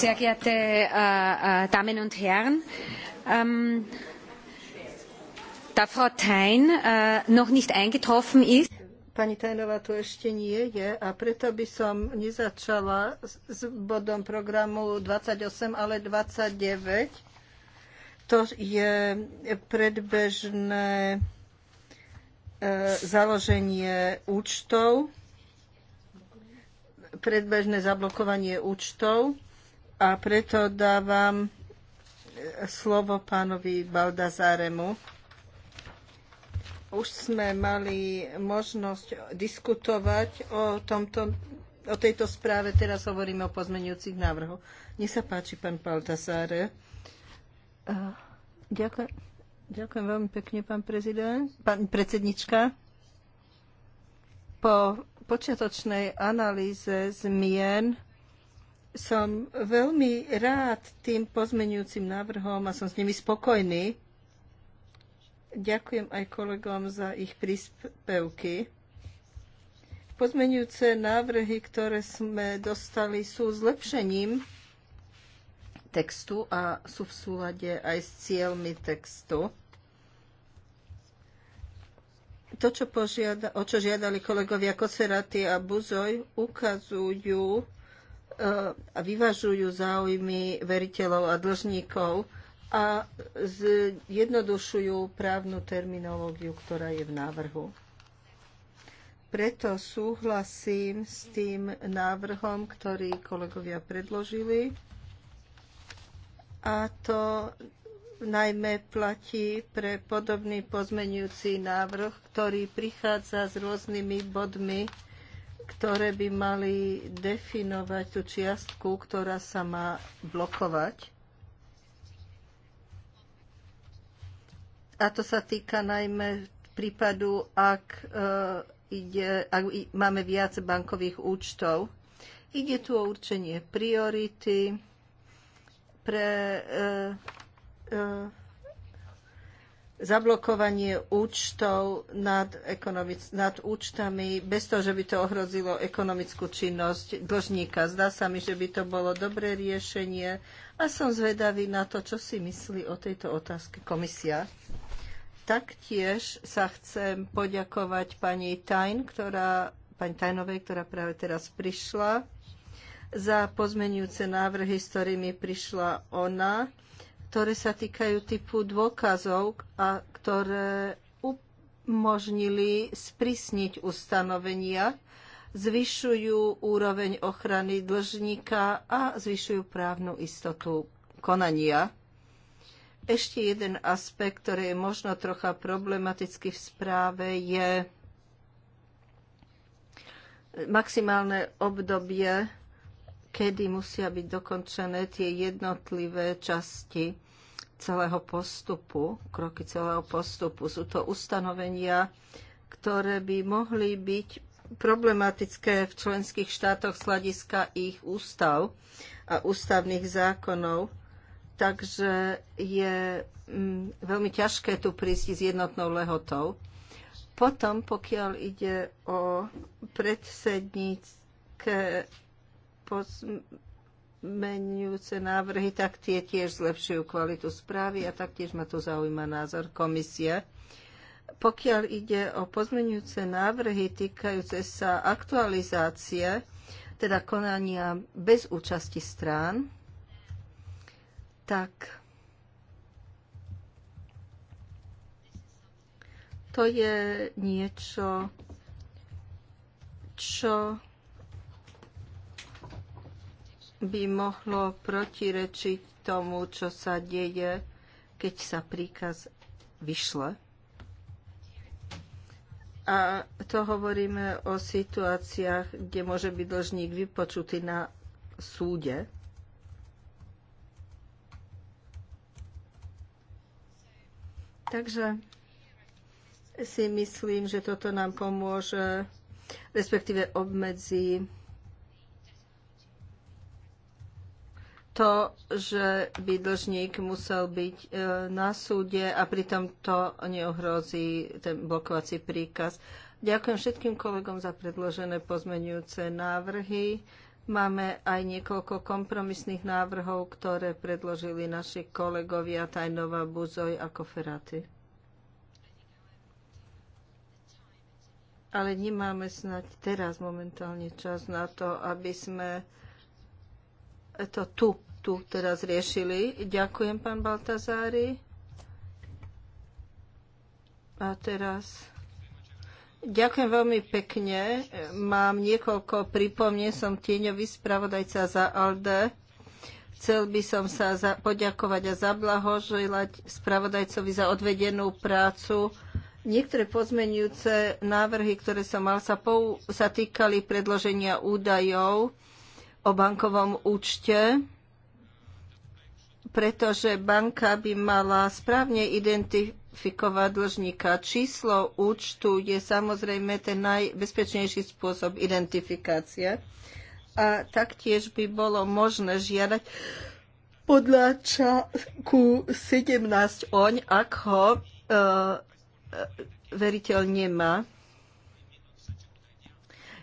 sehr geehrte äh, äh, Damen und Herren! Ähm, da Frau Thein äh, noch nicht eingetroffen ist, Pani Tajnová tu ešte nie je a preto by som nezačala s bodom programu 28, ale 29. To je predbežné e, založenie účtov, predbežné zablokovanie účtov a preto dávam e, slovo pánovi Baldazáremu. Už sme mali možnosť diskutovať o, tomto, o tejto správe, teraz hovoríme o pozmeňujúcich návrhoch. Nech sa páči, pán Baldazáre. E, ďakujem, ďakujem veľmi pekne, pán prezident, pán predsednička. Po počiatočnej analýze zmien som veľmi rád tým pozmenujúcim návrhom a som s nimi spokojný. Ďakujem aj kolegom za ich príspevky. Pozmenujúce návrhy, ktoré sme dostali, sú zlepšením textu a sú v súlade aj s cieľmi textu. To, čo požiada, o čo žiadali kolegovia Koseraty a Buzoj, ukazujú, a vyvažujú záujmy veriteľov a dlžníkov a zjednodušujú právnu terminológiu, ktorá je v návrhu. Preto súhlasím s tým návrhom, ktorý kolegovia predložili. A to najmä platí pre podobný pozmenujúci návrh, ktorý prichádza s rôznymi bodmi ktoré by mali definovať tú čiastku, ktorá sa má blokovať. A to sa týka najmä prípadu, ak, e, ide, ak máme viac bankových účtov. Ide tu o určenie priority pre uh, uh, zablokovanie účtov nad, ekonomic- nad účtami bez toho, že by to ohrozilo ekonomickú činnosť dlžníka. Zdá sa mi, že by to bolo dobré riešenie a som zvedavý na to, čo si myslí o tejto otázke komisia. Taktiež sa chcem poďakovať pani Tajn, ktorá, pani Tajnovej, ktorá práve teraz prišla, za pozmenujúce návrhy, s ktorými prišla ona ktoré sa týkajú typu dôkazov a ktoré umožnili sprísniť ustanovenia, zvyšujú úroveň ochrany dlžníka a zvyšujú právnu istotu konania. Ešte jeden aspekt, ktorý je možno trocha problematický v správe, je maximálne obdobie kedy musia byť dokončené tie jednotlivé časti celého postupu, kroky celého postupu. Sú to ustanovenia, ktoré by mohli byť problematické v členských štátoch z hľadiska ich ústav a ústavných zákonov. Takže je mm, veľmi ťažké tu prísť s jednotnou lehotou. Potom, pokiaľ ide o predsednícke pozmenujúce návrhy, tak tie tiež zlepšujú kvalitu správy a taktiež ma to zaujíma názor komisie. Pokiaľ ide o pozmenujúce návrhy týkajúce sa aktualizácie, teda konania bez účasti strán, tak to je niečo, čo by mohlo protirečiť tomu, čo sa deje, keď sa príkaz vyšle. A to hovoríme o situáciách, kde môže byť dlžník vypočutý na súde. Takže si myslím, že toto nám pomôže, respektíve obmedzí to, že by dlžník musel byť e, na súde a pritom to neohrozí ten blokovací príkaz. Ďakujem všetkým kolegom za predložené pozmenujúce návrhy. Máme aj niekoľko kompromisných návrhov, ktoré predložili naši kolegovia Tajnova, Buzoj a Koferaty. Ale nemáme snať teraz momentálne čas na to, aby sme to tu tu teraz riešili. Ďakujem, pán Baltazári. A teraz... Ďakujem veľmi pekne. Mám niekoľko pripomne. Som tieňový spravodajca za ALDE. Chcel by som sa za, poďakovať a zablahoželať spravodajcovi za odvedenú prácu. Niektoré pozmenujúce návrhy, ktoré som mal, sa, pou, sa týkali predloženia údajov o bankovom účte pretože banka by mala správne identifikovať dlžníka. Číslo účtu je samozrejme ten najbezpečnejší spôsob identifikácie a taktiež by bolo možné žiadať podľa čaku 17 oň, ak ho e, veriteľ nemá.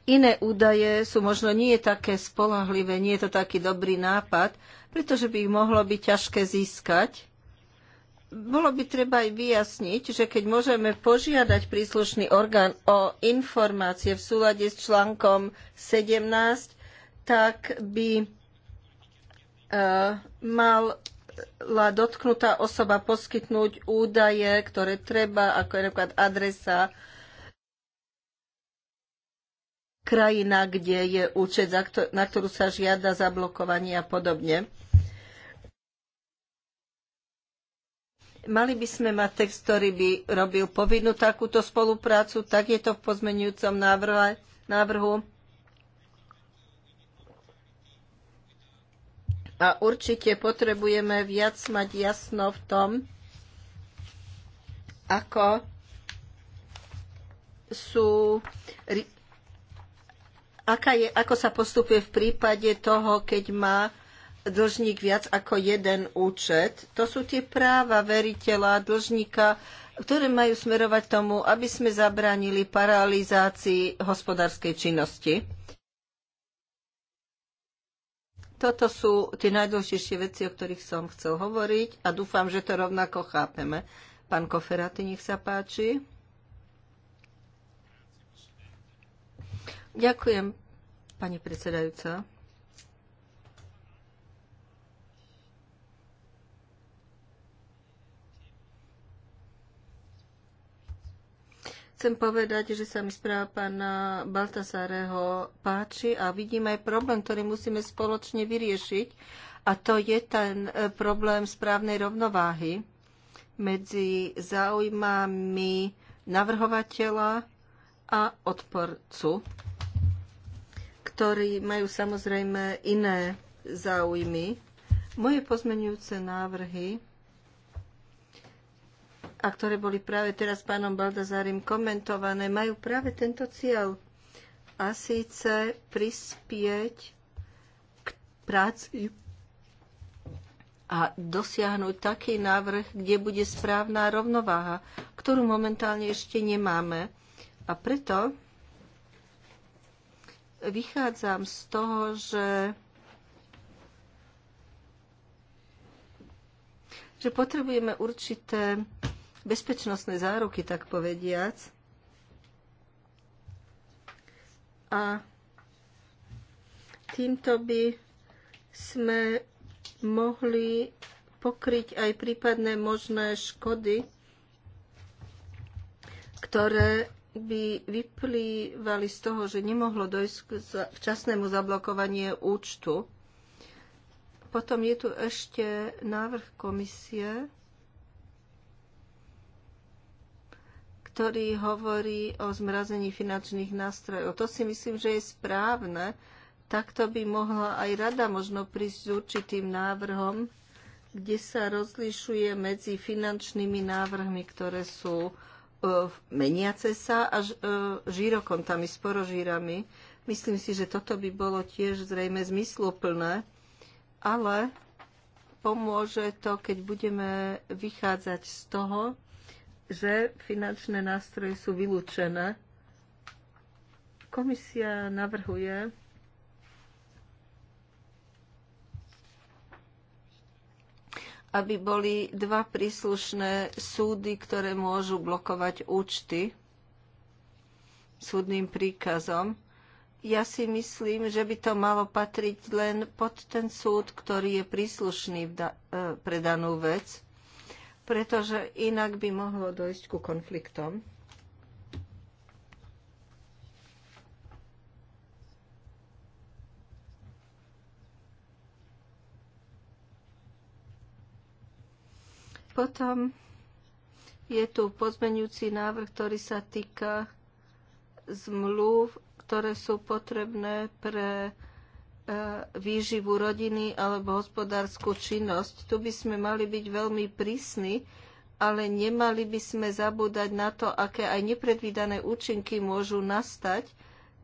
Iné údaje sú možno nie také spolahlivé, nie je to taký dobrý nápad, pretože by ich mohlo byť ťažké získať. Bolo by treba aj vyjasniť, že keď môžeme požiadať príslušný orgán o informácie v súlade s článkom 17, tak by e, mala dotknutá osoba poskytnúť údaje, ktoré treba, ako je napríklad adresa, krajina, kde je účet, na ktorú sa žiada zablokovanie a podobne. Mali by sme mať text, ktorý by robil povinnú takúto spoluprácu, tak je to v pozmenujúcom návrhu. A určite potrebujeme viac mať jasno v tom, ako sú aká je, ako sa postupuje v prípade toho, keď má dlžník viac ako jeden účet. To sú tie práva veriteľa, dlžníka, ktoré majú smerovať tomu, aby sme zabránili paralizácii hospodárskej činnosti. Toto sú tie najdôležitejšie veci, o ktorých som chcel hovoriť a dúfam, že to rovnako chápeme. Pán Koferaty, nech sa páči. Ďakujem, pani predsedajúca. Chcem povedať, že sa mi správa pána Baltasáreho páči a vidím aj problém, ktorý musíme spoločne vyriešiť. A to je ten e, problém správnej rovnováhy medzi záujmami navrhovateľa a odporcu ktorí majú samozrejme iné záujmy. Moje pozmenujúce návrhy, a ktoré boli práve teraz pánom Baldazárim komentované, majú práve tento cieľ. A síce prispieť k práci a dosiahnuť taký návrh, kde bude správna rovnováha, ktorú momentálne ešte nemáme. A preto vychádzam z toho, že že potrebujeme určité bezpečnostné záruky, tak povediac. A týmto by sme mohli pokryť aj prípadné možné škody, ktoré by vyplývali z toho, že nemohlo dojsť k včasnému zablokovanie účtu. Potom je tu ešte návrh komisie, ktorý hovorí o zmrazení finančných nástrojov. To si myslím, že je správne. Takto by mohla aj rada možno prísť s určitým návrhom, kde sa rozlišuje medzi finančnými návrhmi, ktoré sú E, meniace sa a e, žirokontami, sporožírami. Myslím si, že toto by bolo tiež zrejme zmysluplné, ale pomôže to, keď budeme vychádzať z toho, že finančné nástroje sú vylúčené. Komisia navrhuje aby boli dva príslušné súdy, ktoré môžu blokovať účty súdnym príkazom. Ja si myslím, že by to malo patriť len pod ten súd, ktorý je príslušný e, pre danú vec, pretože inak by mohlo dojsť ku konfliktom. Potom je tu pozmenujúci návrh, ktorý sa týka zmluv, ktoré sú potrebné pre e, výživu rodiny alebo hospodárskú činnosť. Tu by sme mali byť veľmi prísni, ale nemali by sme zabúdať na to, aké aj nepredvídané účinky môžu nastať,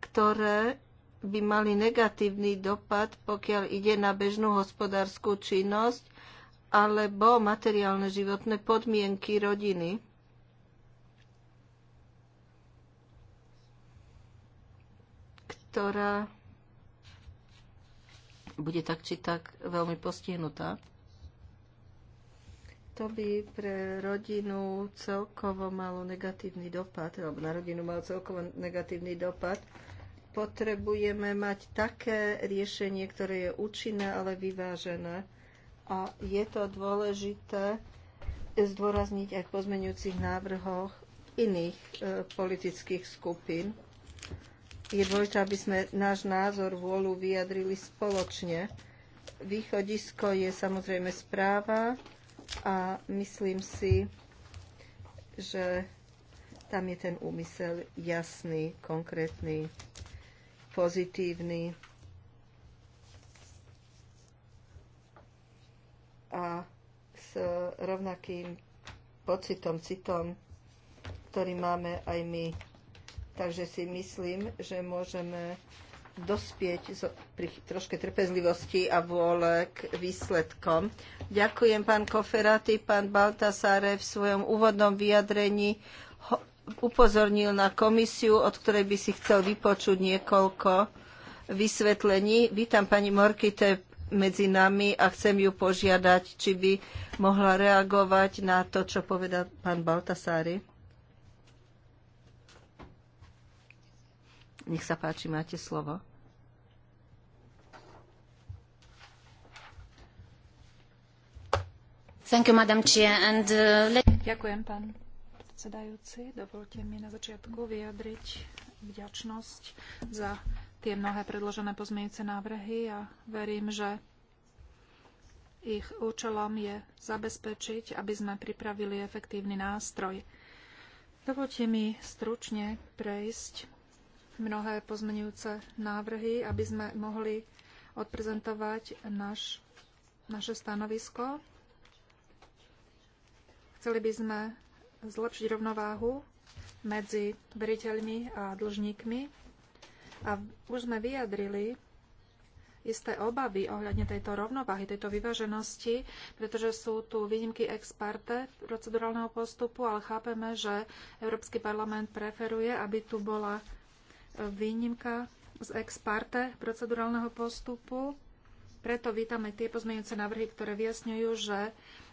ktoré by mali negatívny dopad, pokiaľ ide na bežnú hospodárskú činnosť alebo materiálne životné podmienky rodiny. ktorá bude tak či tak veľmi postihnutá. To by pre rodinu celkovo malo negatívny dopad, alebo na rodinu malo celkovo negatívny dopad. Potrebujeme mať také riešenie, ktoré je účinné, ale vyvážené a je to dôležité zdôrazniť aj v pozmeňujúcich návrhoch iných e, politických skupín. Je dôležité, aby sme náš názor, vôľu vyjadrili spoločne. Východisko je samozrejme správa a myslím si, že tam je ten úmysel jasný, konkrétny, pozitívny. a s rovnakým pocitom, citom, ktorý máme aj my. Takže si myslím, že môžeme dospieť pri troške trpezlivosti a vôle k výsledkom. Ďakujem pán Koferaty, pán Baltasare v svojom úvodnom vyjadrení upozornil na komisiu, od ktorej by si chcel vypočuť niekoľko vysvetlení. Vítam pani Morkite medzi nami a chcem ju požiadať, či by mohla reagovať na to, čo povedal pán Baltasári. Nech sa páči, máte slovo. Thank you, Madam Chair, and, uh, let... Ďakujem, pán predsedajúci. Dovolte mi na začiatku vyjadriť vďačnosť za tie mnohé predložené pozmienice návrhy a verím, že ich účelom je zabezpečiť, aby sme pripravili efektívny nástroj. Dovolte mi stručne prejsť mnohé pozmenujúce návrhy, aby sme mohli odprezentovať naš, naše stanovisko. Chceli by sme zlepšiť rovnováhu medzi veriteľmi a dlžníkmi a už sme vyjadrili isté obavy ohľadne tejto rovnováhy, tejto vyváženosti, pretože sú tu výnimky ex parte procedurálneho postupu, ale chápeme, že Európsky parlament preferuje, aby tu bola e, výnimka z ex parte procedurálneho postupu. Preto vítame tie pozmeňujúce návrhy, ktoré vyjasňujú, že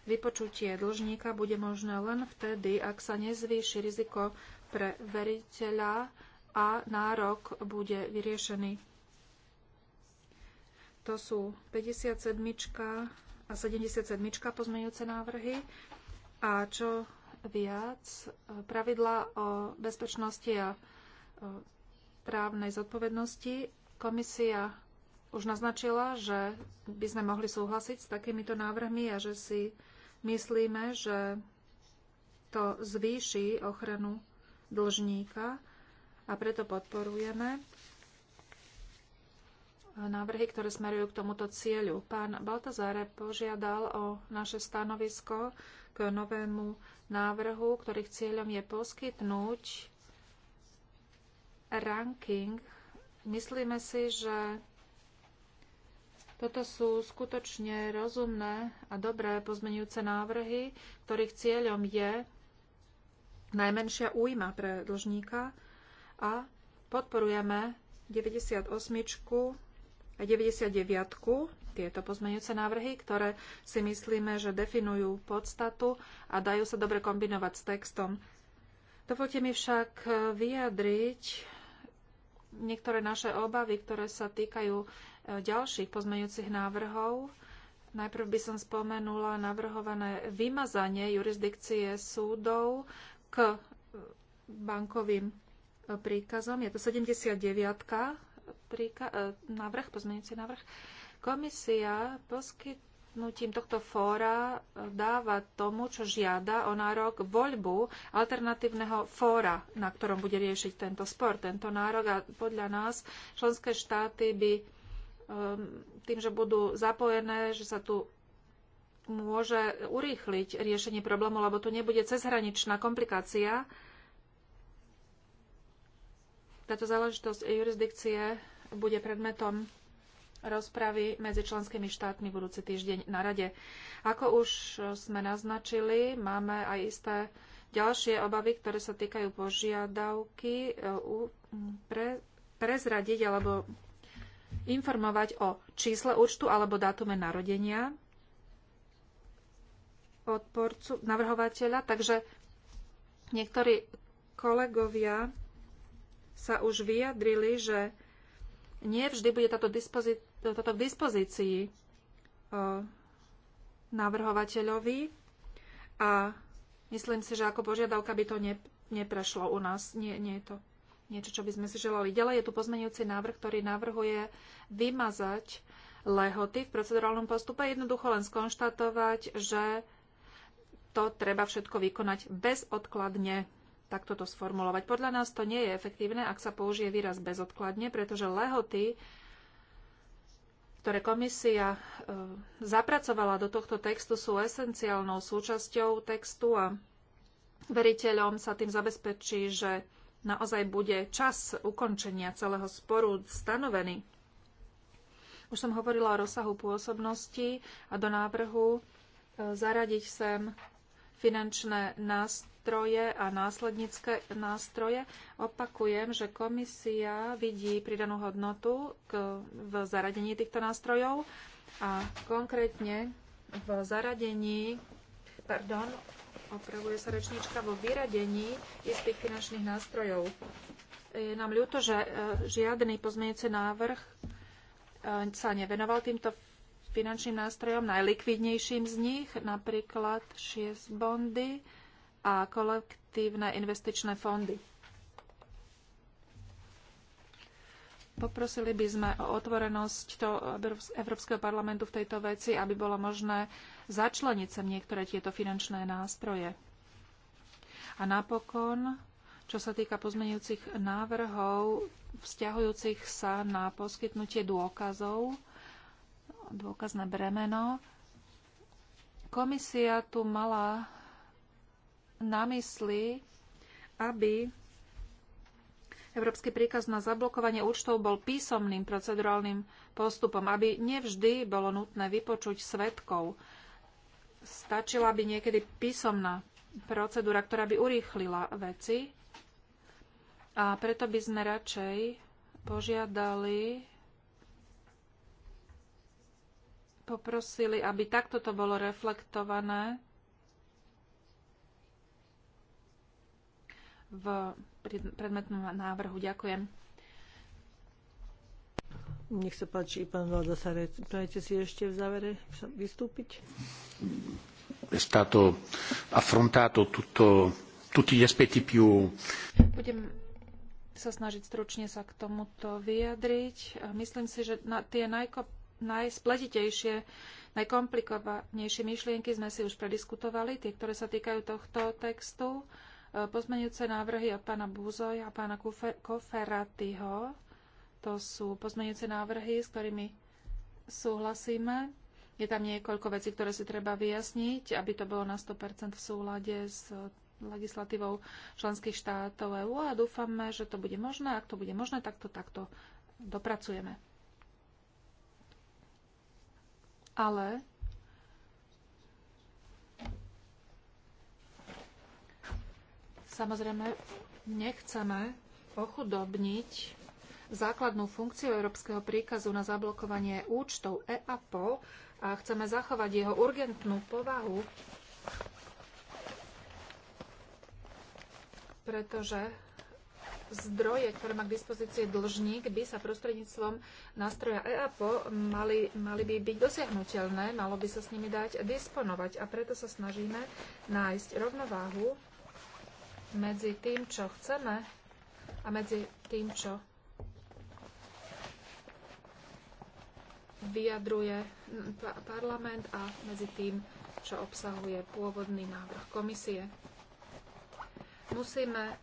vypočutie dlžníka bude možné len vtedy, ak sa nezvýši riziko pre veriteľa a nárok bude vyriešený. To sú 57 a 77 pozmeňujúce návrhy. A čo viac, pravidla o bezpečnosti a právnej zodpovednosti. Komisia už naznačila, že by sme mohli súhlasiť s takýmito návrhmi a že si myslíme, že to zvýši ochranu dlžníka a preto podporujeme návrhy, ktoré smerujú k tomuto cieľu. Pán Baltazáre požiadal o naše stanovisko k novému návrhu, ktorých cieľom je poskytnúť ranking. Myslíme si, že toto sú skutočne rozumné a dobré pozmenujúce návrhy, ktorých cieľom je najmenšia újma pre dlžníka, a podporujeme 98 a 99 tieto pozmeňujúce návrhy, ktoré si myslíme, že definujú podstatu a dajú sa dobre kombinovať s textom. Dovolte mi však vyjadriť niektoré naše obavy, ktoré sa týkajú e, ďalších pozmeňujúcich návrhov. Najprv by som spomenula navrhované vymazanie jurisdikcie súdov k e, bankovým príkazom. Je to 79. Príka- e, návrh, pozmeňujúci návrh. Komisia poskytnutím tohto fóra dáva tomu, čo žiada o nárok, voľbu alternatívneho fóra, na ktorom bude riešiť tento spor, tento nárok. A podľa nás členské štáty by tým, že budú zapojené, že sa tu môže urýchliť riešenie problému, lebo tu nebude cezhraničná komplikácia, táto záležitosť jurisdikcie bude predmetom rozpravy medzi členskými štátmi budúci týždeň na rade. Ako už sme naznačili, máme aj isté ďalšie obavy, ktoré sa týkajú požiadavky e, pre, prezradiť alebo informovať o čísle účtu alebo dátume narodenia odporcu, navrhovateľa. Takže niektorí kolegovia sa už vyjadrili, že nie vždy bude táto, dispozí- táto k dispozícii e, navrhovateľovi a myslím si, že ako požiadavka by to ne, neprešlo u nás. Nie, nie je to niečo, čo by sme si želali. Ďalej je tu pozmenujúci návrh, ktorý navrhuje vymazať lehoty v procedurálnom postupe, jednoducho len skonštatovať, že to treba všetko vykonať bezodkladne takto to sformulovať. Podľa nás to nie je efektívne, ak sa použije výraz bezodkladne, pretože lehoty, ktoré komisia e, zapracovala do tohto textu, sú esenciálnou súčasťou textu a veriteľom sa tým zabezpečí, že naozaj bude čas ukončenia celého sporu stanovený. Už som hovorila o rozsahu pôsobnosti a do návrhu e, zaradiť sem finančné nást nástroje a následnícke nástroje. Opakujem, že komisia vidí pridanú hodnotu k, v zaradení týchto nástrojov a konkrétne v zaradení, pardon, opravuje sa rečníčka, vo vyradení istých finančných nástrojov. Je nám ľúto, že e, žiadny pozmeňujúci návrh e, sa nevenoval týmto finančným nástrojom, najlikvidnejším z nich, napríklad 6 bondy, a kolektívne investičné fondy. Poprosili by sme o otvorenosť to Európskeho parlamentu v tejto veci, aby bolo možné začleniť sem niektoré tieto finančné nástroje. A napokon, čo sa týka pozmenujúcich návrhov, vzťahujúcich sa na poskytnutie dôkazov, dôkazné bremeno, komisia tu mala na mysli, aby Európsky príkaz na zablokovanie účtov bol písomným procedurálnym postupom, aby nevždy bolo nutné vypočuť svetkov. Stačila by niekedy písomná procedúra, ktorá by urýchlila veci. A preto by sme radšej požiadali, poprosili, aby takto to bolo reflektované v predmetnom návrhu. Ďakujem. Nech sa páči, pán Valdasarec. Prajete si ešte v závere vystúpiť? stato affrontato tutto, tutti gli aspetti più... Budem sa snažiť stručne sa k tomuto vyjadriť. Myslím si, že na tie najko, najspletitejšie, najkomplikovanejšie myšlienky sme si už prediskutovali, tie, ktoré sa týkajú tohto textu. E, pozmenujúce návrhy od pána Búzoj a pána Koferatyho, to sú pozmenujúce návrhy, s ktorými súhlasíme. Je tam niekoľko vecí, ktoré si treba vyjasniť, aby to bolo na 100% v súlade s e, legislatívou členských štátov EU a dúfame, že to bude možné. Ak to bude možné, tak to takto dopracujeme. Ale Samozrejme, nechceme ochudobniť základnú funkciu Európskeho príkazu na zablokovanie účtov EAPO a chceme zachovať jeho urgentnú povahu, pretože zdroje, ktoré má k dispozícii dlžník, by sa prostredníctvom nástroja EAPO mali, mali by byť dosiahnutelné, malo by sa s nimi dať disponovať. A preto sa snažíme nájsť rovnováhu medzi tým, čo chceme a medzi tým, čo vyjadruje parlament a medzi tým, čo obsahuje pôvodný návrh komisie. Musíme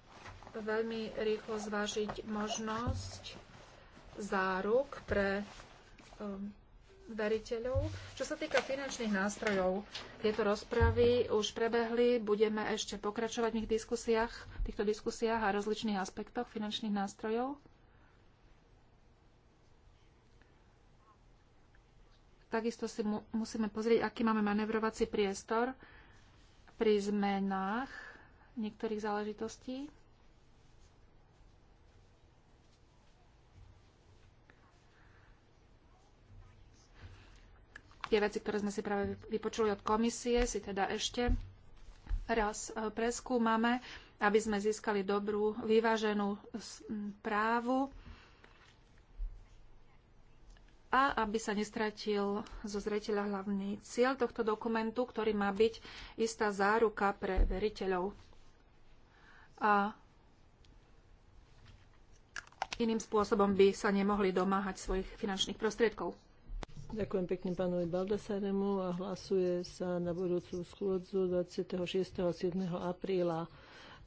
veľmi rýchlo zvážiť možnosť záruk pre um, veriteľov. Čo sa týka finančných nástrojov, tieto rozpravy už prebehli, budeme ešte pokračovať v nich diskusiách, týchto diskusiách a rozličných aspektoch finančných nástrojov. Takisto si mu, musíme pozrieť, aký máme manevrovací priestor pri zmenách niektorých záležitostí. Tie veci, ktoré sme si práve vypočuli od komisie, si teda ešte raz e, preskúmame, aby sme získali dobrú, vyváženú právu a aby sa nestratil zo zreteľa hlavný cieľ tohto dokumentu, ktorý má byť istá záruka pre veriteľov. A iným spôsobom by sa nemohli domáhať svojich finančných prostriedkov. Ďakujem pekne pánovi Baldasaremu a hlasuje sa na budúcu schôdzu 26. a 7. apríla.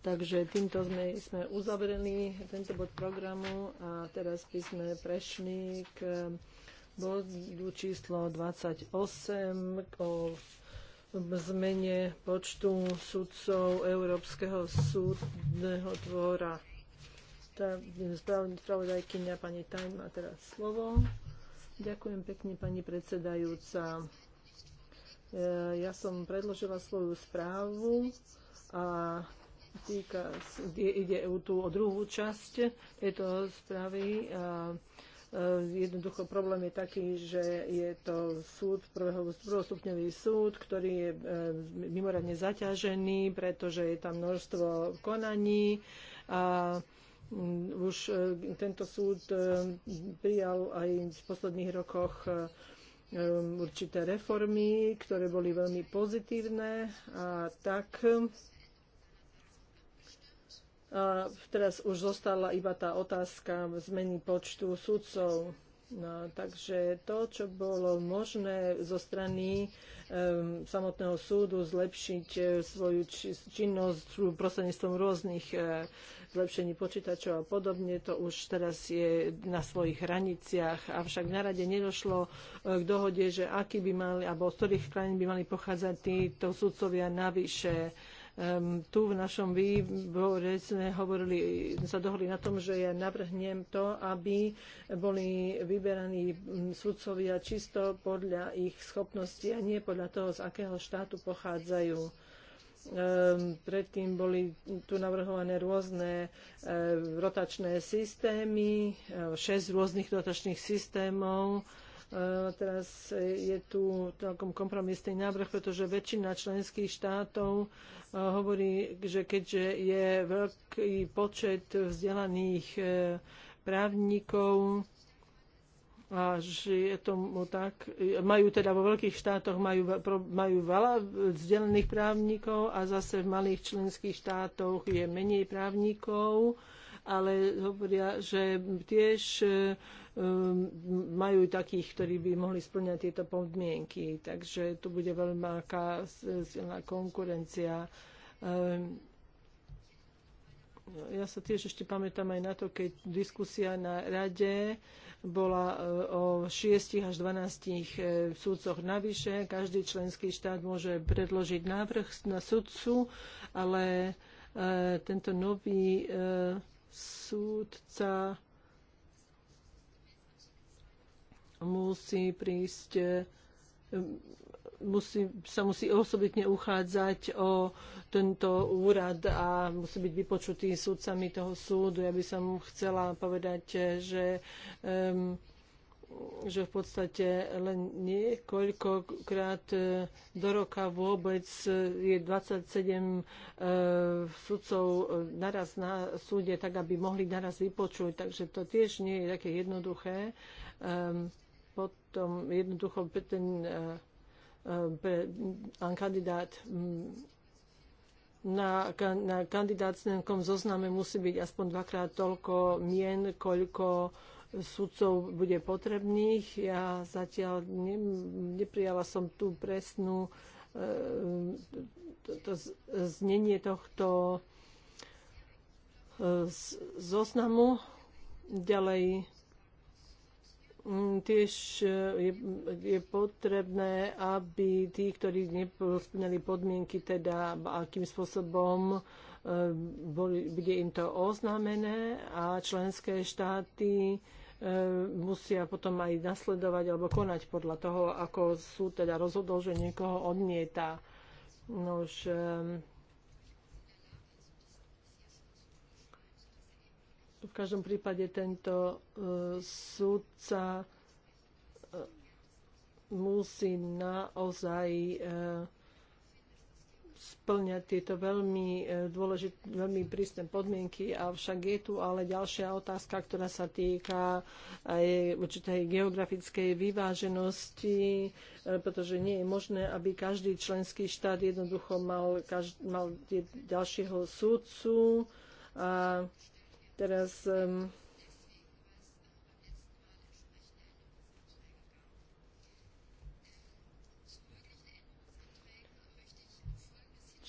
Takže týmto sme, sme uzavreli tento bod programu a teraz by sme prešli k bodu číslo 28 o zmene počtu sudcov Európskeho súdneho dvora. Tá spravodajkynia pani Tajn má teraz slovo. Ďakujem pekne, pani predsedajúca. E, ja som predložila svoju správu a týka, ide tu o druhú časť tejto správy. A e, Jednoducho problém je taký, že je to súd, prvostupňový súd, ktorý je e, mimoriadne zaťažený, pretože je tam množstvo konaní a Mm, už e, tento súd e, prijal aj v posledných rokoch e, určité reformy, ktoré boli veľmi pozitívne a tak a teraz už zostala iba tá otázka zmeny počtu sudcov. No, takže to, čo bolo možné zo strany um, samotného súdu zlepšiť uh, svoju činnosť prostredníctvom rôznych uh, zlepšení počítačov a podobne, to už teraz je na svojich hraniciach. Avšak na rade nedošlo uh, k dohode, že aký by mali, alebo z ktorých krajín by mali pochádzať títo sudcovia navyše. Uh, Ehm, tu v našom výbore sme hovorili, sa dohodli na tom, že ja navrhnem to, aby boli vyberaní mm, sudcovia čisto podľa ich schopností a nie podľa toho, z akého štátu pochádzajú ehm, predtým boli tu navrhované rôzne ehm, rotačné systémy, šesť rôznych rotačných systémov Teraz je tu celkom kompromisný návrh, pretože väčšina členských štátov hovorí, že keďže je veľký počet vzdelaných e, právnikov, a že je tomu tak, majú teda vo veľkých štátoch majú, majú veľa vzdelených právnikov a zase v malých členských štátoch je menej právnikov ale hovoria, že tiež e, majú takých, ktorí by mohli splňať tieto podmienky. Takže tu bude veľmi silná konkurencia. E, ja sa tiež ešte pamätám aj na to, keď diskusia na rade bola e, o 6 až 12 súdcoch navyše. Každý členský štát môže predložiť návrh na sudcu, ale tento nový súdca musí prísť musí, sa musí osobitne uchádzať o tento úrad a musí byť vypočutý súdcami toho súdu. Ja by som chcela povedať, že um, že v podstate len niekoľkokrát e, do roka vôbec e, je 27 e, sudcov naraz na súde, tak aby mohli naraz vypočuť. Takže to tiež nie je také jednoduché. Ehm, potom jednoducho ten pre, kandidát mm, na, na kandidátskom zozname musí byť aspoň dvakrát toľko mien, koľko sudcov bude potrebných. Ja zatiaľ ne, neprijala som tú presnú e, to, to znenie tohto e, zoznamu. Ďalej mm, tiež e, je, je potrebné, aby tí, ktorí nesplňali podmienky, teda akým spôsobom boli, bude im to oznámené a členské štáty E, musia potom aj nasledovať alebo konať podľa toho, ako sú teda rozhodol, že niekoho odmieta. Nož, e, v každom prípade tento e, súdca musí naozaj splňať tieto veľmi e, dôležit, veľmi prísne podmienky, avšak je tu ale ďalšia otázka, ktorá sa týka aj určitej geografickej vyváženosti, e, pretože nie je možné, aby každý členský štát jednoducho mal, každ- mal ďalšieho súdcu. A teraz um,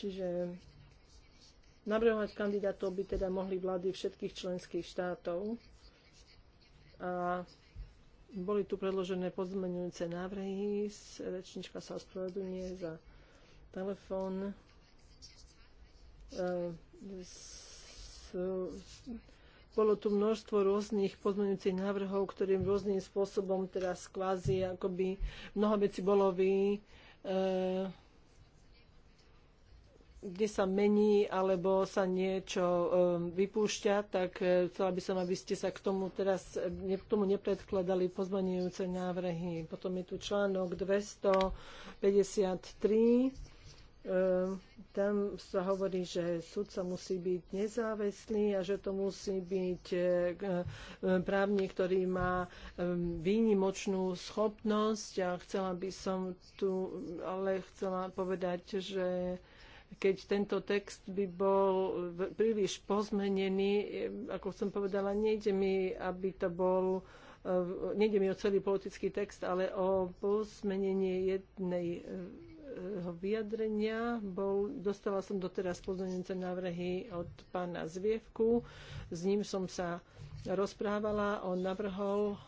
Čiže navrhovať kandidátov by teda mohli vlády všetkých členských štátov. A boli tu predložené pozmeňujúce návrhy. Rečnička sa ospravedlňuje za telefón. E, bolo tu množstvo rôznych pozmeňujúcich návrhov, ktorým rôznym spôsobom teraz kvázi akoby mnoho vecí bolo vy, e, kde sa mení alebo sa niečo um, vypúšťa, tak e, chcela by som, aby ste sa k tomu teraz k tomu nepredkladali pozmenujúce návrhy. Potom je tu článok 253. E, tam sa hovorí, že sudca musí byť nezávislý a že to musí byť e, právnik, ktorý má výnimočnú schopnosť. A chcela by som tu ale chcela povedať, že keď tento text by bol príliš pozmenený, eh, ako som povedala, nejde mi, aby to bol eh, nejde mi o celý politický text, ale o pozmenenie jednej eh, vyjadrenia. Bol, dostala som doteraz pozornice návrhy od pána Zvievku. S ním som sa rozprávala. On navrhol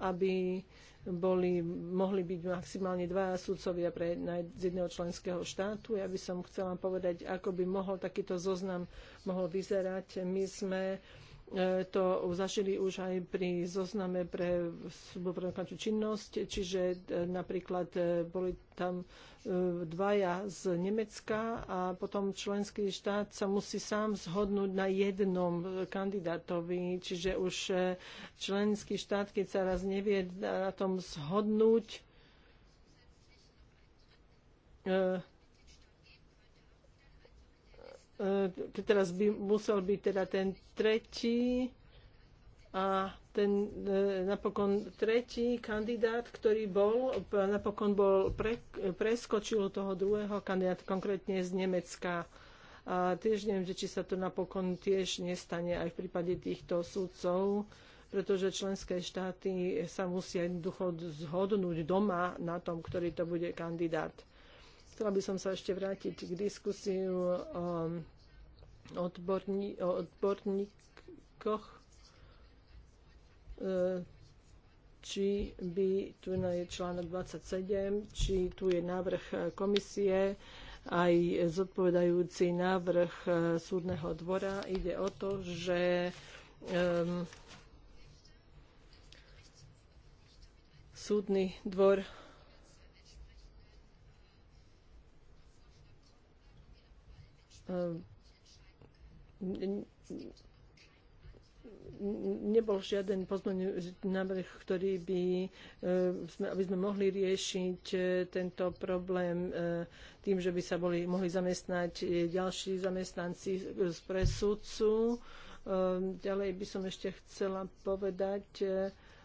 aby boli, mohli byť maximálne dvaja sudcovia pre, na, z jedného členského štátu. Ja by som chcela povedať, ako by mohol takýto zoznam mohol vyzerať. My sme E, to zažili už aj pri zozname pre súboprenokačnú činnosť, čiže e, napríklad e, boli tam dvaja z Nemecka a potom členský štát sa musí sám zhodnúť na jednom kandidátovi, čiže už členský štát, keď sa raz nevie na tom zhodnúť, E, teraz by musel byť teda ten tretí a ten e, napokon tretí kandidát, ktorý bol, napokon bol pre, preskočil toho druhého kandidáta, konkrétne z Nemecka. A tiež neviem, že či sa to napokon tiež nestane aj v prípade týchto súdcov, pretože členské štáty sa musia jednoducho zhodnúť doma na tom, ktorý to bude kandidát. Chcela by som sa ešte vrátiť k diskusiu o, odborní, o odborníkoch, e, či by, tu je článok 27, či tu je návrh komisie, aj zodpovedajúci návrh e, súdneho dvora. Ide o to, že um, súdny dvor Ehm, nebol žiaden pozmeňujú návrh, ktorý by, ehm, aby sme mohli riešiť e, tento problém e, tým, že by sa boli, mohli zamestnať e, ďalší zamestnanci z presudcu. Ehm, ďalej by som ešte chcela povedať,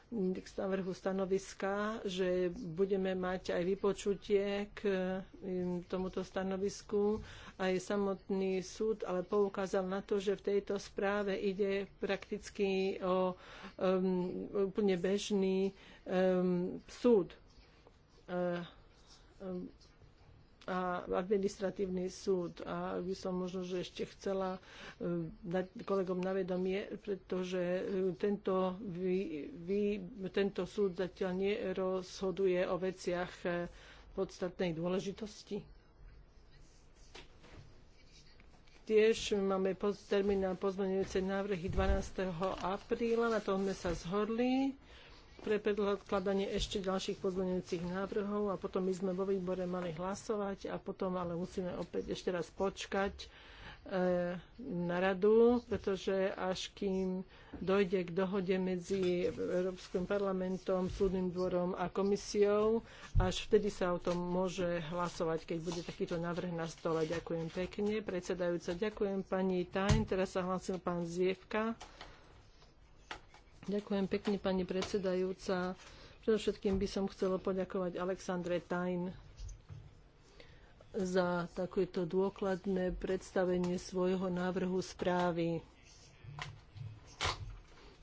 k návrhu stanoviska, že budeme mať aj vypočutie k tomuto stanovisku. Aj samotný súd ale poukázal na to, že v tejto správe ide prakticky o um, úplne bežný um, súd. Uh, um, a administratívny súd. A by som možno, že ešte chcela e, dať kolegom na vedomie, pretože e, tento, vy, vy, tento súd zatiaľ nerozhoduje o veciach e, podstatnej dôležitosti. Tiež máme termín na pozmeňujúce návrhy 12. apríla, na tom sme sa zhodli pre predkladanie ešte ďalších pozmeňujúcich návrhov a potom my sme vo výbore mali hlasovať a potom ale musíme opäť ešte raz počkať e, na radu, pretože až kým dojde k dohode medzi Európskym parlamentom, súdnym dvorom a komisiou, až vtedy sa o tom môže hlasovať, keď bude takýto návrh na stole. Ďakujem pekne. Predsedajúca, ďakujem pani Tajn. Teraz sa hlasil pán Zvievka. Ďakujem pekne, pani predsedajúca. Predovšetkým by som chcela poďakovať Alexandre Tajn za takéto dôkladné predstavenie svojho návrhu správy.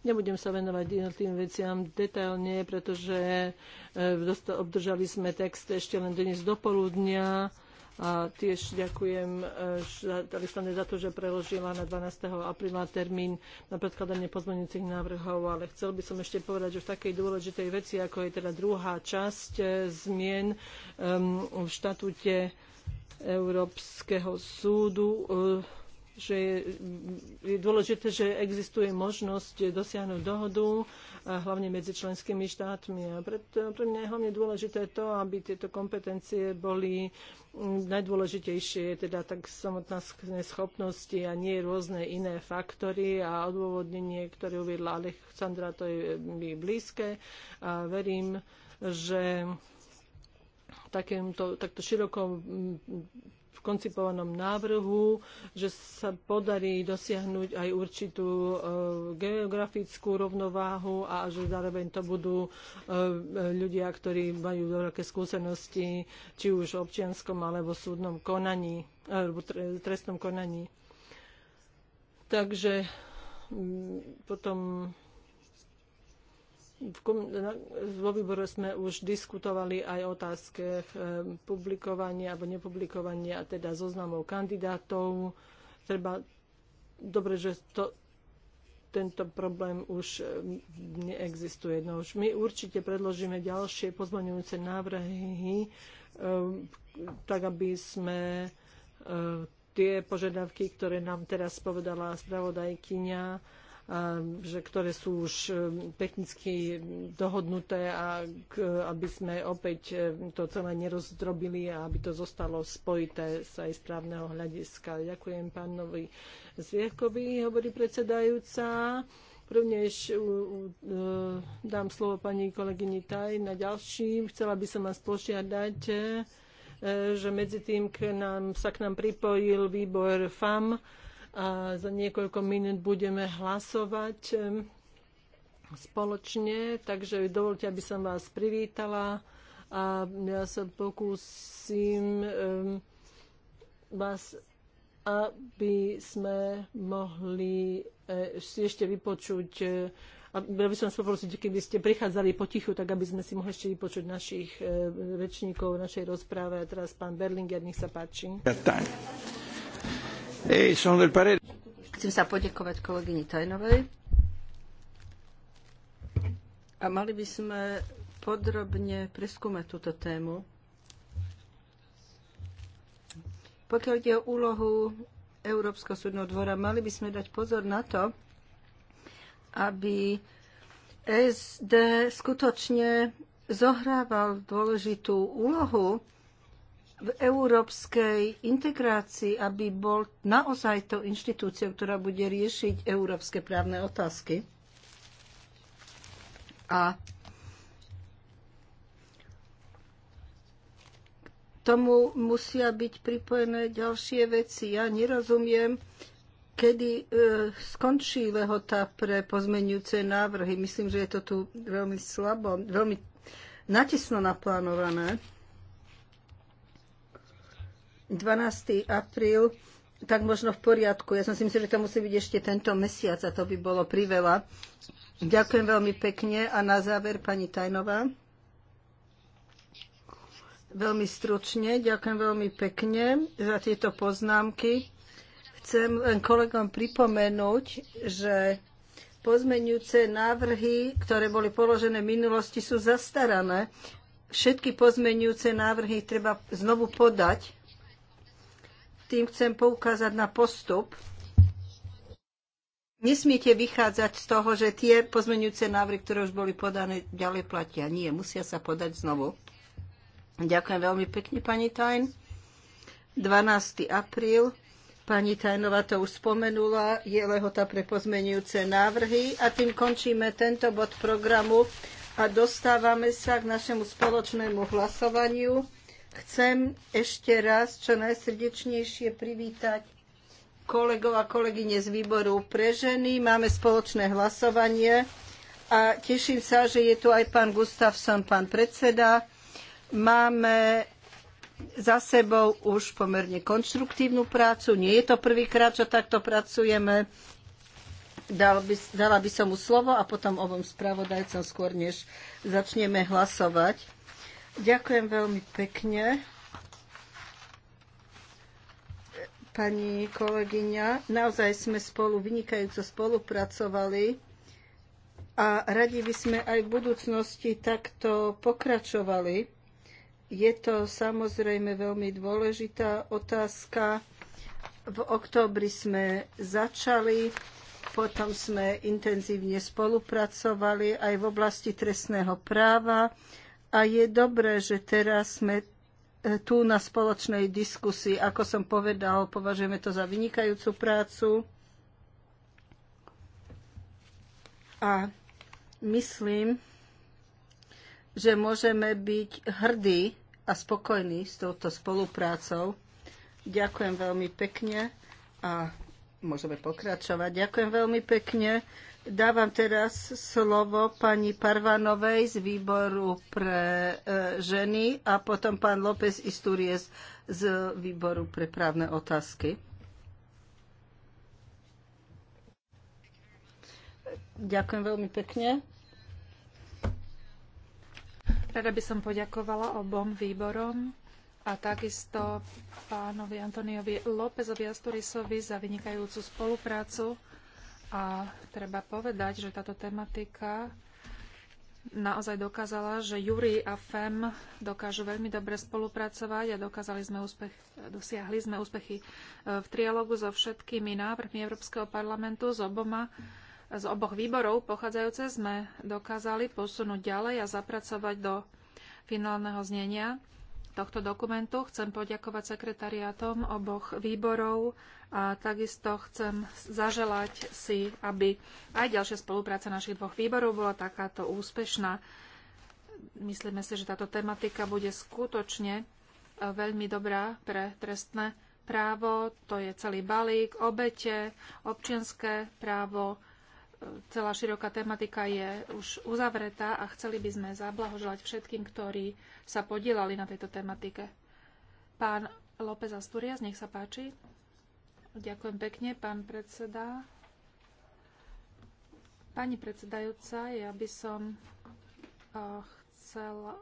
Nebudem sa venovať jednotlivým veciam detailne, pretože eh, obdržali sme text ešte len dnes do poludnia a tiež ďakujem e, Alexandre za to, že preložila na 12. apríla termín na predkladanie pozmeňujúcich návrhov, ale chcel by som ešte povedať, že v takej dôležitej veci, ako je teda druhá časť e, zmien v štatúte Európskeho súdu, e, že je dôležité, že existuje možnosť dosiahnuť dohodu, hlavne medzi členskými štátmi. A preto pre mňa je hlavne dôležité to, aby tieto kompetencie boli najdôležitejšie, teda tak samotná schopnosti a nie rôzne iné faktory a odôvodnenie, ktoré uviedla Alexandra, to je mi blízke. A verím, že takýmto, takto široko koncipovanom návrhu, že sa podarí dosiahnuť aj určitú e, geografickú rovnováhu a že zároveň to budú e, ľudia, ktorí majú veľké skúsenosti, či už v občianskom alebo súdnom konaní, e, alebo trestnom konaní. Takže potom vo výbore sme už diskutovali aj otázke eh, publikovania alebo nepublikovania teda zoznamov kandidátov. Treba, dobre, že to, tento problém už eh, neexistuje. No už my určite predložíme ďalšie pozmaňujúce návrhy, eh, tak aby sme tie požiadavky, ktoré nám teraz povedala spravodajkyňa, že, ktoré sú už e, technicky dohodnuté a k, aby sme opäť e, to celé nerozdrobili a aby to zostalo spojité sa aj správneho hľadiska. Ďakujem pánovi Zvierkovi, hovorí predsedajúca. Prvnež e, dám slovo pani kolegyni Taj na ďalším. Chcela by som vás požiadať, že medzi tým k nám, sa k nám pripojil výbor FAM, a za niekoľko minút budeme hlasovať spoločne, takže dovolte, aby som vás privítala a ja sa pokúsim vás aby sme mohli e, si ešte vypočuť, e, a ja by som sa poprosiť, keby ste prichádzali potichu, tak aby sme si mohli ešte vypočuť našich e, rečníkov v našej rozpráve. A teraz pán Berlinger, nech sa páči. Ja, Eh, Chcem sa poďakovať kolegyni Tajnovej. A mali by sme podrobne preskúmať túto tému. Pokiaľ ide o úlohu Európskeho súdneho dvora, mali by sme dať pozor na to, aby SD skutočne zohrával dôležitú úlohu v európskej integrácii, aby bol naozaj to inštitúciou, ktorá bude riešiť európske právne otázky. A tomu musia byť pripojené ďalšie veci. Ja nerozumiem, kedy e, skončí lehota pre pozmenujúce návrhy. Myslím, že je to tu veľmi slabo, veľmi natisno naplánované. 12. apríl, tak možno v poriadku. Ja som si myslel, že to musí byť ešte tento mesiac a to by bolo priveľa. Ďakujem veľmi pekne a na záver pani Tajnová. Veľmi stručne, ďakujem veľmi pekne za tieto poznámky. Chcem len kolegom pripomenúť, že pozmenujúce návrhy, ktoré boli položené v minulosti, sú zastarané. Všetky pozmenujúce návrhy treba znovu podať tým chcem poukázať na postup. Nesmiete vychádzať z toho, že tie pozmeňujúce návrhy, ktoré už boli podané, ďalej platia. Nie, musia sa podať znovu. Ďakujem veľmi pekne, pani Tajn. 12. apríl. Pani Tajnová to už spomenula, je lehota pre pozmenujúce návrhy a tým končíme tento bod programu a dostávame sa k našemu spoločnému hlasovaniu. Chcem ešte raz čo najsrdečnejšie privítať kolegov a kolegyne z výboru pre ženy. Máme spoločné hlasovanie a teším sa, že je tu aj pán Gustafsson, pán predseda. Máme za sebou už pomerne konštruktívnu prácu. Nie je to prvýkrát, čo takto pracujeme. Dal by, dala by som mu slovo a potom ovom spravodajcom skôr, než začneme hlasovať. Ďakujem veľmi pekne. Pani kolegyňa, naozaj sme spolu vynikajúco spolupracovali a radi by sme aj v budúcnosti takto pokračovali. Je to samozrejme veľmi dôležitá otázka. V októbri sme začali, potom sme intenzívne spolupracovali aj v oblasti trestného práva. A je dobré, že teraz sme e, tu na spoločnej diskusii. Ako som povedal, považujeme to za vynikajúcu prácu. A myslím, že môžeme byť hrdí a spokojní s touto spoluprácou. Ďakujem veľmi pekne a Môžeme pokračovať. Ďakujem veľmi pekne. Dávam teraz slovo pani Parvanovej z výboru pre e, ženy a potom pán López Isturies z výboru pre právne otázky. Ďakujem veľmi pekne. Rada by som poďakovala obom výborom a takisto pánovi Antoniovi Lópezovi Asturisovi za vynikajúcu spoluprácu. A treba povedať, že táto tematika naozaj dokázala, že Júri a FEM dokážu veľmi dobre spolupracovať a dokázali sme úspech, dosiahli sme úspechy e, v trialogu so všetkými návrhmi Európskeho parlamentu, s oboma z oboch výborov pochádzajúce sme dokázali posunúť ďalej a zapracovať do finálneho znenia tohto dokumentu. Chcem poďakovať sekretariátom oboch výborov a takisto chcem zaželať si, aby aj ďalšia spolupráca našich dvoch výborov bola takáto úspešná. Myslíme si, že táto tematika bude skutočne e, veľmi dobrá pre trestné právo. To je celý balík, obete, občianské právo, celá široká tematika je už uzavretá a chceli by sme zablahoželať všetkým, ktorí sa podielali na tejto tematike. Pán López Asturias, nech sa páči. Ďakujem pekne, pán predseda. Pani predsedajúca, ja by som eh, chcela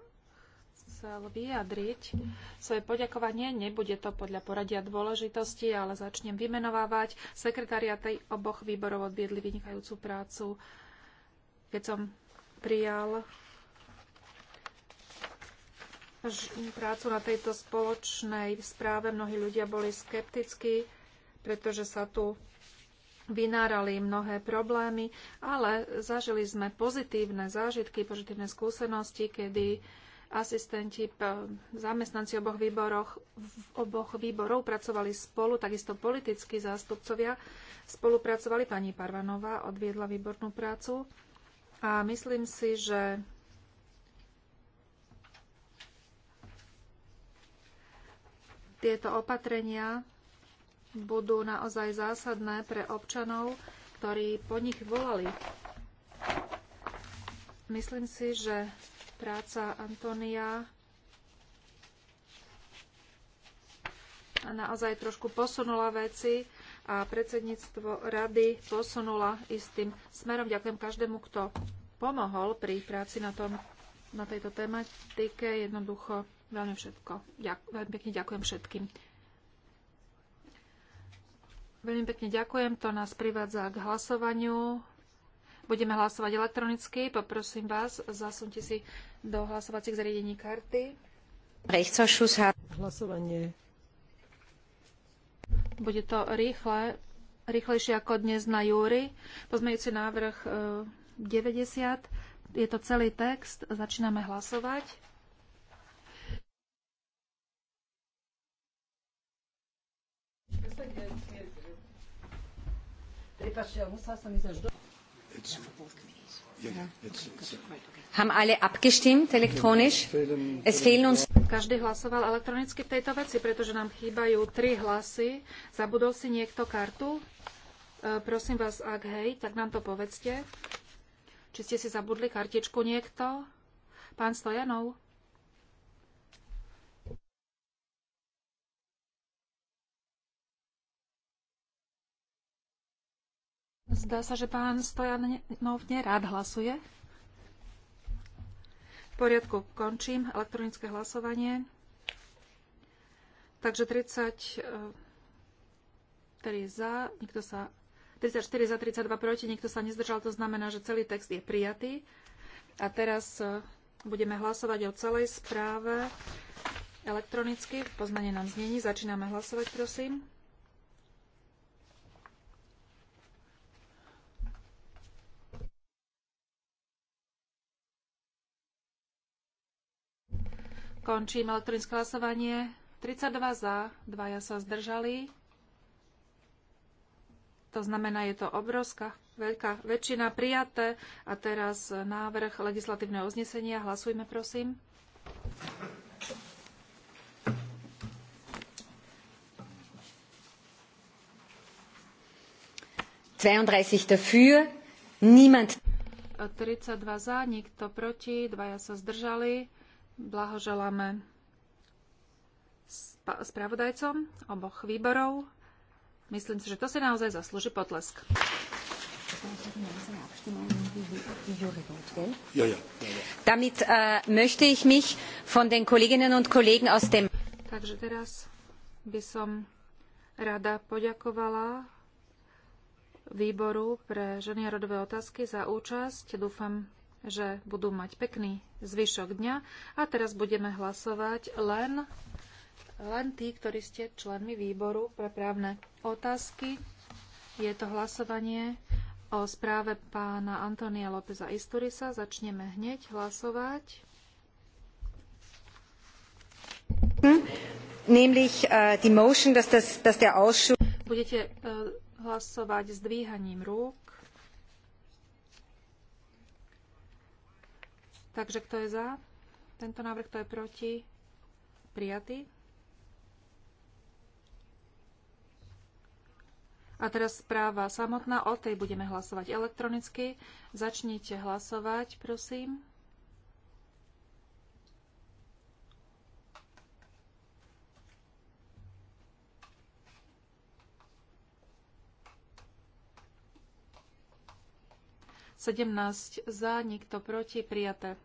chcel vyjadriť svoje poďakovanie. Nebude to podľa poradia dôležitosti, ale začnem vymenovávať. Sekretariaty oboch výborov odviedli vynikajúcu prácu. Keď som prijal prácu na tejto spoločnej správe. Mnohí ľudia boli skeptickí, pretože sa tu vynárali mnohé problémy, ale zažili sme pozitívne zážitky, pozitívne skúsenosti, kedy asistenti, zamestnanci oboch výboroch, oboch výborov pracovali spolu, takisto politickí zástupcovia spolupracovali. Pani Parvanová odviedla výbornú prácu a myslím si, že tieto opatrenia budú naozaj zásadné pre občanov, ktorí po nich volali. Myslím si, že práca Antonia a naozaj trošku posunula veci a predsedníctvo rady posunula istým smerom. Ďakujem každému, kto pomohol pri práci na, tom, na tejto tematike. Jednoducho veľmi všetko. Ďak, veľmi pekne ďakujem všetkým. Veľmi pekne ďakujem. To nás privádza k hlasovaniu. Budeme hlasovať elektronicky. Poprosím vás, zasunte si do hlasovacích zariadení karty. Hlasovanie. Bude to rýchle, rýchlejšie ako dnes na júri. Pozmejúci návrh 90. E, Je to celý text. Začíname hlasovať. Prepačte, musela som ísť až do... Haben alle abgestimmt elektronisch? Es fehlen uns... Každý hlasoval elektronicky v tejto veci, pretože nám chýbajú tri hlasy. Zabudol si niekto kartu? E, prosím vás, ak hej, tak nám to povedzte. Či ste si zabudli kartičku niekto? Pán Stojanov? Zdá sa, že pán Stojanov nerád hlasuje. V poriadku, končím elektronické hlasovanie. Takže 33 e, za, nikto sa, 34 za, 32 proti, nikto sa nezdržal, to znamená, že celý text je prijatý. A teraz e, budeme hlasovať o celej správe elektronicky v nám znení. Začíname hlasovať, prosím. Končím elektronické hlasovanie. 32 za, dvaja sa zdržali. To znamená, je to obrovská veľká väčšina prijaté. A teraz návrh legislatívneho uznesenia. Hlasujme, prosím. dafür, niemand. 32 za, nikto proti, dvaja sa zdržali. Blahoželáme spravodajcom oboch výborov. Myslím si, že to si naozaj zaslúži potlesk. Damit äh, möchte ich mich von den Kolleginnen und Kollegen aus dem Takže teraz by som rada poďakovala výboru pre ženy a rodové otázky za účasť. Dúfam, že budú mať pekný zvyšok dňa. A teraz budeme hlasovať len, len tí, ktorí ste členmi výboru pre právne otázky. Je to hlasovanie o správe pána Antonia Lópeza Isturisa. Začneme hneď hlasovať. Nämlich äh, die Motion, dass, das, dass der Ausschuss... Budete äh, hlasovať s dvíhaním rúk. Takže kto je za tento návrh, kto je proti? Prijatý. A teraz správa samotná, o tej budeme hlasovať elektronicky. Začnite hlasovať, prosím. Sedemnáct za, nikto proti, prijaté.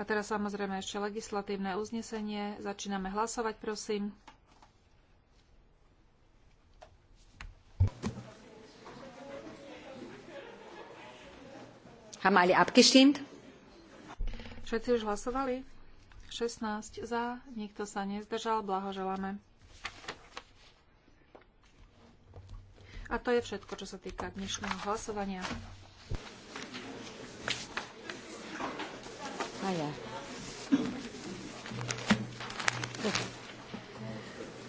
A teraz samozrejme ešte legislatívne uznesenie. Začíname hlasovať, prosím. Haben alle abgestimmt? Všetci už hlasovali? 16 za, nikto sa nezdržal, blahoželáme. A to je všetko, čo sa týka dnešného hlasovania. Ah ja.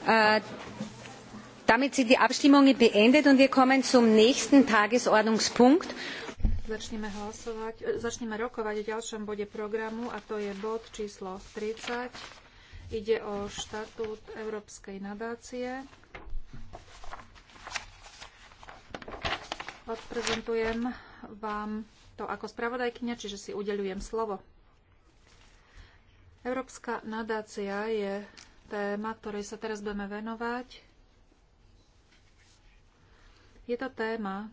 Äh, damit sind die Abstimmungen beendet und wir kommen zum nächsten Tagesordnungspunkt. Začneme, hlasovať, äh, začneme rokovať o ďalšom bode programu a to je bod číslo 30. Ide o štatút Európskej nadácie. Odprezentujem vám to ako spravodajkyňa, čiže si udeľujem slovo. Európska nadácia je téma, ktorej sa teraz budeme venovať. Je to téma,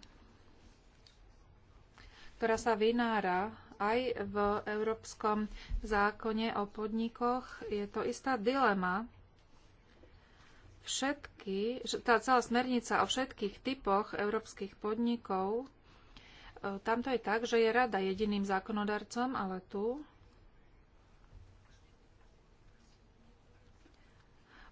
ktorá sa vynára aj v Európskom zákone o podnikoch. Je to istá dilema. Všetky, tá celá smernica o všetkých typoch európskych podnikov, e, tamto je tak, že je rada jediným zákonodarcom, ale tu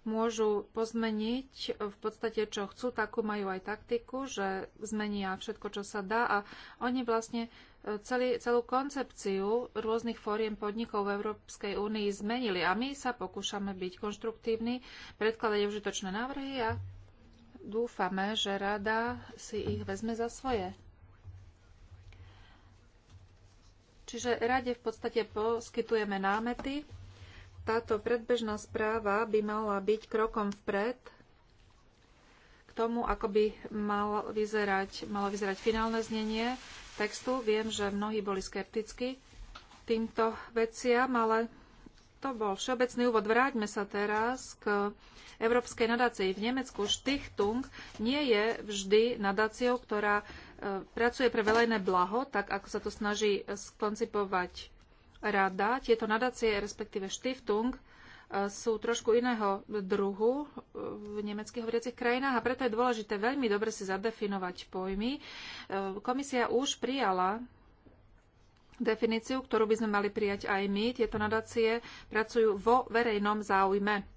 môžu pozmeniť v podstate, čo chcú, takú majú aj taktiku, že zmenia všetko, čo sa dá a oni vlastne e, celý, celú koncepciu rôznych fóriem podnikov v Európskej únii zmenili a my sa pokúšame byť konštruktívni, predkladať užitočné návrhy a dúfame, že rada si ich vezme za svoje. Čiže rade v podstate poskytujeme námety, táto predbežná správa by mala byť krokom vpred k tomu, ako by mal vyzerať, malo vyzerať finálne znenie textu. Viem, že mnohí boli skeptickí týmto veciam, ale to bol všeobecný úvod. Vráťme sa teraz k Európskej nadácii. V Nemecku Stichtung nie je vždy nadáciou, ktorá e, pracuje pre veľajné blaho, tak ako sa to snaží skoncipovať rada. Tieto nadácie, respektíve Stiftung, e, sú trošku iného druhu e, v nemeckých hovoriacich krajinách a preto je dôležité veľmi dobre si zadefinovať pojmy. E, komisia už prijala definíciu, ktorú by sme mali prijať aj my. Tieto nadácie pracujú vo verejnom záujme.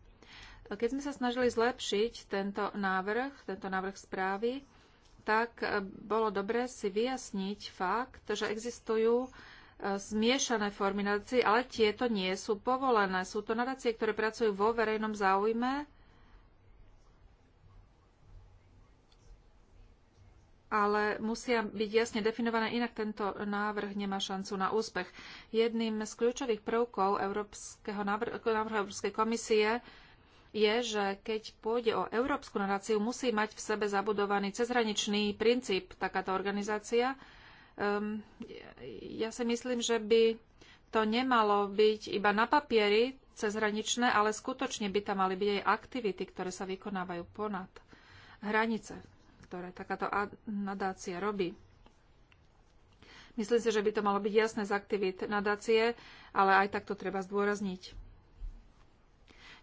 Keď sme sa snažili zlepšiť tento návrh, tento návrh správy, tak bolo dobre si vyjasniť fakt, že existujú zmiešané formy nadácií, ale tieto nie sú povolené. Sú to nadácie, ktoré pracujú vo verejnom záujme, ale musia byť jasne definované, inak tento návrh nemá šancu na úspech. Jedným z kľúčových prvkov Európskeho návrhu, návrhu Európskej komisie je, že keď pôjde o európsku nadáciu, musí mať v sebe zabudovaný cezhraničný princíp takáto organizácia, Um, ja si myslím, že by to nemalo byť iba na papieri cezhraničné, ale skutočne by tam mali byť aj aktivity, ktoré sa vykonávajú ponad hranice, ktoré takáto nadácia robí. Myslím si, že by to malo byť jasné z aktivít nadácie, ale aj tak to treba zdôrazniť.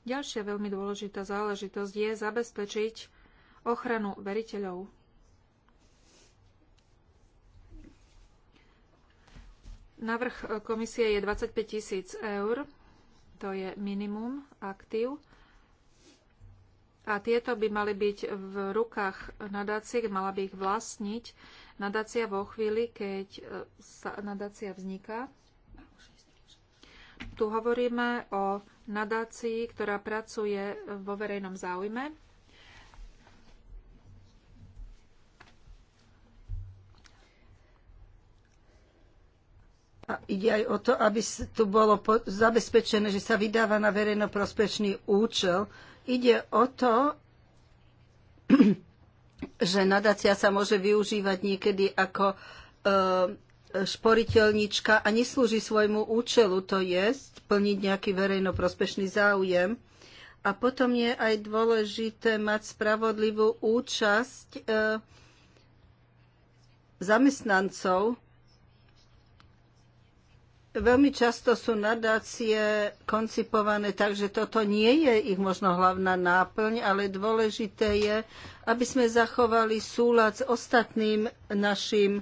Ďalšia veľmi dôležitá záležitosť je zabezpečiť ochranu veriteľov. Navrh e, komisie je 25 tisíc eur, to je minimum aktív. A tieto by mali byť v rukách nadácie, mala by ich vlastniť nadácia vo chvíli, keď e, sa nadácia vzniká. Tu hovoríme o nadácii, ktorá pracuje vo verejnom záujme A ide aj o to, aby tu bolo zabezpečené, že sa vydáva na verejnoprospečný účel. Ide o to, že nadácia sa môže využívať niekedy ako e, šporiteľnička a neslúži svojmu účelu, to je plniť nejaký verejnoprospešný záujem. A potom je aj dôležité mať spravodlivú účasť e, zamestnancov Veľmi často sú nadácie koncipované tak, že toto nie je ich možno hlavná náplň, ale dôležité je, aby sme zachovali súlad s ostatným našim e,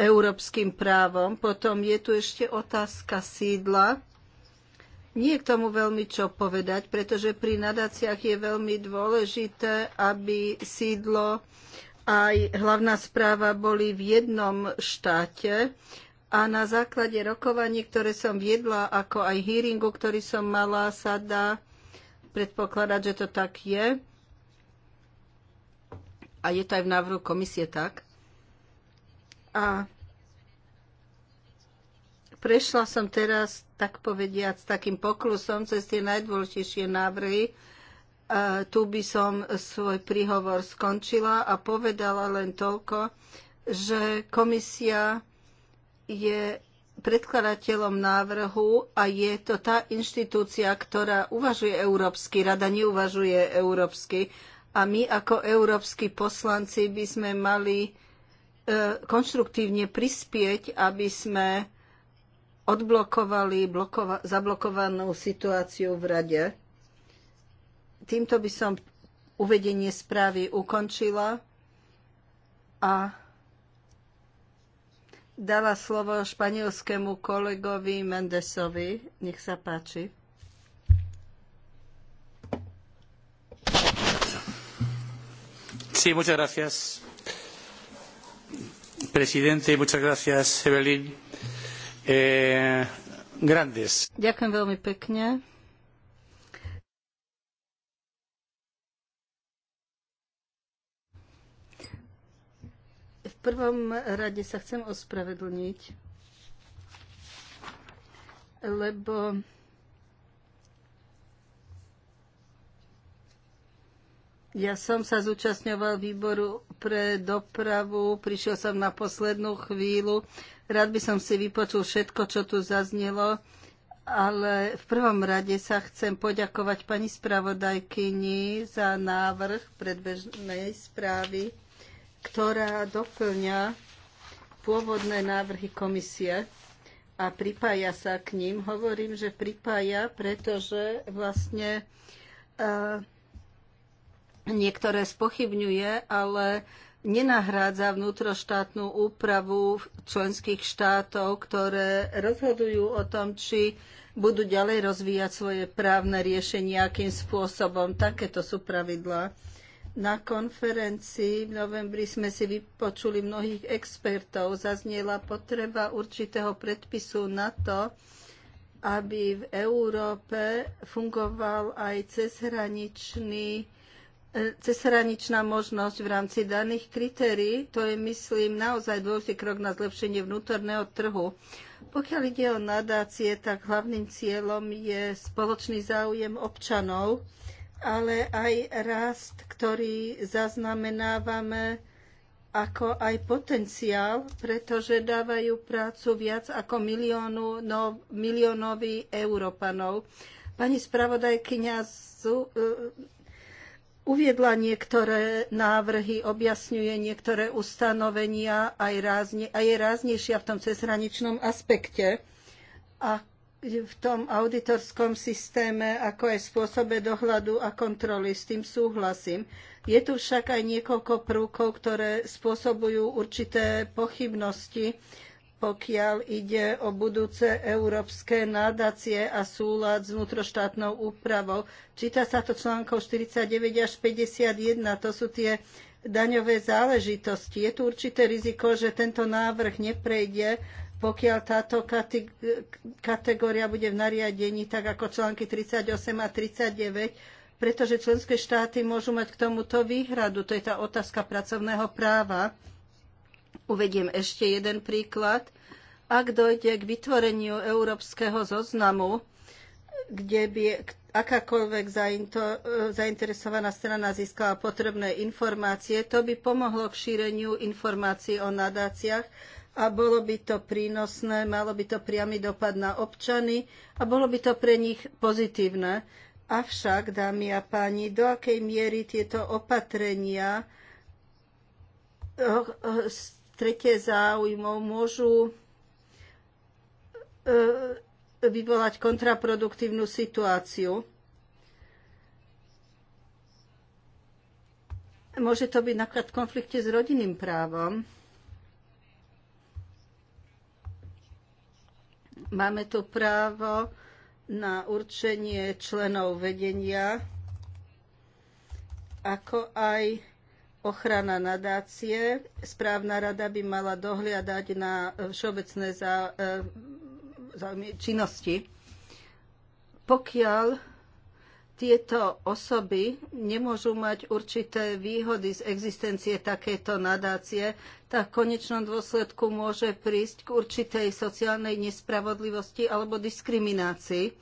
európskym právom. Potom je tu ešte otázka sídla. Nie je k tomu veľmi čo povedať, pretože pri nadáciách je veľmi dôležité, aby sídlo aj hlavná správa boli v jednom štáte a na základe rokovaní, ktoré som viedla, ako aj hearingu, ktorý som mala, sa dá predpokladať, že to tak je. A je to aj v návrhu komisie tak. A prešla som teraz, tak povediať, s takým poklusom cez tie najdôležitejšie návrhy, tu by som svoj príhovor skončila a povedala len toľko, že komisia je predkladateľom návrhu a je to tá inštitúcia, ktorá uvažuje európsky, rada neuvažuje európsky. A my ako európsky poslanci by sme mali e, konštruktívne prispieť, aby sme odblokovali blokova- zablokovanú situáciu v rade týmto by som uvedenie správy ukončila a dala slovo španielskému kolegovi Mendesovi. Nech sa páči. Sí, muchas gracias, presidente. Muchas gracias, Evelyn. Eh, grandes. Ďakujem veľmi pekne. prvom rade sa chcem ospravedlniť, lebo ja som sa zúčastňoval výboru pre dopravu, prišiel som na poslednú chvíľu. Rád by som si vypočul všetko, čo tu zaznelo, ale v prvom rade sa chcem poďakovať pani spravodajkyni za návrh predbežnej správy ktorá doplňa pôvodné návrhy komisie a pripája sa k ním. Hovorím, že pripája, pretože vlastne e, niektoré spochybňuje, ale nenahrádza vnútroštátnu úpravu členských štátov, ktoré rozhodujú o tom, či budú ďalej rozvíjať svoje právne riešenie akým spôsobom. Takéto sú pravidlá. Na konferencii v novembri sme si vypočuli mnohých expertov. Zazniela potreba určitého predpisu na to, aby v Európe fungoval aj cezhraničný e, cezhraničná možnosť v rámci daných kritérií, to je, myslím, naozaj dôležitý krok na zlepšenie vnútorného trhu. Pokiaľ ide o nadácie, tak hlavným cieľom je spoločný záujem občanov ale aj rast, ktorý zaznamenávame ako aj potenciál, pretože dávajú prácu viac ako miliónu, no, miliónovi Európanov. Pani spravodajkyňa uh, uviedla niektoré návrhy, objasňuje niektoré ustanovenia aj rázne, a je ráznejšia v tom cezhraničnom aspekte. A v tom auditorskom systéme, ako aj spôsobe dohľadu a kontroly. S tým súhlasím. Je tu však aj niekoľko prúkov, ktoré spôsobujú určité pochybnosti, pokiaľ ide o budúce európske nádacie a súlad s vnútroštátnou úpravou. Číta sa to článkov 49 až 51, to sú tie daňové záležitosti. Je tu určité riziko, že tento návrh neprejde pokiaľ táto kategória bude v nariadení, tak ako články 38 a 39, pretože členské štáty môžu mať k tomuto výhradu. To je tá otázka pracovného práva. Uvediem ešte jeden príklad. Ak dojde k vytvoreniu európskeho zoznamu, kde by akákoľvek zainteresovaná strana získala potrebné informácie, to by pomohlo k šíreniu informácií o nadáciách, a bolo by to prínosné, malo by to priamy dopad na občany a bolo by to pre nich pozitívne. Avšak, dámy a páni, do akej miery tieto opatrenia eh, tretie záujmov môžu eh, vyvolať kontraproduktívnu situáciu. Môže to byť napríklad v konflikte s rodinným právom. Máme tu právo na určenie členov vedenia, ako aj ochrana nadácie. Správna rada by mala dohliadať na všeobecné záujmy e, činnosti. Pokiaľ tieto osoby nemôžu mať určité výhody z existencie takéto nadácie, tak v konečnom dôsledku môže prísť k určitej sociálnej nespravodlivosti alebo diskriminácii.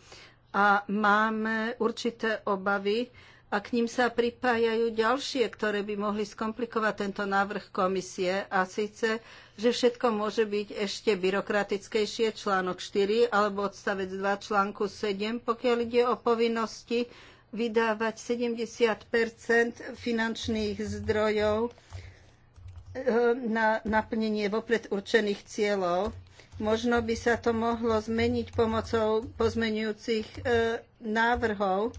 A máme určité obavy, a k ním sa pripájajú ďalšie, ktoré by mohli skomplikovať tento návrh komisie a síce, že všetko môže byť ešte byrokratickejšie, článok 4 alebo odstavec 2 článku 7, pokiaľ ide o povinnosti vydávať 70 finančných zdrojov eh, na naplnenie vopred určených cieľov. Možno by sa to mohlo zmeniť pomocou pozmenujúcich eh, návrhov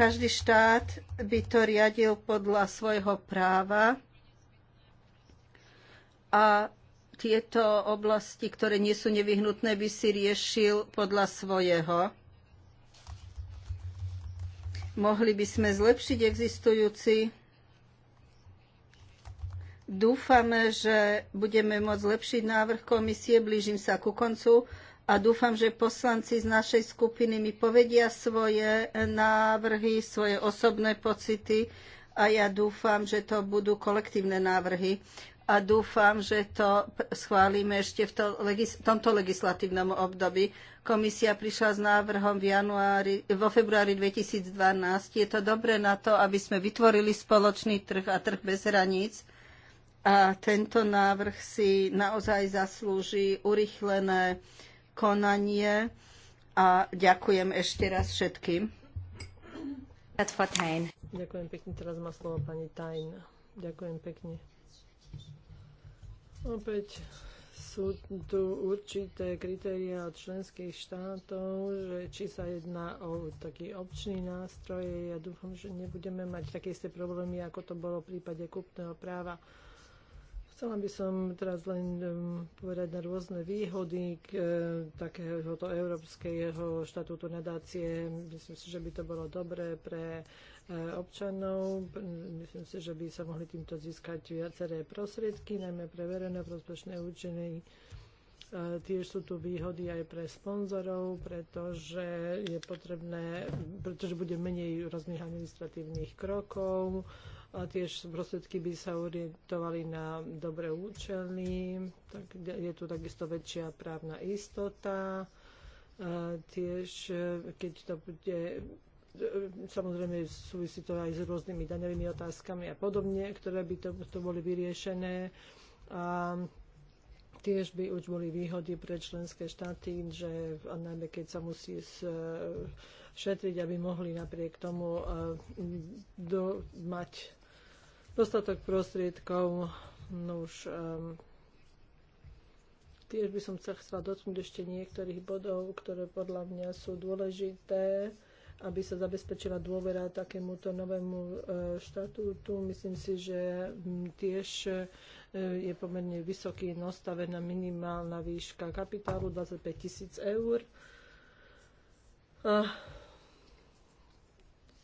každý štát by to riadil podľa svojho práva a tieto oblasti, ktoré nie sú nevyhnutné, by si riešil podľa svojho. Mohli by sme zlepšiť existujúci Dúfame, že budeme môcť zlepšiť návrh komisie. Blížim sa ku koncu a dúfam, že poslanci z našej skupiny mi povedia svoje návrhy, svoje osobné pocity a ja dúfam, že to budú kolektívne návrhy a dúfam, že to schválime ešte v, to, legis, tomto legislatívnom období. Komisia prišla s návrhom v januári, vo februári 2012. Je to dobré na to, aby sme vytvorili spoločný trh a trh bez hraníc. A tento návrh si naozaj zaslúži urychlené uh, konanie a ďakujem ešte raz všetkým. Ďakujem pekne, teraz má slovo pani Tajn. Ďakujem pekne. Opäť sú tu určité kritéria od členských štátov, že či sa jedná o taký občný nástroj. Ja dúfam, že nebudeme mať také isté problémy, ako to bolo v prípade kúpneho práva. Chcela by som teraz len povedať na rôzne výhody k e, takéhoto európskeho štatútu nadácie. Myslím si, že by to bolo dobré pre e, občanov. Myslím si, že by sa mohli týmto získať viaceré prostriedky, najmä pre verejné prospešné účiny. E, tiež sú tu výhody aj pre sponzorov, pretože je potrebné, pretože bude menej rôznych administratívnych krokov, a tiež prostriedky by sa orientovali na dobré účely, tak je tu takisto väčšia právna istota, a tiež keď to bude samozrejme súvisí to aj s rôznymi daňovými otázkami a podobne, ktoré by to, to boli vyriešené. A tiež by už boli výhody pre členské štáty, že najmä keď sa musí e, šetriť, aby mohli napriek tomu e, do, mať dostatok prostriedkov. No už um, tiež by som sa chcela dotknúť ešte niektorých bodov, ktoré podľa mňa sú dôležité aby sa zabezpečila dôvera takémuto novému e, štatútu. Myslím si, že tiež e, je pomerne vysoký nastavená minimálna výška kapitálu 25 tisíc eur. Uh,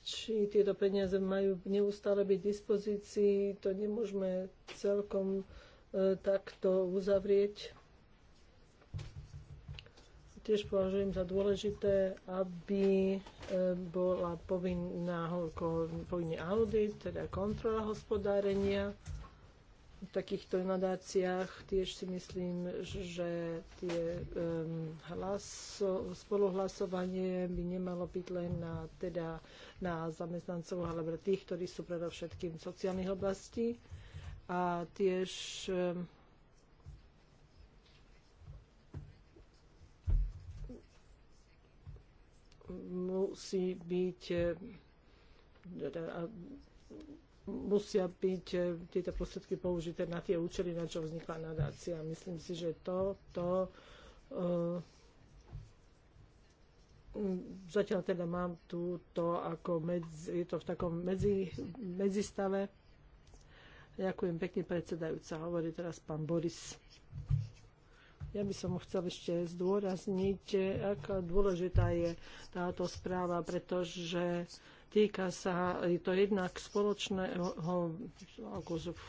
či tieto peniaze majú neustále byť v dispozícii, to nemôžeme celkom e, takto uzavrieť. Tiež považujem za dôležité, aby e, bola povinná, povinný audit, teda kontrola hospodárenia v takýchto nadáciách tiež si myslím, že tie um, hlaso, spoluhlasovanie by nemalo byť len na, teda, na zamestnancov, alebo tých, ktorí sú predovšetkým v sociálnych oblastí. A tiež um, musí byť um, musia byť e, tieto prostriedky použité na tie účely, na čo vznikla nadácia. Myslím si, že to, to uh, zatiaľ teda mám tu to, ako medzi, je to v takom medzi, medzistave. Ďakujem pekne predsedajúca, hovorí teraz pán Boris. Ja by som chcel ešte zdôrazniť, aká dôležitá je táto správa, pretože uh, Týka sa je to jednak spoločného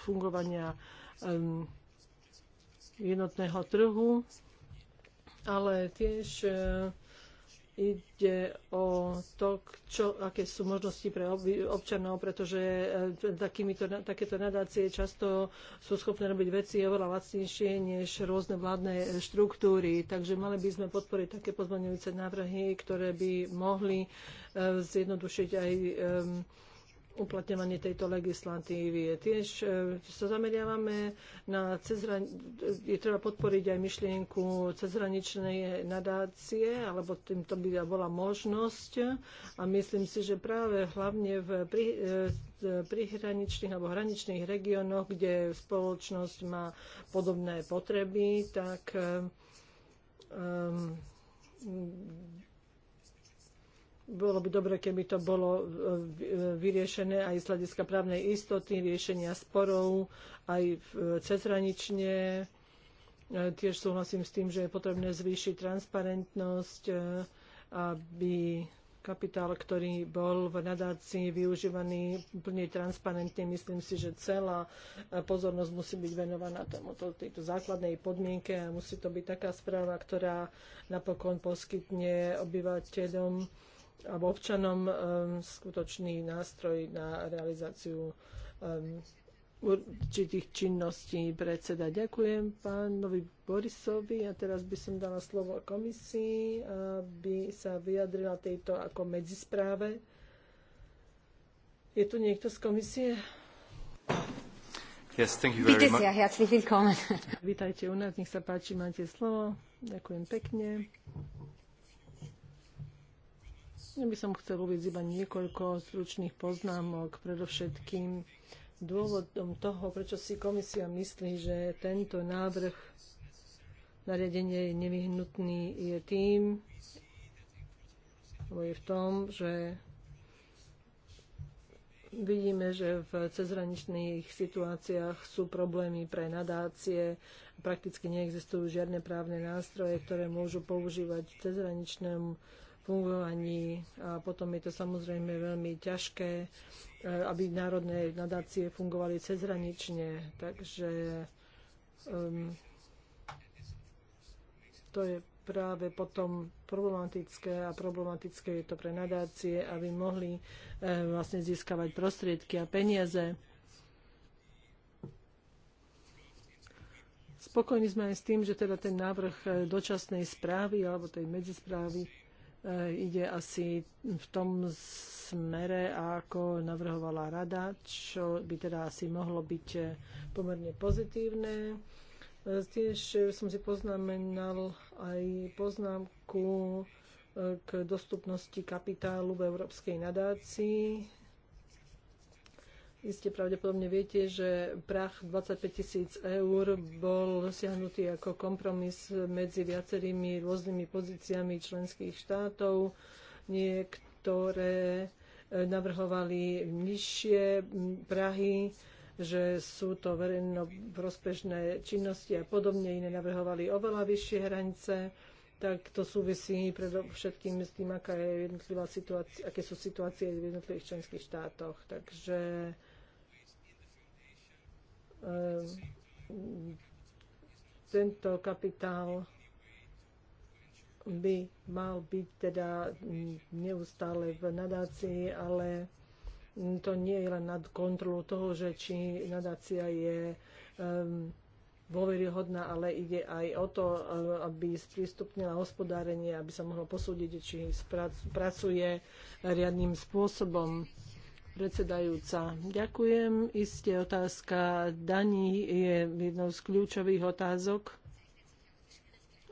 fungovania um, jednotného trhu, ale tiež uh, ide o to, čo, aké sú možnosti pre občanov, pretože e, takýmito, takéto nadácie často sú schopné robiť veci oveľa lacnejšie než rôzne vládne e, štruktúry. Takže mali by sme podporiť také pozmaňujúce návrhy, ktoré by mohli e, zjednodušiť aj uplatňovanie tejto legislatívy. Tiež e, sa zameriavame na cezhran- je treba podporiť aj myšlienku cezhraničnej nadácie, alebo týmto by bola možnosť. A myslím si, že práve hlavne v pri, e, prihraničných alebo hraničných regiónoch, kde spoločnosť má podobné potreby, tak um, bolo by dobre, keby to bolo e, e, vyriešené aj z hľadiska právnej istoty, riešenia sporov, aj e, cezhranične. Tiež súhlasím s tým, že je potrebné zvýšiť transparentnosť, aby kapitál, ktorý bol v nadácii využívaný plne transparentne. Myslím si, že celá pozornosť musí byť venovaná tomuto, tejto základnej podmienke a musí to byť taká správa, ktorá napokon poskytne obyvateľom alebo občanom um, skutočný nástroj na realizáciu um, určitých činností predseda. Ďakujem pánovi Borisovi a teraz by som dala slovo komisii, aby sa vyjadrila tejto ako medzispráve. Je tu niekto z komisie? Yes, thank you very much. Vítajte u nás, nech sa páči, máte slovo. Ďakujem pekne by som chcel uvieť iba niekoľko stručných poznámok, predovšetkým dôvodom toho, prečo si komisia myslí, že tento návrh nariadenie je nevyhnutný, je tým, je v tom, že vidíme, že v cezhraničných situáciách sú problémy pre nadácie, prakticky neexistujú žiadne právne nástroje, ktoré môžu používať v fungovaní. A potom je to samozrejme veľmi ťažké, e, aby národné nadácie fungovali cezhranične. Takže um, to je práve potom problematické a problematické je to pre nadácie, aby mohli um, vlastne získavať prostriedky a peniaze. Spokojní sme aj s tým, že teda ten návrh e, dočasnej správy alebo tej medzisprávy E, ide asi v tom smere, ako navrhovala rada, čo by teda asi mohlo byť e, pomerne pozitívne. E, tiež som si poznamenal aj poznámku k dostupnosti kapitálu v Európskej nadácii. Iste pravdepodobne viete, že prach 25 tisíc eur bol dosiahnutý ako kompromis medzi viacerými rôznymi pozíciami členských štátov. Niektoré e, navrhovali nižšie prahy, že sú to verejno prospešné činnosti a podobne. Iné navrhovali oveľa vyššie hranice tak to súvisí predovšetkým s tým, aká je jednotlivá situácia, aké sú situácie v jednotlivých členských štátoch. Takže Ehm, tento kapitál by mal byť teda neustále v nadácii, ale to nie je len nad kontrolu toho, že či nadácia je um, dôveryhodná, ale ide aj o to, eh, aby sprístupnila hospodárenie, aby sa mohlo posúdiť, či pracuje riadným spôsobom predsedajúca. Ďakujem. Isté otázka daní je jednou z kľúčových otázok.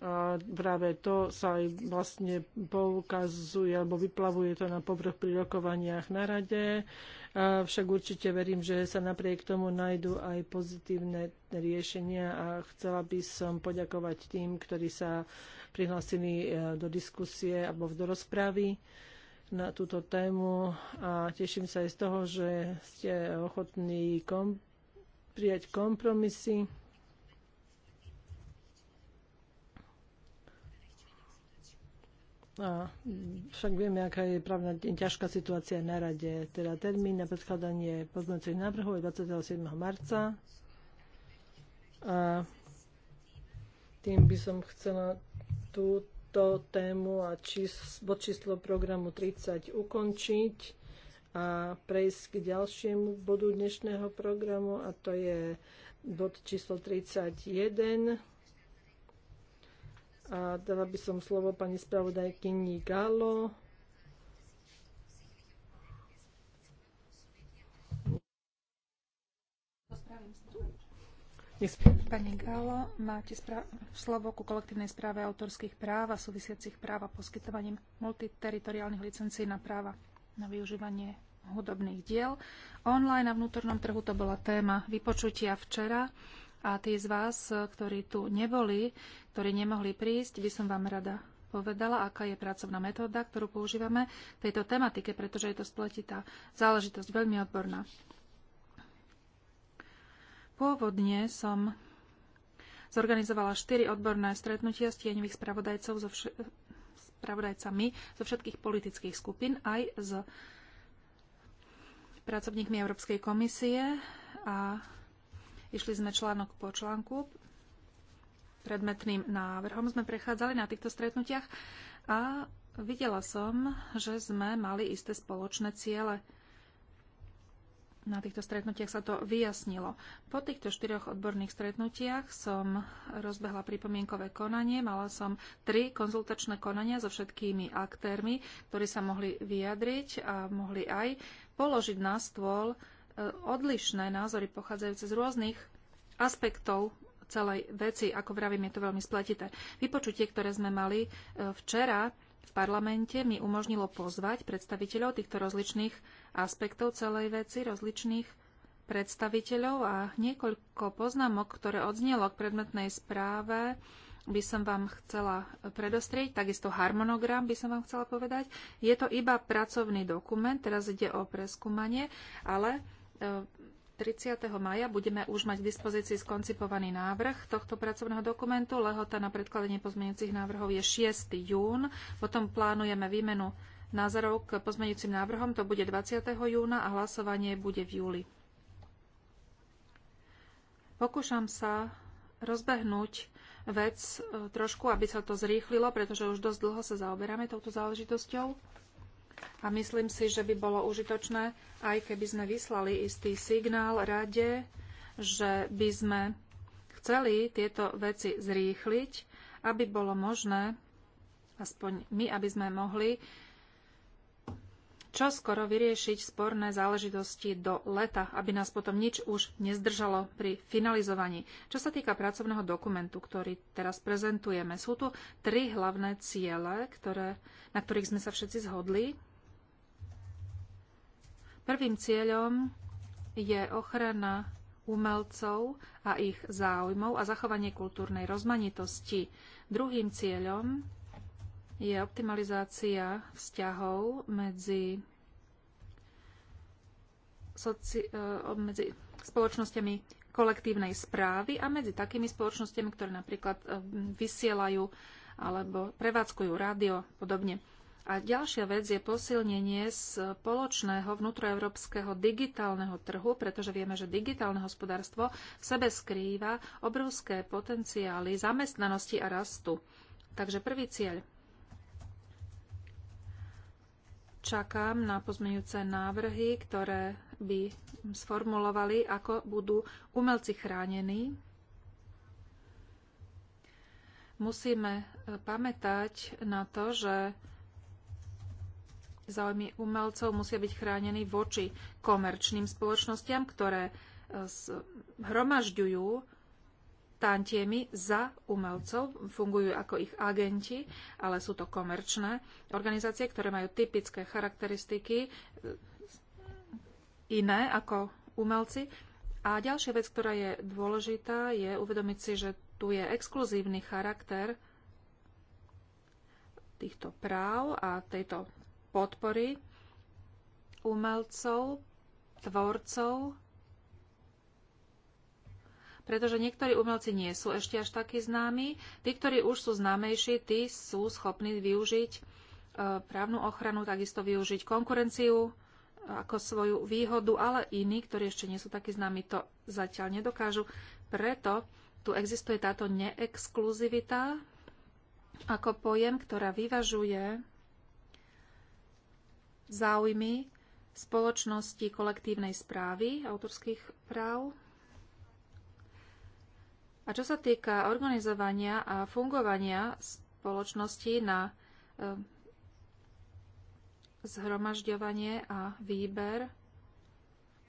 A práve to sa aj vlastne poukazuje alebo vyplavuje to na povrch pri rokovaniach na rade. A však určite verím, že sa napriek tomu nájdú aj pozitívne riešenia a chcela by som poďakovať tým, ktorí sa prihlásili e, do diskusie alebo do rozpravy na túto tému a teším sa aj z toho, že ste ochotní kom- prijať kompromisy. A však vieme, aká je pravda ťažká situácia na rade. Teda termín na predkladanie poznacích návrhov je 27. marca. A tým by som chcela tu túto tému a čís, bod číslo programu 30 ukončiť a prejsť k ďalšiemu bodu dnešného programu a to je bod číslo 31. A dala by som slovo pani spravodajkyni Galo Pani Gálo, máte slovo ku kolektívnej správe autorských práv a súvisiacich práv a poskytovaním multiteritoriálnych licencií na práva na využívanie hudobných diel. Online a vnútornom trhu to bola téma vypočutia včera a tí z vás, ktorí tu neboli, ktorí nemohli prísť, by som vám rada povedala, aká je pracovná metóda, ktorú používame v tejto tematike, pretože je to spletitá záležitosť veľmi odborná. Pôvodne som zorganizovala štyri odborné stretnutia s tieňových spravodajcov so vše- spravodajcami zo všetkých politických skupín, aj s pracovníkmi Európskej komisie a išli sme článok po článku. Predmetným návrhom sme prechádzali na týchto stretnutiach a videla som, že sme mali isté spoločné ciele – na týchto stretnutiach sa to vyjasnilo. Po týchto štyroch odborných stretnutiach som rozbehla pripomienkové konanie. Mala som tri konzultačné konania so všetkými aktérmi, ktorí sa mohli vyjadriť a mohli aj položiť na stôl e, odlišné názory pochádzajúce z rôznych aspektov celej veci. Ako vravím, je to veľmi spletité. Vypočutie, ktoré sme mali e, včera, v parlamente mi umožnilo pozvať predstaviteľov týchto rozličných aspektov celej veci, rozličných predstaviteľov a niekoľko poznámok, ktoré odznelo k predmetnej správe, by som vám chcela predostrieť, takisto harmonogram by som vám chcela povedať. Je to iba pracovný dokument, teraz ide o preskúmanie, ale e, 30. maja budeme už mať k dispozícii skoncipovaný návrh tohto pracovného dokumentu. Lehota na predkladanie pozmeňujúcich návrhov je 6. jún. Potom plánujeme výmenu názorov k pozmeňujúcim návrhom. To bude 20. júna a hlasovanie bude v júli. Pokúšam sa rozbehnúť vec e, trošku, aby sa to zrýchlilo, pretože už dosť dlho sa zaoberáme touto záležitosťou. A myslím si, že by bolo užitočné, aj keby sme vyslali istý signál rade, že by sme chceli tieto veci zrýchliť, aby bolo možné, aspoň my, aby sme mohli čo skoro vyriešiť sporné záležitosti do leta, aby nás potom nič už nezdržalo pri finalizovaní. Čo sa týka pracovného dokumentu, ktorý teraz prezentujeme, sú tu tri hlavné ciele, ktoré, na ktorých sme sa všetci zhodli. Prvým cieľom je ochrana umelcov a ich záujmov a zachovanie kultúrnej rozmanitosti. Druhým cieľom je optimalizácia vzťahov medzi, soci, e, medzi spoločnosťami kolektívnej správy a medzi takými spoločnosťami, ktoré napríklad e, vysielajú alebo prevádzkujú rádio podobne. A ďalšia vec je posilnenie spoločného vnútroevropského digitálneho trhu, pretože vieme, že digitálne hospodárstvo v sebe skrýva obrovské potenciály zamestnanosti a rastu. Takže prvý cieľ. Čakám na pozmeňujúce návrhy, ktoré by sformulovali, ako budú umelci chránení musíme pamätať na to, že záujmy umelcov musia byť chránení voči komerčným spoločnostiam, ktoré e, hromažďujú tantiemi za umelcov, fungujú ako ich agenti, ale sú to komerčné organizácie, ktoré majú typické charakteristiky e, iné ako umelci. A ďalšia vec, ktorá je dôležitá, je uvedomiť si, že tu je exkluzívny charakter týchto práv a tejto podpory umelcov, tvorcov, pretože niektorí umelci nie sú ešte až takí známi. Tí, ktorí už sú známejší, tí sú schopní využiť e, právnu ochranu, takisto využiť konkurenciu e, ako svoju výhodu, ale iní, ktorí ešte nie sú takí známi, to zatiaľ nedokážu. Preto tu existuje táto neexkluzivita ako pojem, ktorá vyvažuje záujmy spoločnosti kolektívnej správy autorských práv. A čo sa týka organizovania a fungovania spoločnosti na eh, zhromažďovanie a výber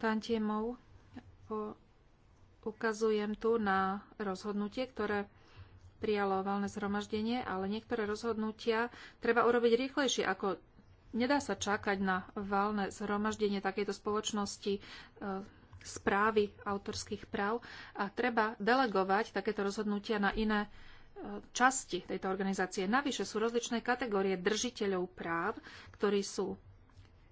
tantiemov, ukazujem tu na rozhodnutie, ktoré prijalo valné zhromaždenie, ale niektoré rozhodnutia treba urobiť rýchlejšie ako Nedá sa čakať na valné zhromaždenie takejto spoločnosti e, správy autorských práv a treba delegovať takéto rozhodnutia na iné e, časti tejto organizácie. Navyše sú rozličné kategórie držiteľov práv, ktorí sú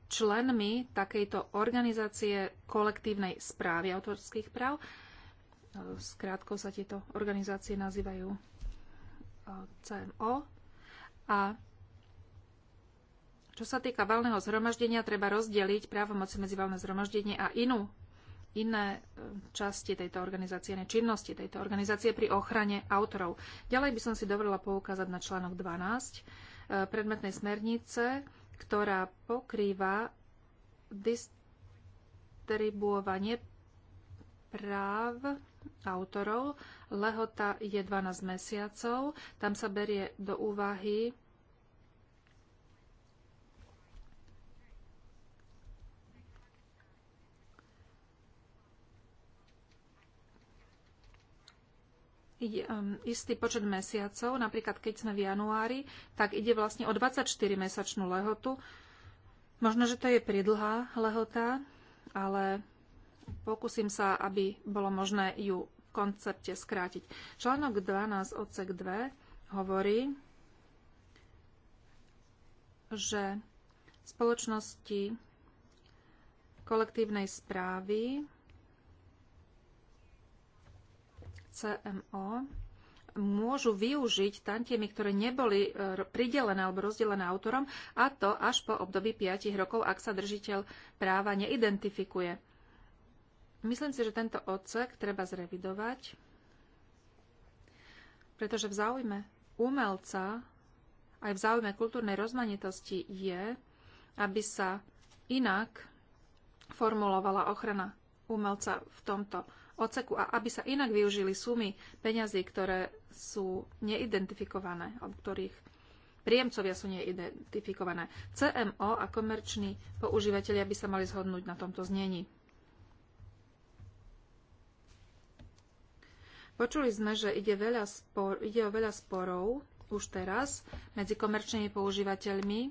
členmi takejto organizácie kolektívnej správy autorských práv. E, skrátko sa tieto organizácie nazývajú CMO. A čo sa týka valného zhromaždenia, treba rozdeliť právomoc medzi valné zhromaždenie a inú, iné e, časti tejto organizácie, iné činnosti tejto organizácie pri ochrane autorov. Ďalej by som si dovolila poukázať na článok 12 e, predmetnej smernice, ktorá pokrýva distribuovanie práv autorov. Lehota je 12 mesiacov. Tam sa berie do úvahy Um, istý počet mesiacov, napríklad keď sme v januári, tak ide vlastne o 24-mesačnú lehotu. Možno, že to je pridlhá lehota, ale pokúsim sa, aby bolo možné ju v koncepte skrátiť. Článok 12 odsek 2 hovorí, že spoločnosti kolektívnej správy CMO môžu využiť tantiemy, ktoré neboli e, pridelené alebo rozdelené autorom, a to až po období 5 rokov, ak sa držiteľ práva neidentifikuje. Myslím si, že tento odsek treba zrevidovať, pretože v záujme umelca aj v záujme kultúrnej rozmanitosti je, aby sa inak formulovala ochrana umelca v tomto odseku a aby sa inak využili sumy peňazí, ktoré sú neidentifikované, od ktorých príjemcovia sú neidentifikované. CMO a komerční používateľia by sa mali zhodnúť na tomto znení. Počuli sme, že ide, veľa spor, ide o veľa sporov už teraz medzi komerčnými používateľmi e,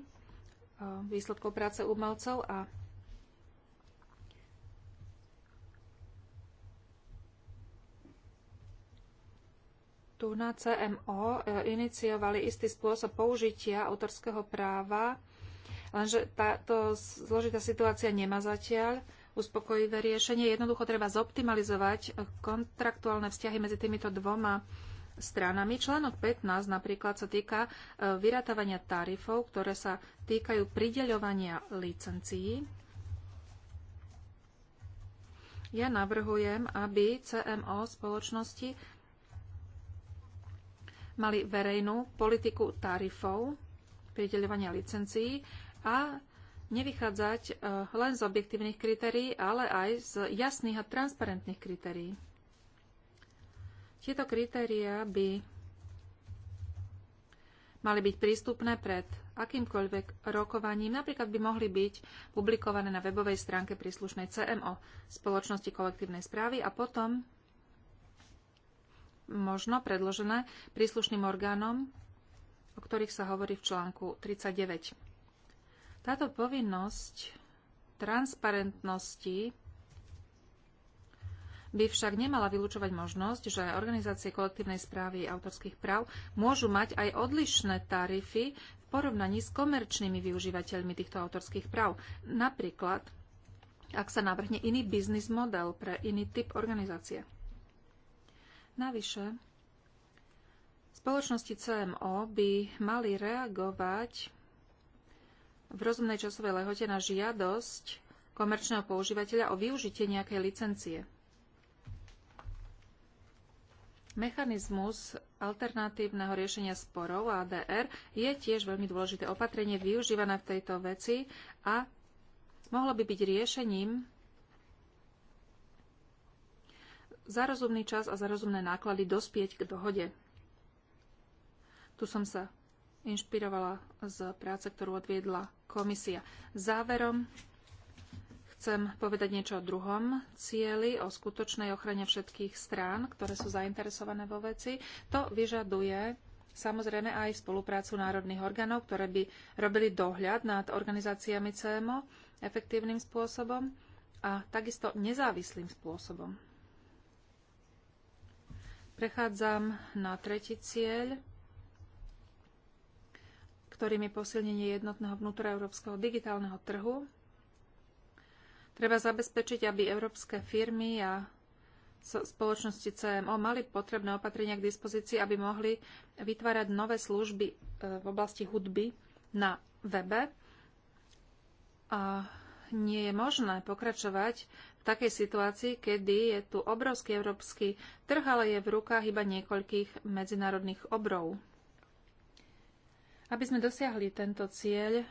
výsledkov práce umelcov a tu na CMO e, iniciovali istý spôsob použitia autorského práva, lenže táto zložitá situácia nemá zatiaľ uspokojivé riešenie. Jednoducho treba zoptimalizovať e, kontraktuálne vzťahy medzi týmito dvoma stranami. Článok 15 napríklad sa týka e, vyratávania tarifov, ktoré sa týkajú prideľovania licencií. Ja navrhujem, aby CMO spoločnosti mali verejnú politiku tarifov, prideľovania licencií a nevychádzať eh, len z objektívnych kritérií, ale aj z jasných a transparentných kritérií. Tieto kritéria by mali byť prístupné pred akýmkoľvek rokovaním. Napríklad by mohli byť publikované na webovej stránke príslušnej CMO, spoločnosti kolektívnej správy a potom možno predložené príslušným orgánom, o ktorých sa hovorí v článku 39. Táto povinnosť transparentnosti by však nemala vylúčovať možnosť, že organizácie kolektívnej správy autorských práv môžu mať aj odlišné tarify v porovnaní s komerčnými využívateľmi týchto autorských práv. Napríklad, ak sa navrhne iný biznis model pre iný typ organizácie. Navyše, spoločnosti CMO by mali reagovať v rozumnej časovej lehote na žiadosť komerčného používateľa o využitie nejakej licencie. Mechanizmus alternatívneho riešenia sporov ADR je tiež veľmi dôležité opatrenie využívané v tejto veci a mohlo by byť riešením za rozumný čas a za rozumné náklady dospieť k dohode. Tu som sa inšpirovala z práce, ktorú odviedla komisia. Záverom chcem povedať niečo o druhom cieli, o skutočnej ochrane všetkých strán, ktoré sú zainteresované vo veci. To vyžaduje samozrejme aj spoluprácu národných orgánov, ktoré by robili dohľad nad organizáciami CMO efektívnym spôsobom a takisto nezávislým spôsobom. Prechádzam na tretí cieľ, ktorým je posilnenie jednotného európskeho digitálneho trhu. Treba zabezpečiť, aby európske firmy a spoločnosti CMO mali potrebné opatrenia k dispozícii, aby mohli vytvárať nové služby e, v oblasti hudby na webe. A nie je možné pokračovať v takej situácii, kedy je tu obrovský európsky trh, ale je v rukách iba niekoľkých medzinárodných obrov. Aby sme dosiahli tento cieľ,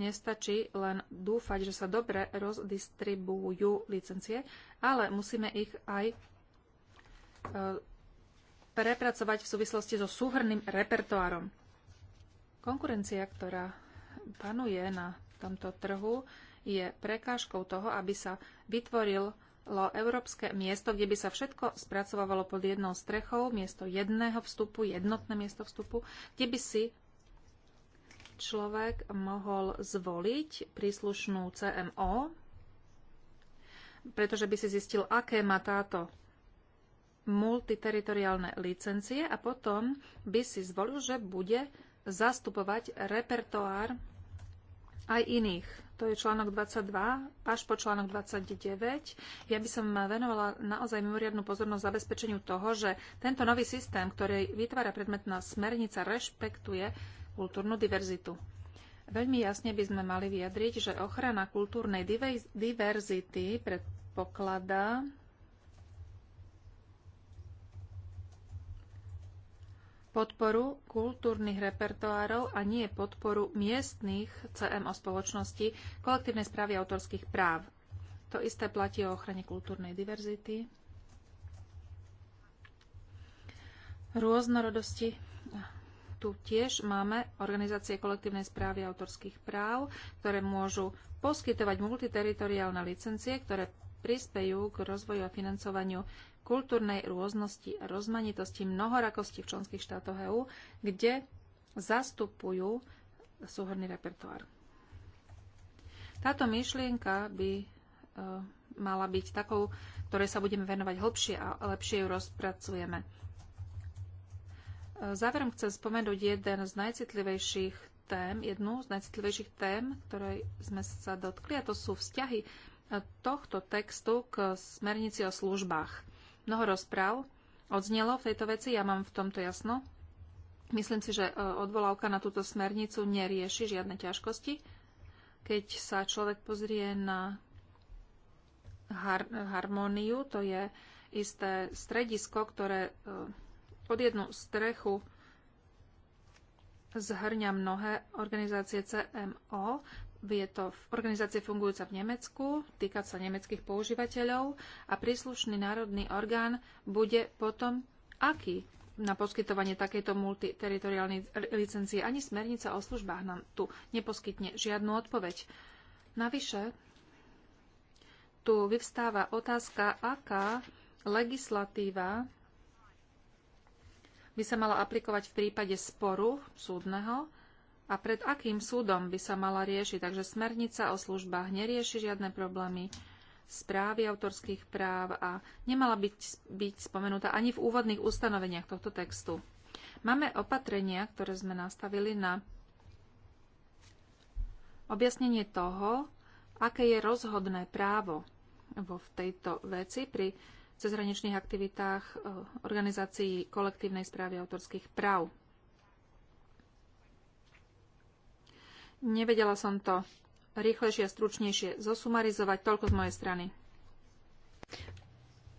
nestačí len dúfať, že sa dobre rozdistribujú licencie, ale musíme ich aj e, prepracovať v súvislosti so súhrným repertoárom. Konkurencia, ktorá panuje na tomto trhu je prekážkou toho, aby sa vytvorilo európske miesto, kde by sa všetko spracovávalo pod jednou strechou, miesto jedného vstupu, jednotné miesto vstupu, kde by si človek mohol zvoliť príslušnú CMO, pretože by si zistil, aké má táto multiteritoriálne licencie a potom by si zvolil, že bude zastupovať repertoár aj iných. To je článok 22 až po článok 29. Ja by som venovala naozaj mimoriadnú pozornosť zabezpečeniu toho, že tento nový systém, ktorý vytvára predmetná smernica, rešpektuje kultúrnu diverzitu. Veľmi jasne by sme mali vyjadriť, že ochrana kultúrnej diverzity predpokladá podporu kultúrnych repertoárov a nie podporu miestných CMO spoločností kolektívnej správy autorských práv. To isté platí o ochrane kultúrnej diverzity, rôznorodosti. Tu tiež máme organizácie kolektívnej správy autorských práv, ktoré môžu poskytovať multiteritoriálne licencie, ktoré prispejú k rozvoju a financovaniu kultúrnej rôznosti a rozmanitosti mnohorakosti v členských štátoch EÚ, kde zastupujú súhrný repertoár. Táto myšlienka by e, mala byť takou, ktorej sa budeme venovať hlbšie a lepšie ju rozpracujeme. E, záverom chcem spomenúť jeden z najcitlivejších tém, jednu z najcitlivejších tém, ktorej sme sa dotkli, a to sú vzťahy tohto textu k smernici o službách. Mnoho rozpráv odznelo v tejto veci, ja mám v tomto jasno. Myslím si, že e, odvolávka na túto smernicu nerieši žiadne ťažkosti. Keď sa človek pozrie na har- harmóniu, to je isté stredisko, ktoré e, pod jednu strechu zhrňa mnohé organizácie CMO, je to organizácia fungujúca v Nemecku, týka sa nemeckých používateľov a príslušný národný orgán bude potom aký na poskytovanie takejto multiteritoriálnej licencie. Ani smernica o službách nám tu neposkytne žiadnu odpoveď. Navyše, tu vyvstáva otázka, aká legislatíva by sa mala aplikovať v prípade sporu súdneho a pred akým súdom by sa mala riešiť. Takže smernica o službách nerieši žiadne problémy správy autorských práv a nemala byť, byť spomenutá ani v úvodných ustanoveniach tohto textu. Máme opatrenia, ktoré sme nastavili na objasnenie toho, aké je rozhodné právo vo v tejto veci pri cezhraničných aktivitách eh, organizácií kolektívnej správy autorských práv. Nevedela som to rýchlejšie a stručnejšie zosumarizovať. Toľko z mojej strany.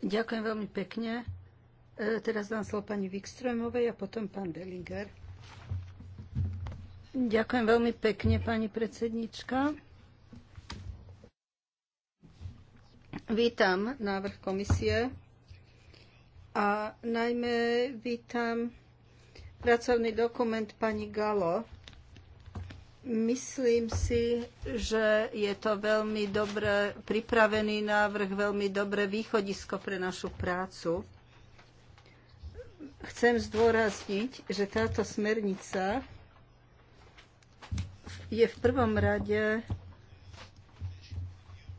Ďakujem veľmi pekne. E, teraz dám slovo pani Wikströmovej a potom pán Bellinger. Ďakujem veľmi pekne, pani predsednička. Vítam návrh komisie a najmä vítam pracovný dokument pani Galo, Myslím si, že je to veľmi dobre pripravený návrh, veľmi dobré východisko pre našu prácu. Chcem zdôrazniť, že táto smernica je v prvom rade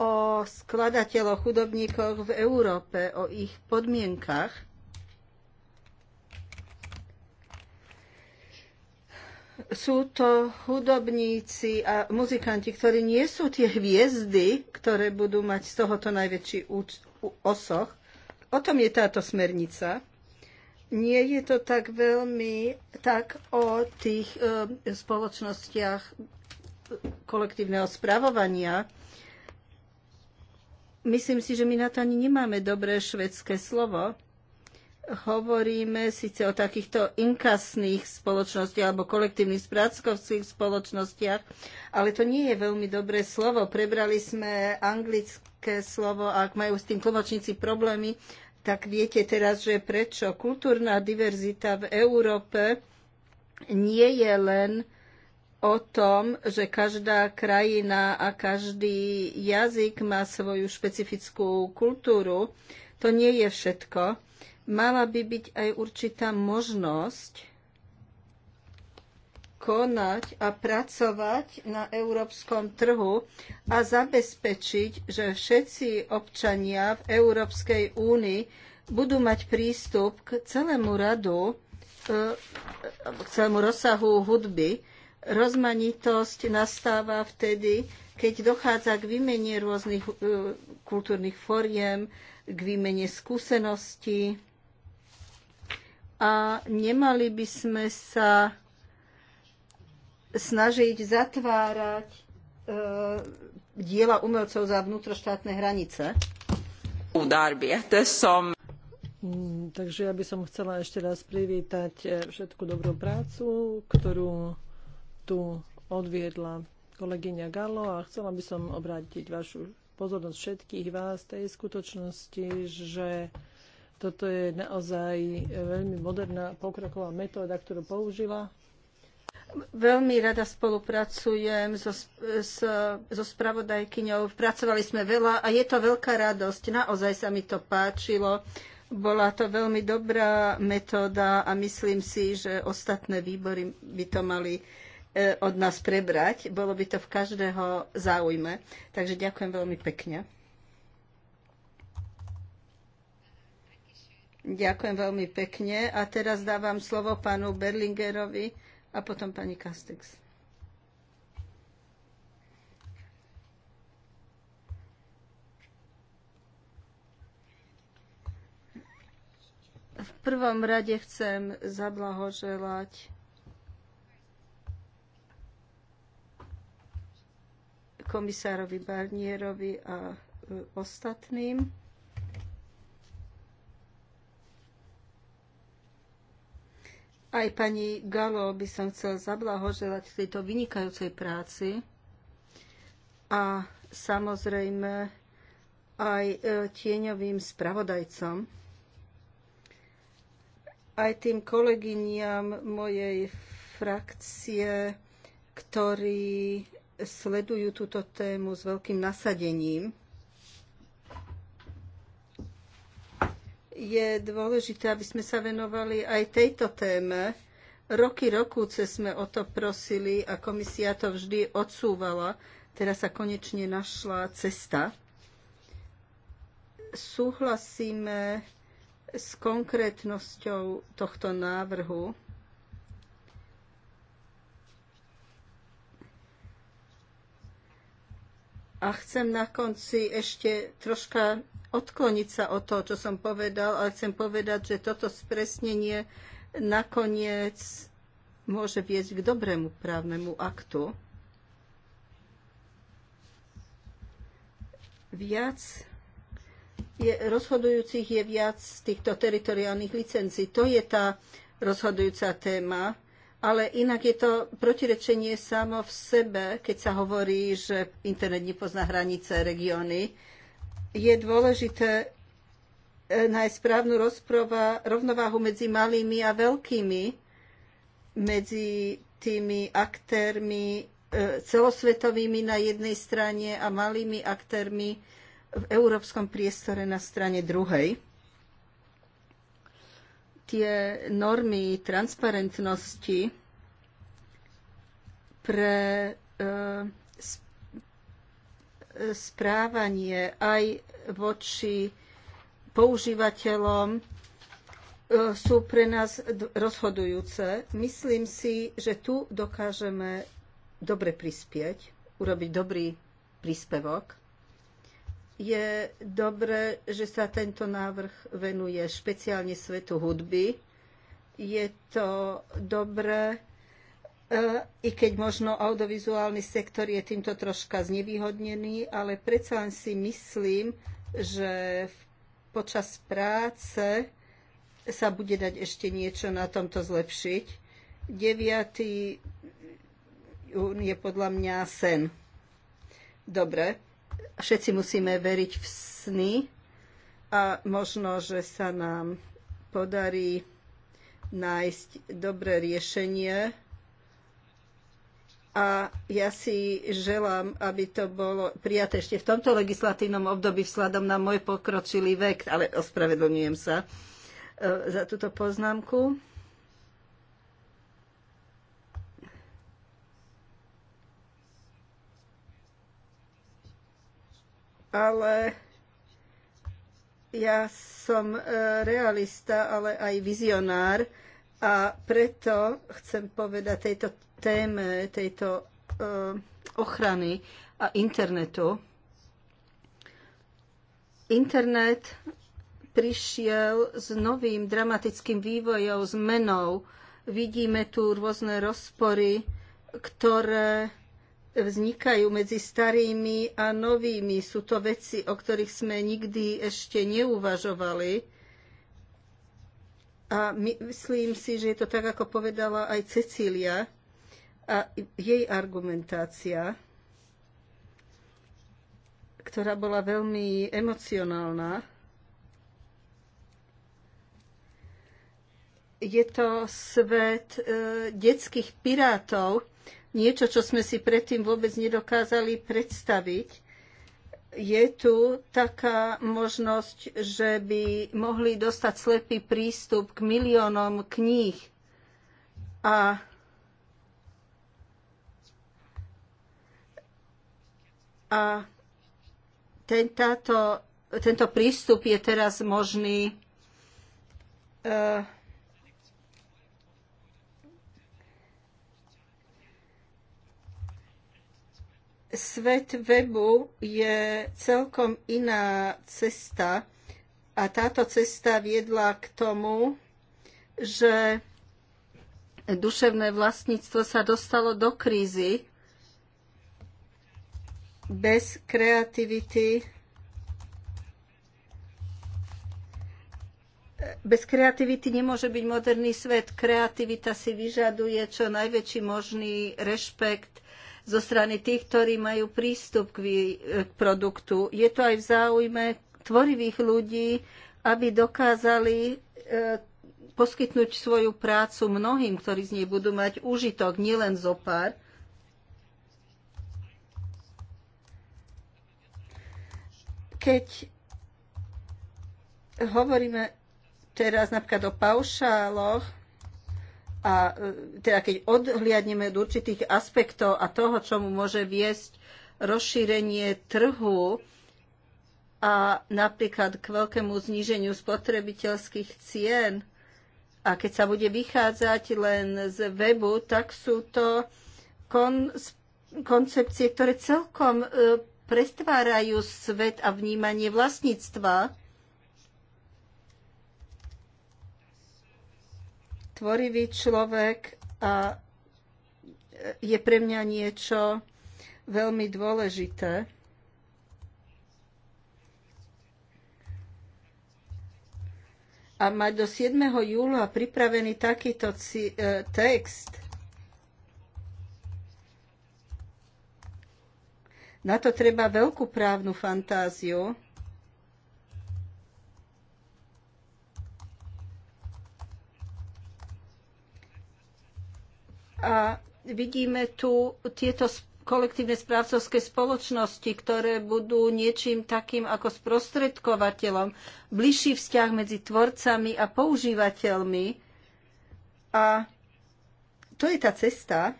o skladateľoch, chudobníkoch v Európe, o ich podmienkach sú to hudobníci a muzikanti, ktorí nie sú tie hviezdy, ktoré budú mať z tohoto najväčší osoch. O tom je táto smernica. Nie je to tak veľmi tak o tých e, spoločnostiach kolektívneho spravovania. Myslím si, že my na to ani nemáme dobré švedské slovo hovoríme síce o takýchto inkasných spoločnostiach alebo kolektívnych sprackovských spoločnostiach, ale to nie je veľmi dobré slovo. Prebrali sme anglické slovo a ak majú s tým tlmočníci problémy, tak viete teraz, že prečo kultúrna diverzita v Európe nie je len o tom, že každá krajina a každý jazyk má svoju špecifickú kultúru. To nie je všetko mala by byť aj určitá možnosť konať a pracovať na európskom trhu a zabezpečiť, že všetci občania v Európskej únii budú mať prístup k celému radu, e, k celému rozsahu hudby. Rozmanitosť nastáva vtedy, keď dochádza k výmene rôznych e, kultúrnych foriem, k výmene skúseností, a nemali by sme sa snažiť zatvárať e, diela umelcov za vnútroštátne hranice. Som... Mm, takže ja by som chcela ešte raz privítať e, všetku dobrú prácu, ktorú tu odviedla kolegyňa Galo a chcela by som obrátiť vašu pozornosť všetkých vás tej skutočnosti, že toto je naozaj e, veľmi moderná pokroková metóda, ktorú použila. Veľmi rada spolupracujem so, so, so spravodajkyňou. Pracovali sme veľa a je to veľká radosť. Naozaj sa mi to páčilo. Bola to veľmi dobrá metóda a myslím si, že ostatné výbory by to mali e, od nás prebrať. Bolo by to v každého záujme. Takže ďakujem veľmi pekne. Ďakujem veľmi pekne. A teraz dávam slovo pánu Berlingerovi a potom pani Kastex. V prvom rade chcem zablahoželať komisárovi Barnierovi a e, ostatným. Aj pani Galo by som chcel zablahoželať v tejto vynikajúcej práci a samozrejme aj e, tieňovým spravodajcom, aj tým kolegyniam mojej frakcie, ktorí sledujú túto tému s veľkým nasadením. je dôležité, aby sme sa venovali aj tejto téme. Roky rokúce sme o to prosili a komisia to vždy odsúvala. Teraz sa konečne našla cesta. Súhlasíme s konkrétnosťou tohto návrhu. A chcem na konci ešte troška odkloniť sa od toho, čo som povedal, ale chcem povedať, že toto spresnenie nakoniec môže viesť k dobrému právnemu aktu. Viac je, rozhodujúcich je viac týchto teritoriálnych licencií. To je tá rozhodujúca téma, ale inak je to protirečenie samo v sebe, keď sa hovorí, že internet nepozná hranice, regióny je dôležité e, nájsť správnu rozprava, rovnováhu medzi malými a veľkými, medzi tými aktérmi e, celosvetovými na jednej strane a malými aktérmi v európskom priestore na strane druhej. Tie normy transparentnosti pre e, správanie aj voči používateľom e, sú pre nás rozhodujúce. Myslím si, že tu dokážeme dobre prispieť, urobiť dobrý príspevok. Je dobré, že sa tento návrh venuje špeciálne svetu hudby. Je to dobré, i keď možno audiovizuálny sektor je týmto troška znevýhodnený, ale predsa len si myslím, že počas práce sa bude dať ešte niečo na tomto zlepšiť. 9 jún je podľa mňa sen. Dobre, všetci musíme veriť v sny a možno, že sa nám podarí nájsť dobré riešenie a ja si želám, aby to bolo prijaté ešte v tomto legislatívnom období vzhľadom na môj pokročilý vek, ale ospravedlňujem sa e, za túto poznámku. Ale ja som e, realista, ale aj vizionár a preto chcem povedať tejto téme tejto e, ochrany a internetu. Internet prišiel s novým dramatickým vývojom, zmenou. Vidíme tu rôzne rozpory, ktoré vznikajú medzi starými a novými. Sú to veci, o ktorých sme nikdy ešte neuvažovali. A myslím si, že je to tak, ako povedala aj Cecília, a jej argumentácia, ktorá bola veľmi emocionálna. Je to svet e, detských pirátov, niečo, čo sme si predtým vôbec nedokázali predstaviť. Je tu taká možnosť, že by mohli dostať slepý prístup k miliónom kníh a A tento, tento prístup je teraz možný uh, svet webu je celkom iná cesta a táto cesta viedla k tomu, že duševné vlastníctvo sa dostalo do krízy bez kreativity bez kreativity nemôže byť moderný svet. Kreativita si vyžaduje čo najväčší možný rešpekt zo strany tých, ktorí majú prístup k, produktu. Je to aj v záujme tvorivých ľudí, aby dokázali e, poskytnúť svoju prácu mnohým, ktorí z nej budú mať úžitok, nielen zo pár. Keď hovoríme teraz napríklad o paušáloch, a e, teda keď odhliadneme od určitých aspektov a toho, čo mu môže viesť rozšírenie trhu a napríklad k veľkému zníženiu spotrebiteľských cien, a keď sa bude vychádzať len z webu, tak sú to kon- koncepcie, ktoré celkom e, prestvárajú svet a vnímanie vlastníctva. Tvorivý človek a je pre mňa niečo veľmi dôležité. A mať do 7. júla pripravený takýto e, text Na to treba veľkú právnu fantáziu. A vidíme tu tieto kolektívne správcovské spoločnosti, ktoré budú niečím takým ako sprostredkovateľom, bližší vzťah medzi tvorcami a používateľmi. A to je tá cesta,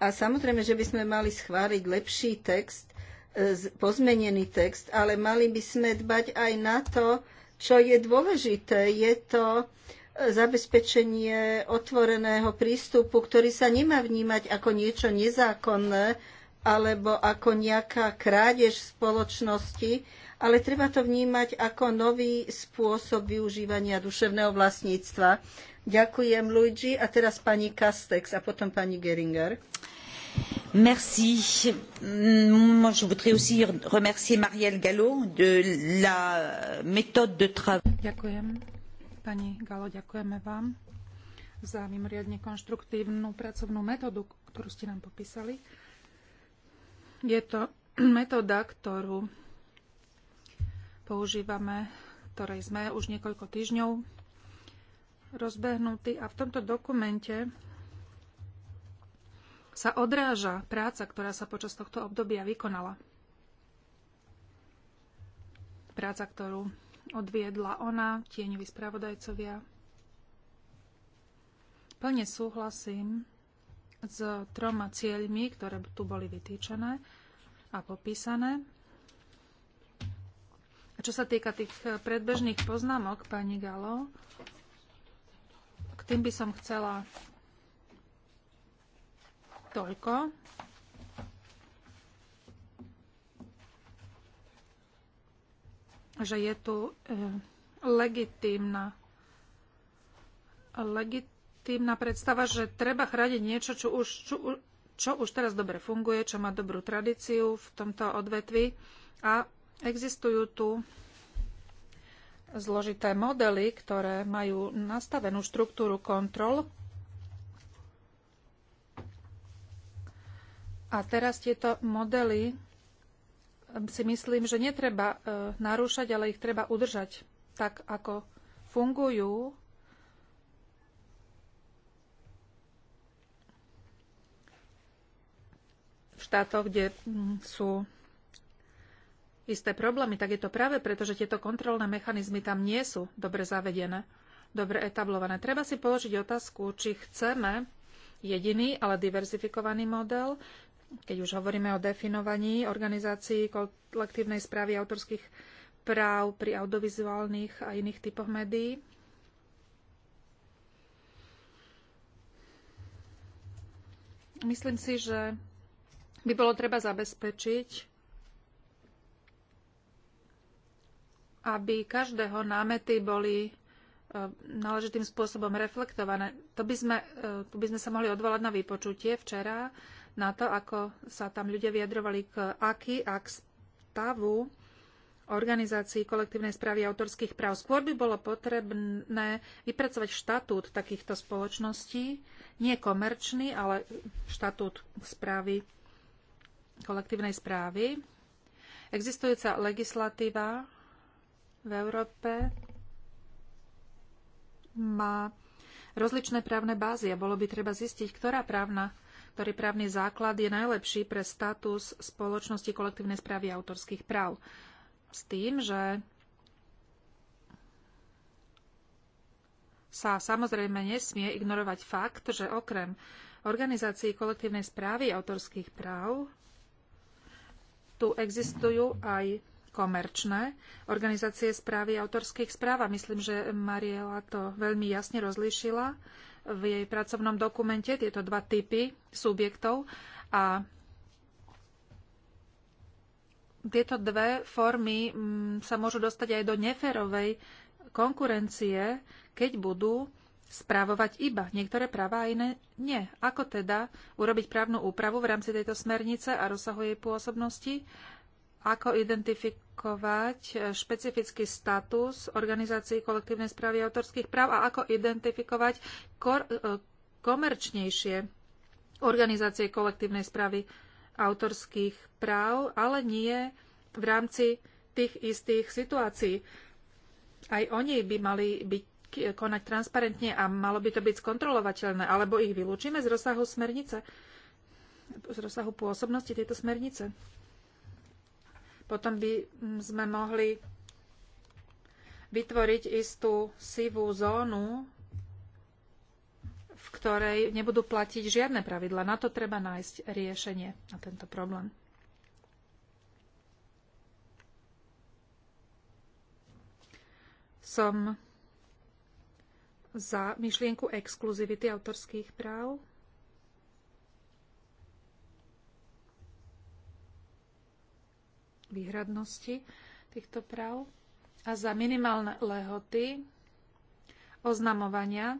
A samozrejme, že by sme mali schváliť lepší text, e, pozmenený text, ale mali by sme dbať aj na to, čo je dôležité. Je to e, zabezpečenie otvoreného prístupu, ktorý sa nemá vnímať ako niečo nezákonné alebo ako nejaká krádež spoločnosti, ale treba to vnímať ako nový spôsob využívania duševného vlastníctva. Ďakujem, Luigi. A teraz pani Castex a potom pani Geringer. Merci. Mm, moi, je voudrais aussi remercier Marielle Gallo de la méthode de travail. Ďakujem. Pani Galo, ďakujeme vám za mimoriadne konštruktívnu pracovnú metódu, ktorú ste nám popísali. Je to metóda, ktorú používame, ktorej sme už niekoľko týždňov rozbehnutí a v tomto dokumente sa odráža práca, ktorá sa počas tohto obdobia vykonala. Práca, ktorú odviedla ona, tieňoví spravodajcovia. Plne súhlasím s troma cieľmi, ktoré tu boli vytýčené a popísané. A čo sa týka tých predbežných poznámok, pani Galo, k tým by som chcela Toľko. že je tu e, legitímna, legitímna predstava, že treba chrániť niečo, čo už, čo, čo už teraz dobre funguje, čo má dobrú tradíciu v tomto odvetvi. A existujú tu zložité modely, ktoré majú nastavenú štruktúru kontrol A teraz tieto modely ehm, si myslím, že netreba eh, narúšať, ale ich treba udržať tak, ako fungujú. V štátoch, kde mm, sú isté problémy, tak je to práve preto, že tieto kontrolné mechanizmy tam nie sú dobre zavedené, dobre etablované. Treba si položiť otázku, či chceme jediný, ale diverzifikovaný model, keď už hovoríme o definovaní organizácií kolektívnej správy autorských práv pri audiovizuálnych a iných typoch médií. Myslím si, že by bolo treba zabezpečiť, aby každého námety boli e, náležitým spôsobom reflektované. To by sme, e, tu by sme sa mohli odvolať na vypočutie včera, na to, ako sa tam ľudia vyjadrovali k aký a k stavu organizácií kolektívnej správy autorských práv. Skôr by bolo potrebné vypracovať štatút takýchto spoločností, nie komerčný, ale štatút správy, kolektívnej správy. Existujúca legislatíva v Európe má rozličné právne bázy a bolo by treba zistiť, ktorá právna ktorý právny základ je najlepší pre status spoločnosti kolektívnej správy autorských práv. S tým, že sa samozrejme nesmie ignorovať fakt, že okrem organizácií kolektívnej správy autorských práv tu existujú aj komerčné organizácie správy autorských správ. A myslím, že Mariela to veľmi jasne rozlíšila v jej pracovnom dokumente tieto dva typy subjektov a tieto dve formy mm, sa môžu dostať aj do neférovej konkurencie, keď budú správovať iba niektoré práva a iné nie. Ako teda urobiť právnu úpravu v rámci tejto smernice a rozsahu jej pôsobnosti ako identifikovať e, špecifický status organizácií kolektívnej správy autorských práv a ako identifikovať e, komerčnejšie organizácie kolektívnej správy autorských práv, ale nie v rámci tých istých situácií. Aj oni by mali byť, e, konať transparentne a malo by to byť skontrolovateľné, alebo ich vylúčime z rozsahu smernice, z rozsahu pôsobnosti tejto smernice. Potom by mm, sme mohli vytvoriť istú sivú zónu, v ktorej nebudú platiť žiadne pravidla. Na to treba nájsť riešenie na tento problém. Som za myšlienku exkluzivity autorských práv. výhradnosti týchto práv a za minimálne lehoty oznamovania,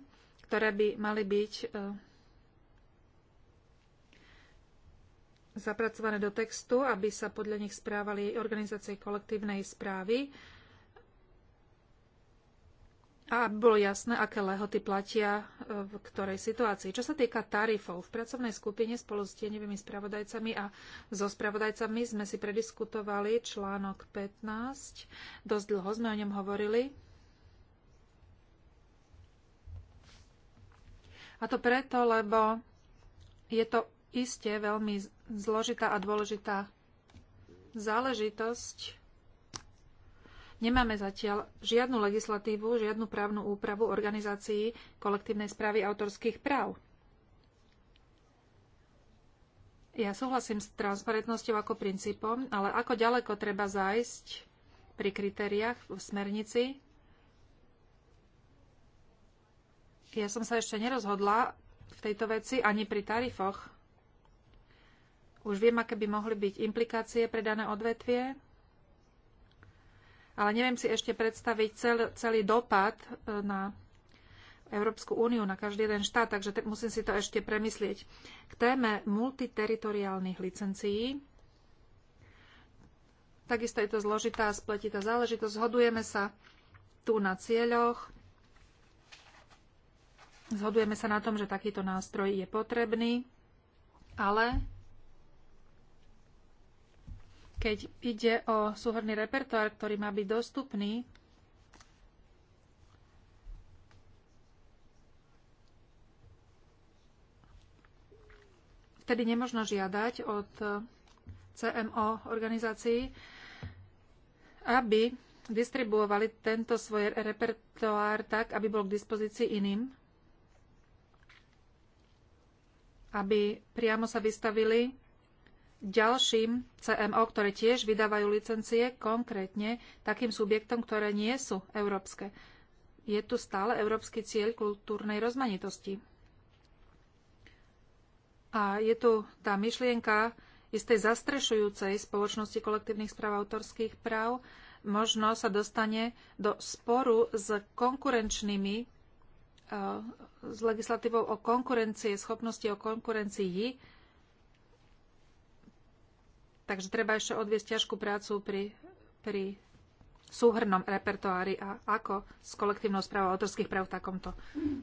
ktoré by mali byť e, zapracované do textu, aby sa podľa nich správali organizácie kolektívnej správy a bolo jasné, aké lehoty platia e, v ktorej situácii. Čo sa týka tarifov, v pracovnej skupine spolu s tieňovými spravodajcami a so spravodajcami sme si prediskutovali článok 15. Dosť dlho sme o ňom hovorili. A to preto, lebo je to iste veľmi zložitá a dôležitá záležitosť Nemáme zatiaľ žiadnu legislatívu, žiadnu právnu úpravu organizácií kolektívnej správy autorských práv. Ja súhlasím s transparentnosťou ako princípom, ale ako ďaleko treba zájsť pri kritériách v smernici? Ja som sa ešte nerozhodla v tejto veci ani pri tarifoch. Už viem, aké by mohli byť implikácie pre dané odvetvie, ale neviem si ešte predstaviť cel, celý dopad e, na Európsku úniu, na každý jeden štát, takže te, musím si to ešte premyslieť. K téme multiteritoriálnych licencií. Takisto je to zložitá a spletitá záležitosť. Zhodujeme sa tu na cieľoch. Zhodujeme sa na tom, že takýto nástroj je potrebný, ale keď ide o súhrný repertoár, ktorý má byť dostupný, vtedy nemožno žiadať od CMO organizácií, aby distribuovali tento svoj repertoár tak, aby bol k dispozícii iným, aby priamo sa vystavili ďalším CMO, ktoré tiež vydávajú licencie konkrétne takým subjektom, ktoré nie sú európske. Je tu stále európsky cieľ kultúrnej rozmanitosti. A je tu tá myšlienka istej zastrešujúcej spoločnosti kolektívnych správ autorských práv. Možno sa dostane do sporu s konkurenčnými eh, s legislatívou o konkurencie, schopnosti o konkurencii Takže treba ešte odviesť ťažkú prácu pri, pri súhrnom repertoári a ako s kolektívnou správou autorských práv v takomto,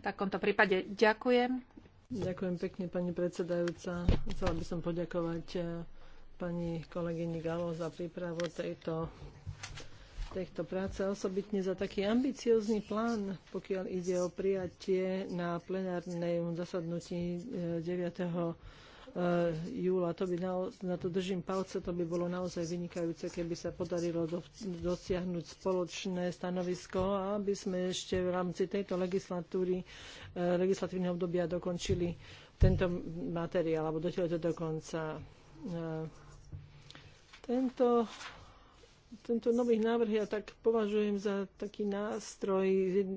takomto prípade. Ďakujem. Ďakujem pekne, pani predsedajúca. Chcela by som poďakovať eh, pani kolegyni Galo za prípravu tejto, tejto práce, osobitne za taký ambiciózny plán, pokiaľ ide o prijatie na plenárnej zasadnutí 9 eh, E, júla. To by na, na to držím palce, to by bolo naozaj vynikajúce, keby sa podarilo do, dosiahnuť spoločné stanovisko a aby sme ešte v rámci tejto legislatúry, e, legislatívneho obdobia dokončili tento materiál, alebo dotiaľ to dokonca. E, tento tento nový návrh ja tak považujem za taký nástroj,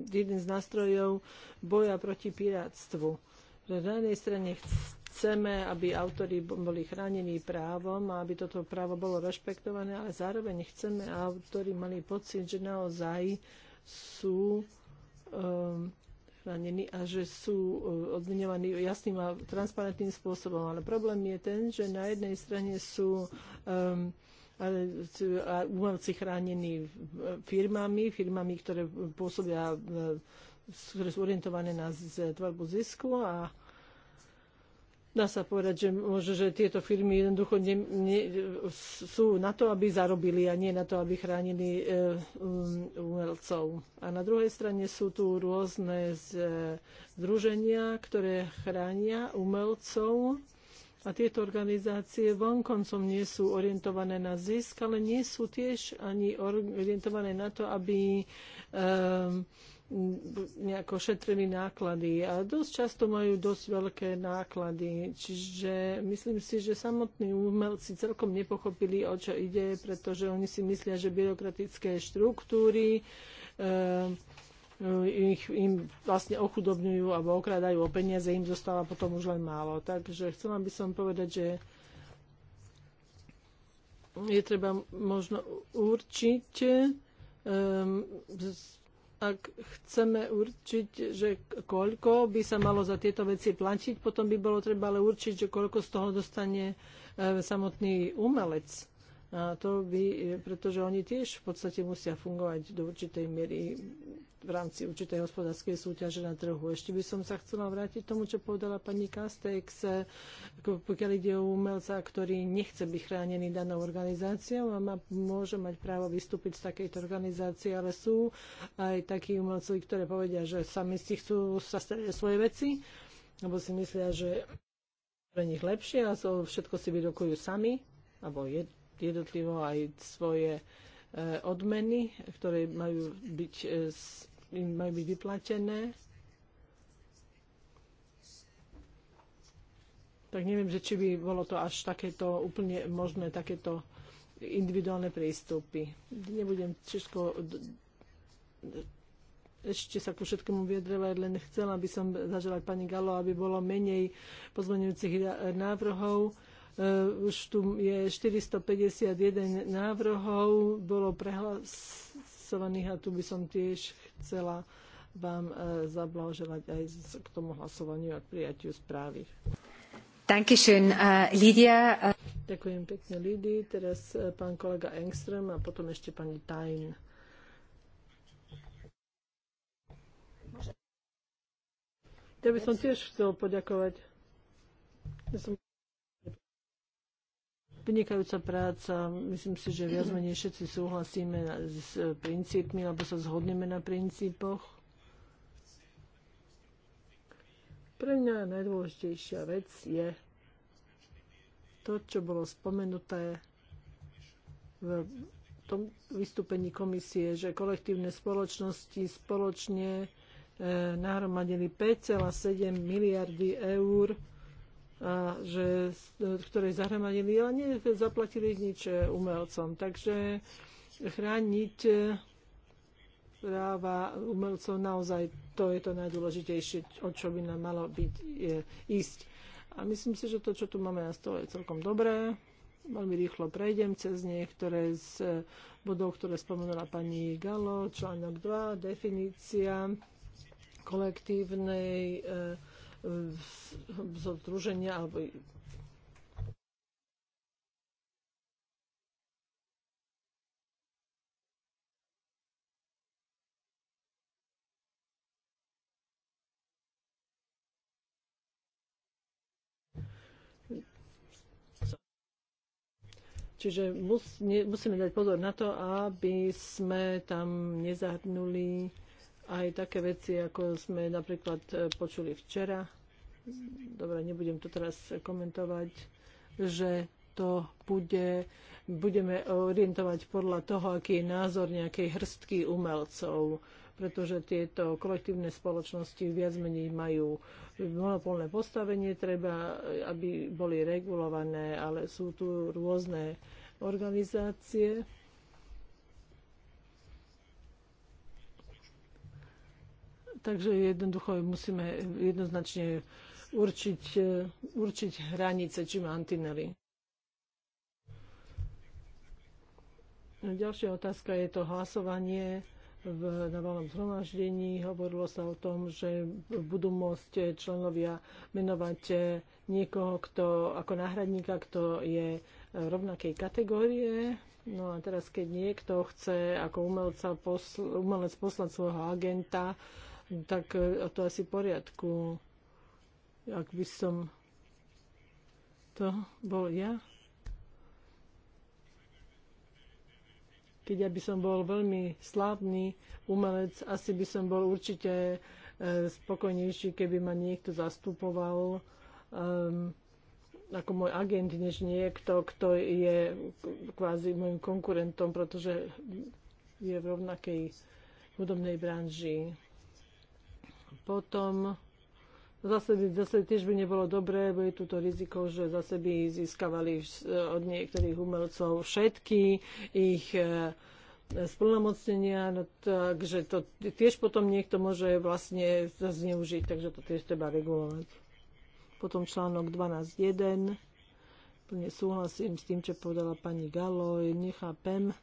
jeden z nástrojov boja proti pirátstvu. Na jednej strane chceme, aby autory boli chránení právom a aby toto právo bolo rešpektované, ale zároveň chceme, aby autory mali pocit, že naozaj sú um, chránení a že sú eh, odmenovaní jasným a transparentným spôsobom. Ale problém je ten, že na jednej strane sú um, umelci chránení eh, firmami, firmami, ktoré pôsobia eh, ktoré sú orientované na tvorbu zisku a dá sa povedať, že môže, že tieto firmy jednoducho ne, ne, sú na to, aby zarobili a nie na to, aby chránili e, um, umelcov. A na druhej strane sú tu rôzne eh, združenia, ktoré chránia umelcov. A tieto organizácie vonkoncom nie sú orientované na zisk, ale nie sú tiež ani orientované na to, aby e, nejako šetrili náklady a dosť často majú dosť veľké náklady. Čiže myslím si, že samotní umelci celkom nepochopili, o čo ide, pretože oni si myslia, že byrokratické štruktúry e, e, ich, im vlastne ochudobňujú alebo okrádajú o peniaze, im zostáva potom už len málo. Takže chcela by som povedať, že je treba možno určiť um, ak chceme určiť, že koľko by sa malo za tieto veci platiť, potom by bolo treba ale určiť, že koľko z toho dostane e, samotný umelec. A to by, pretože oni tiež v podstate musia fungovať do určitej miery v rámci určitej hospodárskej súťaže na trhu. Ešte by som sa chcela vrátiť tomu, čo povedala pani Kastex, eh, pokiaľ ide o umelca, ktorý nechce byť chránený danou organizáciou a má, môže mať právo vystúpiť z takejto organizácie, ale sú aj takí umelci, ktoré povedia, že sami si chcú sa starať svoje veci, lebo si myslia, že pre nich lepšie a so, všetko si vyrokujú sami, alebo jednotlivo aj svoje eh, odmeny, ktoré majú byť eh, im majú byť vyplatené. Tak neviem, že či by bolo to až takéto úplne možné, takéto individuálne prístupy. Nebudem všetko. ešte sa ku všetkému vyjadrovať, len chcela by som zaželať pani Galo, aby bolo menej pozmeňujúcich návrhov. E, už tu je 451 návrhov, bolo prehlas zainteresovaných a tu by som tiež chcela vám e, zablahoželať aj k tomu hlasovaniu a k prijatiu správy. Dankeschön, e, Lídia. Ďakujem pekne, Lídii. Teraz e, pán kolega Engström a potom ešte pani Tajn. Ja by som tiež chcel poďakovať. Ja som vynikajúca práca. Myslím si, že viac menej všetci súhlasíme s princípmi alebo sa zhodneme na princípoch. Pre mňa najdôležitejšia vec je to, čo bolo spomenuté v tom vystúpení komisie, že kolektívne spoločnosti spoločne eh, nahromadili 5,7 miliardy eur a že, ktoré zahromadili, ale nezaplatili nič e, umelcom. Takže chrániť e, práva umelcov naozaj to je to najdôležitejšie, o čo by nám malo byť, je, ísť. A myslím si, že to, čo tu máme na stole, je celkom dobré. Veľmi rýchlo prejdem cez niektoré z e, bodov, ktoré spomenula pani Galo, článok 2, definícia kolektívnej eh, zo združenia alebo Čiže mus, ne, musíme dať pozor na to, aby sme tam nezahrnuli aj také veci, ako sme napríklad e, počuli včera. Dobre, nebudem to teraz komentovať, že to bude, budeme orientovať podľa toho, aký je názor nejakej hrstky umelcov, pretože tieto kolektívne spoločnosti viac menej majú monopolné postavenie, treba, aby boli regulované, ale sú tu rôzne organizácie, Takže jednoducho musíme jednoznačne určiť, e, určiť hranice či mantinely. Ďalšia otázka je to hlasovanie v, navalnom zhromaždení hovorilo sa o tom, že budú môcť členovia menovať niekoho, kto ako náhradníka, kto je rovnakej kategórie. No a teraz, keď niekto chce ako umelca posl- umelec poslať svojho agenta tak e, to asi v poriadku. Ak by som to bol ja, keď ja by som bol veľmi slávny umelec, asi by som bol určite e, spokojnejší, keby ma niekto zastupoval um, ako môj agent, než niekto, kto je kvázi môjim konkurentom, pretože je v rovnakej hudobnej branži potom zase by, zase tiež by nebolo dobré, bo je tu to riziko, že zase by získavali eh, od niektorých umelcov všetky ich eh, splnomocnenia, no takže to tiež potom niekto môže vlastne zneužiť, takže to tiež treba regulovať. Potom článok 12.1. Plne súhlasím s tým, čo povedala pani Galo. Nechápem,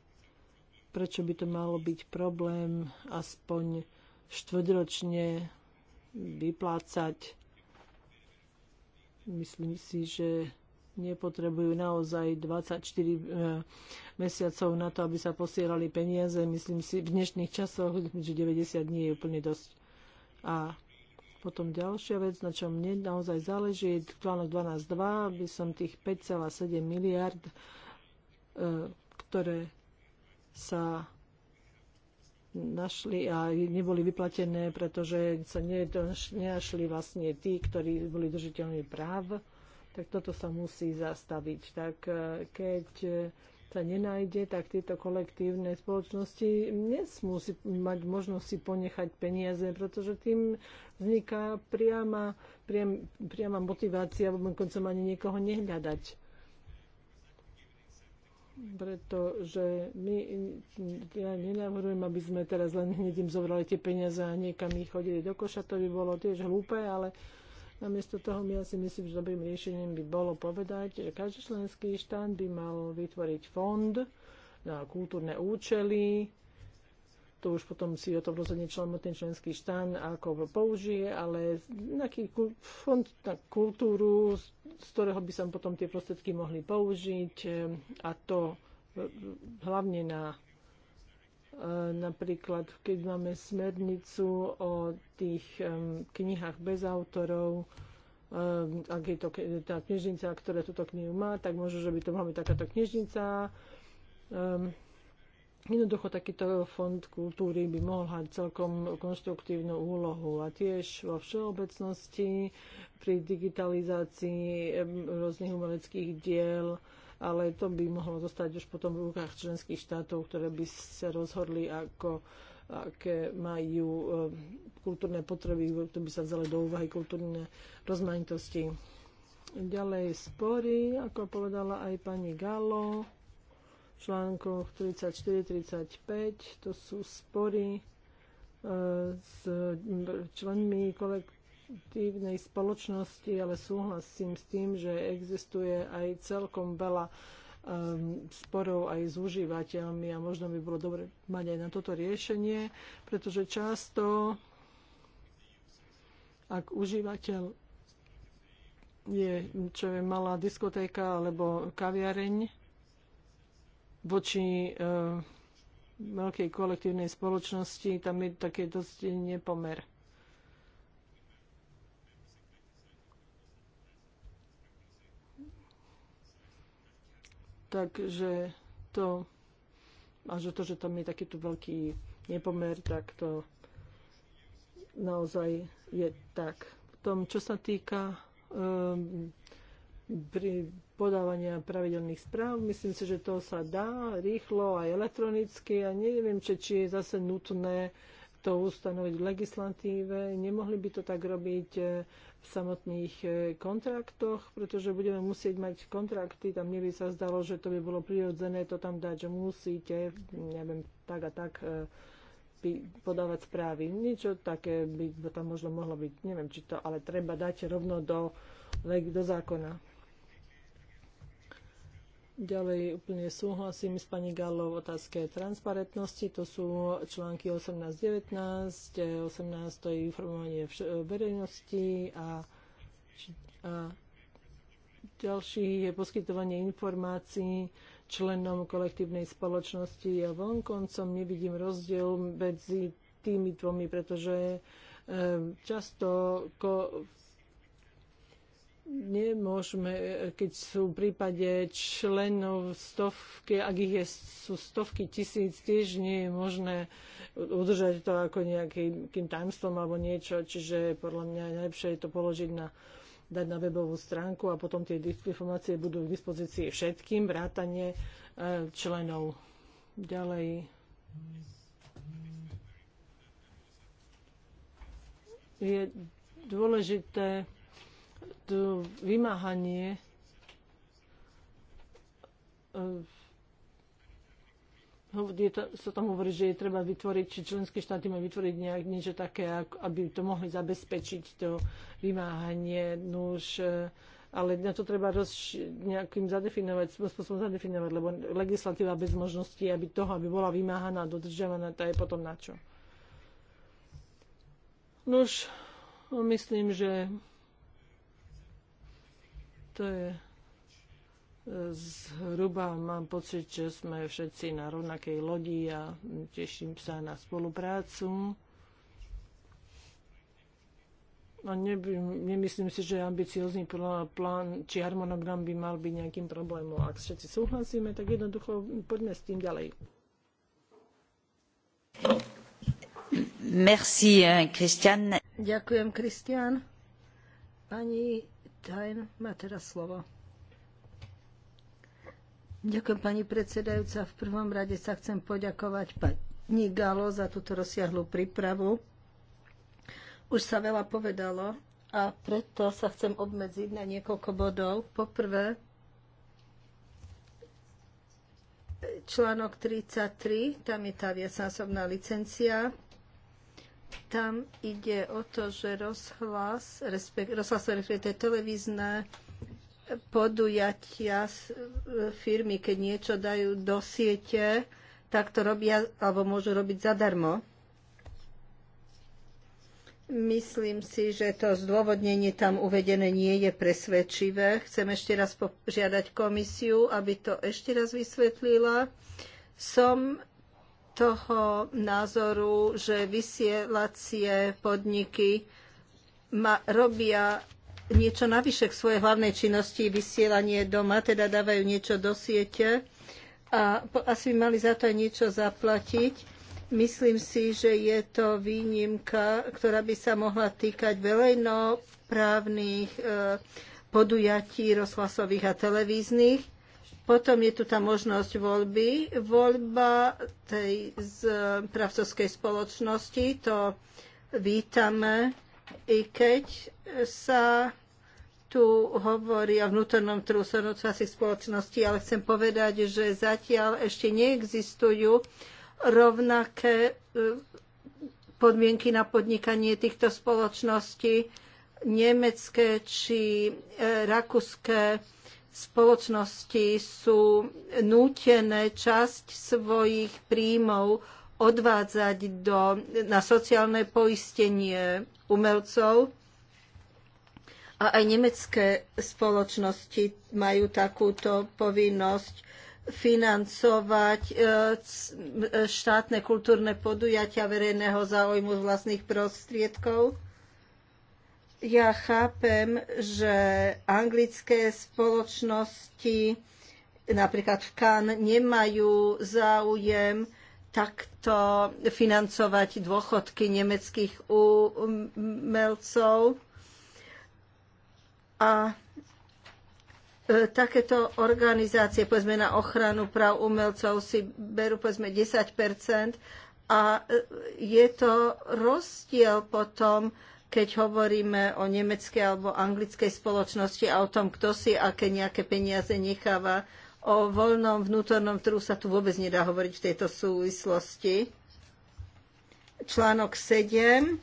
prečo by to malo byť problém aspoň štvrťročne vyplácať. Myslím si, že nepotrebujú naozaj 24 eh, mesiacov na to, aby sa posielali peniaze. Myslím si, v dnešných časoch, že 90 dní je úplne dosť. A potom ďalšia vec, na čom mne naozaj záleží, článok 12.2, aby som tých 5,7 miliard, eh, ktoré sa našli a neboli vyplatené, pretože sa nenašli vlastne tí, ktorí boli držiteľmi práv, tak toto sa musí zastaviť. Tak e, keď e, sa nenájde, tak tieto kolektívne spoločnosti nesmú si mať možnosť si ponechať peniaze, pretože tým vzniká priama, priam, priama motivácia, koncom ani niekoho nehľadať pretože my ja nenavrhujem, aby sme teraz len hneď im zobrali tie peniaze a niekam ich chodili do koša, to by bolo tiež hlúpe, ale namiesto toho ja si myslím, že dobrým riešením by bolo povedať, že každý členský štát by mal vytvoriť fond na kultúrne účely, to už potom si o tom rozhodne ten členský štán, ako ho použije, ale nejaký fond na kultúru, z ktorého by sa potom tie prostriedky mohli použiť e, a to e, hlavne na e, napríklad, keď máme smernicu o tých knihách bez autorov, ak je to tá knižnica, ktorá túto knihu má, tak možno, že by to mohla byť takáto knižnica Jednoducho takýto fond kultúry by mohol hať celkom konstruktívnu úlohu a tiež vo všeobecnosti pri digitalizácii rôznych umeleckých diel, ale to by mohlo zostať už potom v rukách členských štátov, ktoré by sa rozhodli, ako, aké majú kultúrne potreby, to by sa vzali do úvahy kultúrne rozmanitosti. Ďalej spory, ako povedala aj pani Galo článkoch 34-35. To sú spory e, s členmi kolektívnej spoločnosti, ale súhlasím s tým, že existuje aj celkom veľa sporov aj s užívateľmi a možno by bolo dobre mať aj na toto riešenie, pretože často, ak užívateľ je, čo je malá diskotéka alebo kaviareň, voči e, veľkej kolektívnej spoločnosti, tam je také dosť nepomer. Takže to, a že to, že tam je takýto veľký nepomer, tak to naozaj je tak. V tom, čo sa týka um, pri podávania pravidelných správ. Myslím si, že to sa dá rýchlo aj elektronicky a neviem, či, či je zase nutné to ustanoviť v legislatíve. Nemohli by to tak robiť e, v samotných e, kontraktoch, pretože budeme musieť mať kontrakty. Tam mne by sa zdalo, že to by bolo prirodzené to tam dať, že musíte, neviem, tak a tak e, podávať správy. Niečo také by tam možno mohlo byť, neviem či to, ale treba dať rovno do, do zákona. Ďalej úplne súhlasím s pani Gallou v otázke transparentnosti. To sú články 18-19, 18 eh, to je informovanie eh, verejnosti a, a ďalší je poskytovanie informácií členom kolektívnej spoločnosti. a vonkoncom nevidím rozdiel medzi tými dvomi, pretože eh, často ko, nemôžeme, keď sú v prípade členov stovky, ak ich je, sú stovky tisíc, tiež nie je možné udržať to ako nejakým tajomstvom alebo niečo, čiže podľa mňa najlepšie je to položiť na dať na webovú stránku a potom tie informácie budú k dispozícii všetkým, vrátanie e, členov. Ďalej. Je dôležité E, vymáhanie e, je to, sa tam hovorí, že je treba vytvoriť, či členské štáty majú vytvoriť nejak niečo také, aby to mohli zabezpečiť, to vymáhanie, nuž, no e, ale na to treba roz, nejakým zadefinovať, spôsobom zadefinovať, lebo legislatíva bez možnosti, aby toho, aby bola vymáhaná a dodržiavaná, tá je potom na čo. Nuž, no myslím, že to je e, zhruba mám pocit, že sme všetci na rovnakej lodi a teším sa na spoluprácu. A neby, nemyslím si, že ambiciózny plán či harmonogram by mal byť nejakým problémom. Ak všetci súhlasíme, tak jednoducho poďme s tým ďalej. Merci, eh, Christian. Ďakujem, Kristian. Pani Tajn má teraz slovo. Ďakujem pani predsedajúca. V prvom rade sa chcem poďakovať pani Galo za túto rozsiahlu prípravu. Už sa veľa povedalo a preto sa chcem obmedziť na niekoľko bodov. Poprvé, článok 33, tam je tá viacnásobná licencia tam ide o to, že rozhlas, rozhlasové, je televízne podujatia e, firmy, keď niečo dajú do siete, tak to robia alebo môžu robiť zadarmo. Myslím si, že to zdôvodnenie tam uvedené nie je presvedčivé. Chcem ešte raz požiadať komisiu, aby to ešte raz vysvetlila. Som toho názoru, že vysielacie podniky ma, robia niečo navyše k svojej hlavnej činnosti vysielanie doma, teda dávajú niečo do siete a po, asi by mali za to aj niečo zaplatiť. Myslím si, že je to výnimka, ktorá by sa mohla týkať verejnoprávnych e, podujatí rozhlasových a televíznych potom je tu tá možnosť voľby. Voľba tej z eh, pravcovskej spoločnosti, to vítame, i keď sa tu hovorí o vnútornom trhu spoločnosti, ale chcem povedať, že zatiaľ ešte neexistujú rovnaké eh, podmienky na podnikanie týchto spoločností. Nemecké či eh, rakúske spoločnosti sú nútené časť svojich príjmov odvádzať do, na sociálne poistenie umelcov. A aj nemecké spoločnosti majú takúto povinnosť financovať e, e, štátne kultúrne podujatia verejného záujmu z vlastných prostriedkov. Ja chápem, že anglické spoločnosti napríklad v Cannes nemajú záujem takto financovať dôchodky nemeckých umelcov. A e, takéto organizácie, povedzme na ochranu práv umelcov, si berú povedzme 10 a e, je to rozdiel potom keď hovoríme o nemeckej alebo anglickej spoločnosti a o tom, kto si aké nejaké peniaze necháva. O voľnom vnútornom trhu sa tu vôbec nedá hovoriť v tejto súvislosti. Článok 7.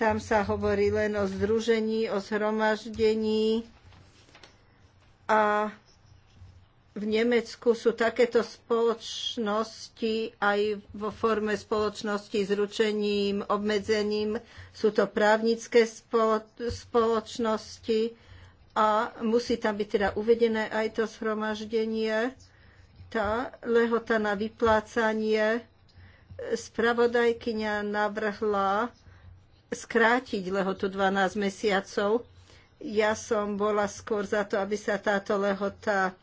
Tam sa hovorí len o združení, o zhromaždení a v Nemecku sú takéto spoločnosti aj vo forme spoločnosti s ručením, obmedzením. Sú to právnické spoločnosti a musí tam byť teda uvedené aj to zhromaždenie, tá lehota na vyplácanie. Spravodajkyňa navrhla skrátiť lehotu 12 mesiacov. Ja som bola skôr za to, aby sa táto lehota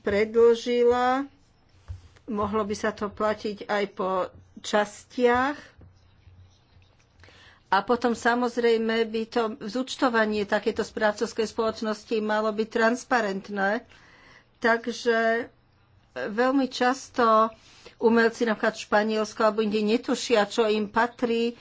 predlžila. Mohlo by sa to platiť aj po častiach. A potom samozrejme by to zúčtovanie takéto správcovskej spoločnosti malo byť transparentné. Takže veľmi často umelci napríklad v Španielsku alebo inde netušia, čo im patrí,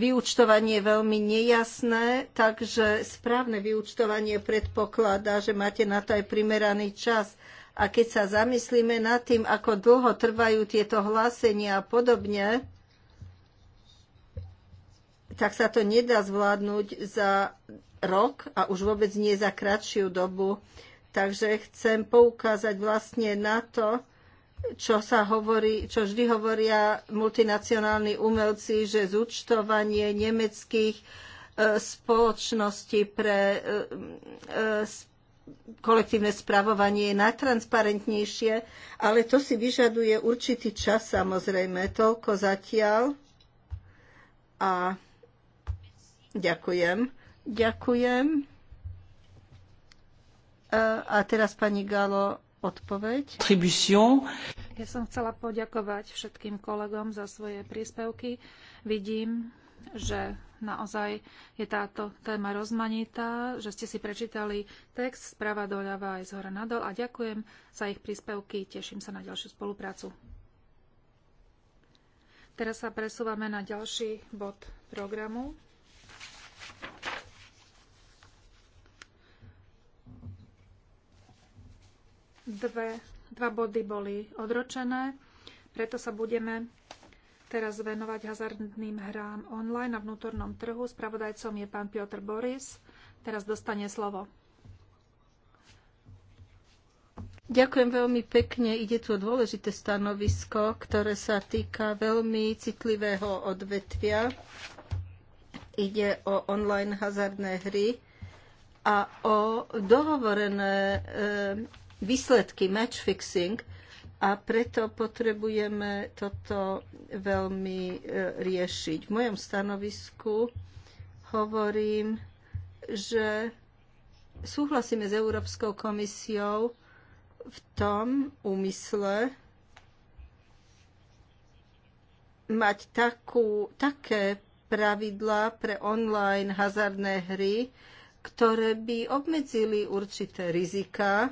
vyúčtovanie je veľmi nejasné, takže správne vyúčtovanie predpokladá, že máte na to aj primeraný čas. A keď sa zamyslíme nad tým, ako dlho trvajú tieto hlásenia a podobne, tak sa to nedá zvládnuť za rok a už vôbec nie za kratšiu dobu. Takže chcem poukázať vlastne na to, čo sa hovorí, čo vždy hovoria multinacionálni umelci, že zúčtovanie nemeckých e, spoločností pre e, e, kolektívne spravovanie je najtransparentnejšie, ale to si vyžaduje určitý čas samozrejme. Toľko zatiaľ. A ďakujem. Ďakujem. A teraz pani Galo odpoveď. Ja som chcela poďakovať všetkým kolegom za svoje príspevky. Vidím, že naozaj je táto téma rozmanitá, že ste si prečítali text sprava doľava aj zhora nadol a ďakujem za ich príspevky. Teším sa na ďalšiu spoluprácu. Teraz sa presúvame na ďalší bod programu. Dve, dva body boli odročené, preto sa budeme teraz venovať hazardným hrám online na vnútornom trhu. Spravodajcom je pán Piotr Boris. Teraz dostane slovo. Ďakujem veľmi pekne. Ide tu o dôležité stanovisko, ktoré sa týka veľmi citlivého odvetvia. Ide o online hazardné hry a o dohovorené výsledky match fixing a preto potrebujeme toto veľmi e, riešiť. V mojom stanovisku hovorím, že súhlasíme s Európskou komisiou v tom úmysle mať takú, také pravidlá pre online hazardné hry, ktoré by obmedzili určité rizika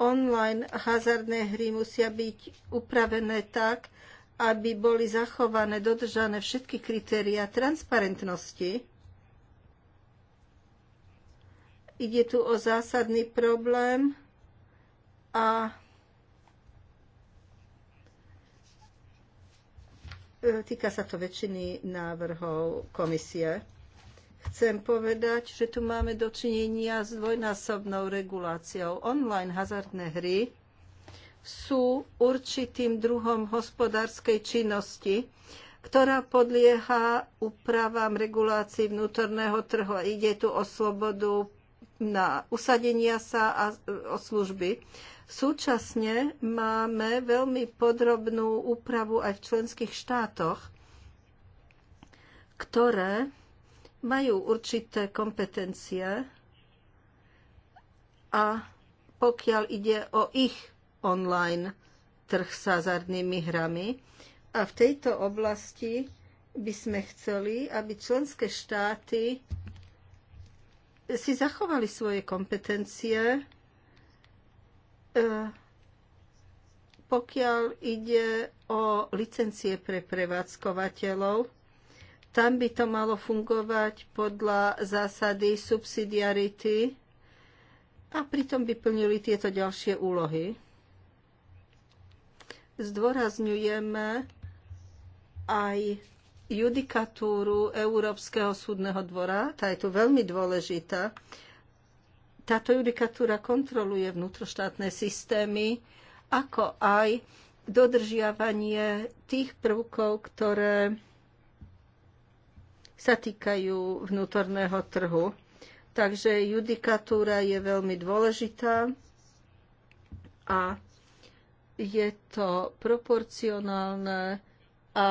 online hazardné hry musia byť upravené tak, aby boli zachované, dodržané všetky kritéria transparentnosti. Ide tu o zásadný problém a e, týka sa to väčšiny návrhov komisie chcem povedať, že tu máme dočinenia s dvojnásobnou reguláciou. Online hazardné hry sú určitým druhom hospodárskej činnosti, ktorá podlieha úpravám regulácií vnútorného trhu. Ide tu o slobodu na usadenia sa a o služby. Súčasne máme veľmi podrobnú úpravu aj v členských štátoch, ktoré majú určité kompetencie a pokiaľ ide o ich online trh s hazardnými hrami. A v tejto oblasti by sme chceli, aby členské štáty si zachovali svoje kompetencie, e, pokiaľ ide o licencie pre prevádzkovateľov tam by to malo fungovať podľa zásady subsidiarity a pritom by plnili tieto ďalšie úlohy. Zdôrazňujeme aj judikatúru Európskeho súdneho dvora, tá je tu veľmi dôležitá. Táto judikatúra kontroluje vnútroštátne systémy, ako aj dodržiavanie tých prvkov, ktoré sa týkajú vnútorného trhu. Takže judikatúra je veľmi dôležitá a je to proporcionálne a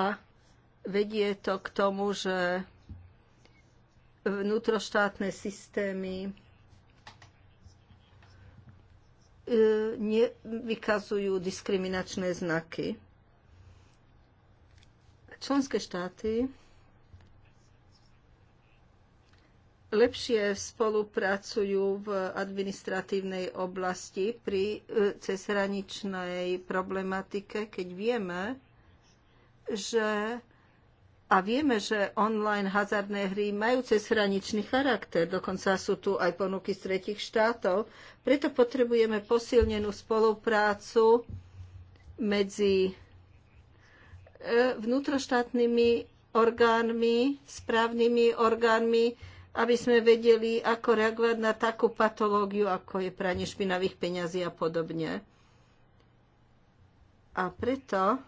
vedie to k tomu, že vnútroštátne systémy e, nevykazujú diskriminačné znaky. Členské štáty lepšie spolupracujú v administratívnej oblasti pri e, cezhraničnej problematike, keď vieme, že a vieme, že online hazardné hry majú cezhraničný charakter, dokonca sú tu aj ponuky z tretich štátov, preto potrebujeme posilnenú spoluprácu medzi e, vnútroštátnymi orgánmi, správnymi orgánmi, aby sme vedeli, ako reagovať na takú patológiu, ako je pranie špinavých peňazí a podobne. A preto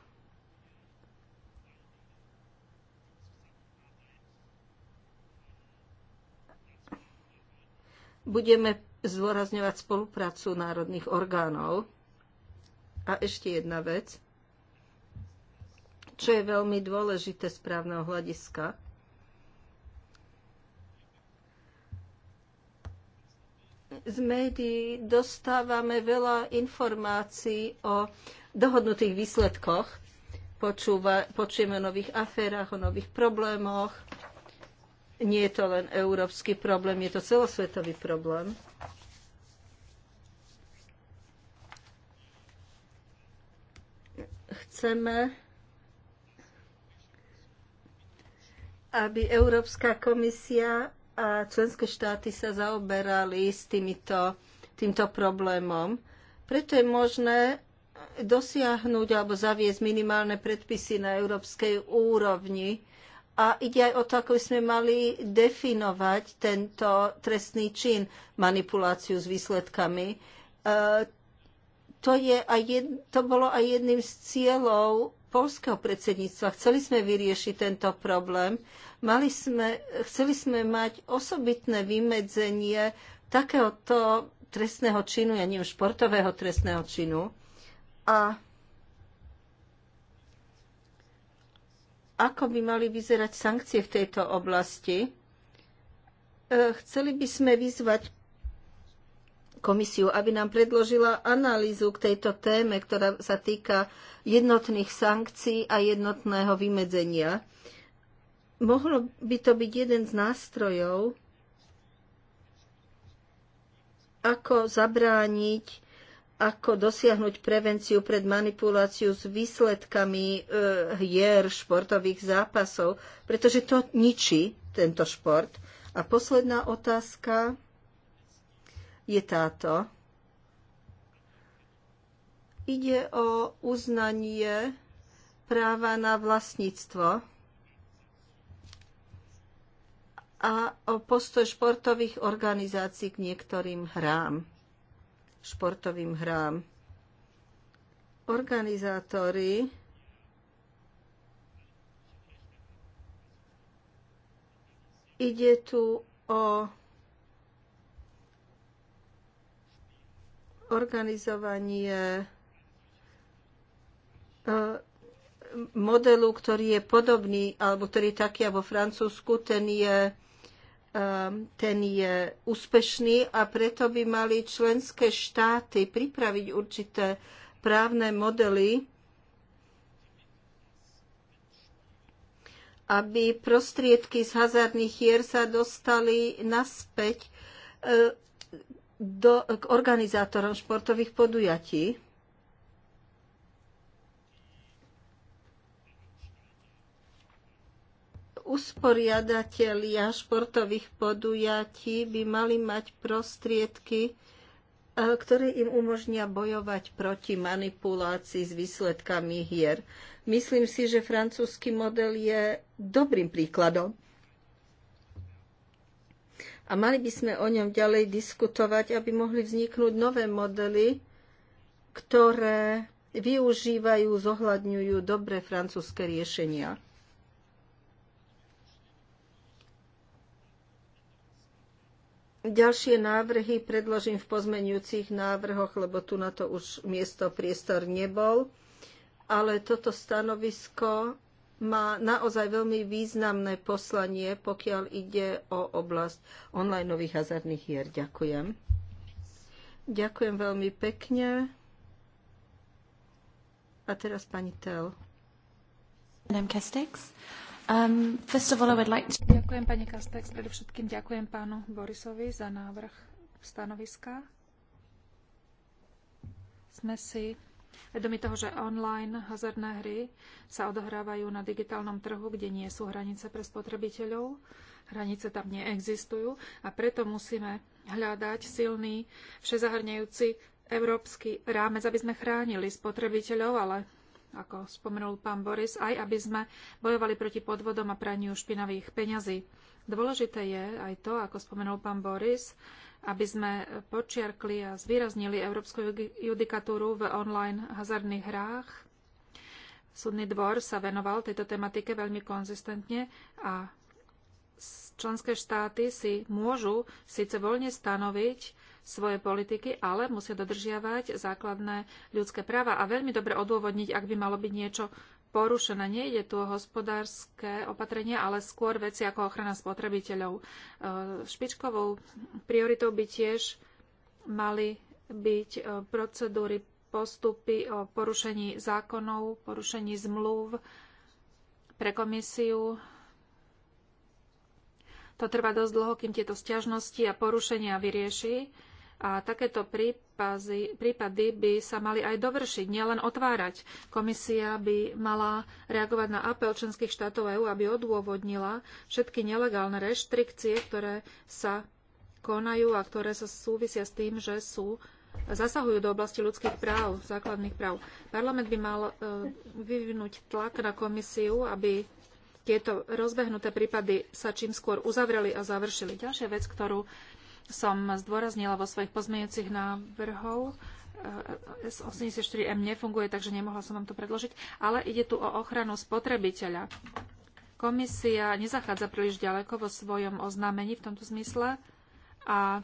budeme zdôrazňovať spoluprácu národných orgánov. A ešte jedna vec, čo je veľmi dôležité z právneho hľadiska – z médií dostávame veľa informácií o dohodnutých výsledkoch. Počúva, počujeme o nových aférach, o nových problémoch. Nie je to len európsky problém, je to celosvetový problém. Chceme, aby Európska komisia a členské štáty sa zaoberali s týmito, týmto problémom. Preto je možné dosiahnuť alebo zaviesť minimálne predpisy na európskej úrovni. A ide aj o to, ako by sme mali definovať tento trestný čin, manipuláciu s výsledkami. E, to, je aj jed, to bolo aj jedným z cieľov polského predsedníctva. Chceli sme vyriešiť tento problém. Mali sme, chceli sme mať osobitné vymedzenie takéhoto trestného činu, ja neviem, športového trestného činu. A ako by mali vyzerať sankcie v tejto oblasti? E, chceli by sme vyzvať komisiu, aby nám predložila analýzu k tejto téme, ktorá sa týka jednotných sankcií a jednotného vymedzenia. Mohlo by to byť jeden z nástrojov, ako zabrániť, ako dosiahnuť prevenciu pred manipuláciu s výsledkami e, hier športových zápasov, pretože to ničí tento šport. A posledná otázka je táto. Ide o uznanie práva na vlastníctvo a o postoj športových organizácií k niektorým hrám, športovým hrám. Organizátori ide tu o organizovanie e, modelu, ktorý je podobný, alebo ktorý je taký vo Francúzsku, ten je, e, ten je úspešný a preto by mali členské štáty pripraviť určité právne modely, aby prostriedky z hazardných hier sa dostali naspäť e, do, k organizátorom športových podujatí. Usporiadatelia športových podujatí by mali mať prostriedky, e, ktoré im umožnia bojovať proti manipulácii s výsledkami hier. Myslím si, že francúzsky model je dobrým príkladom a mali by sme o ňom ďalej diskutovať, aby mohli vzniknúť nové modely, ktoré využívajú, zohľadňujú dobré francúzske riešenia. Ďalšie návrhy predložím v pozmenujúcich návrhoch, lebo tu na to už miesto priestor nebol. Ale toto stanovisko má naozaj veľmi významné poslanie, pokiaľ ide o oblasť online nových hazardných hier. Ďakujem. Ďakujem veľmi pekne. A teraz pani Tel. Madam Castex. Um, first of all, I would like to... Ďakujem pani Castex. Predovšetkým ďakujem pánu Borisovi za návrh stanoviska. Sme si vedomi toho, že online hazardné hry sa odohrávajú na digitálnom trhu, kde nie sú hranice pre spotrebiteľov. Hranice tam neexistujú a preto musíme hľadať silný, všezahrňajúci európsky rámec, aby sme chránili spotrebiteľov, ale ako spomenul pán Boris, aj aby sme bojovali proti podvodom a praniu špinavých peňazí. Dôležité je aj to, ako spomenul pán Boris, aby sme počiarkli a zvýraznili európsku judikatúru v online hazardných hrách. Súdny dvor sa venoval tejto tematike veľmi konzistentne a členské štáty si môžu síce voľne stanoviť svoje politiky, ale musia dodržiavať základné ľudské práva a veľmi dobre odôvodniť, ak by malo byť niečo nie, ide tu o hospodárske opatrenia, ale skôr veci ako ochrana spotrebiteľov. E, špičkovou prioritou by tiež mali byť e, procedúry, postupy o porušení zákonov, porušení zmluv pre komisiu. To trvá dosť dlho, kým tieto stiažnosti a porušenia vyrieši. A takéto prípady prípady by sa mali aj dovršiť, nielen otvárať. Komisia by mala reagovať na apel členských štátov EÚ, aby odôvodnila všetky nelegálne reštrikcie, ktoré sa konajú a ktoré sa súvisia s tým, že sú zasahujú do oblasti ľudských práv, základných práv. Parlament by mal e, vyvinúť tlak na komisiu, aby tieto rozbehnuté prípady sa čím skôr uzavreli a završili. Ďalšia vec, ktorú som zdôraznila vo svojich pozmeňujúcich návrhov. E, e, S84M nefunguje, takže nemohla som vám to predložiť, ale ide tu o ochranu spotrebiteľa. Komisia nezachádza príliš ďaleko vo svojom oznámení v tomto zmysle a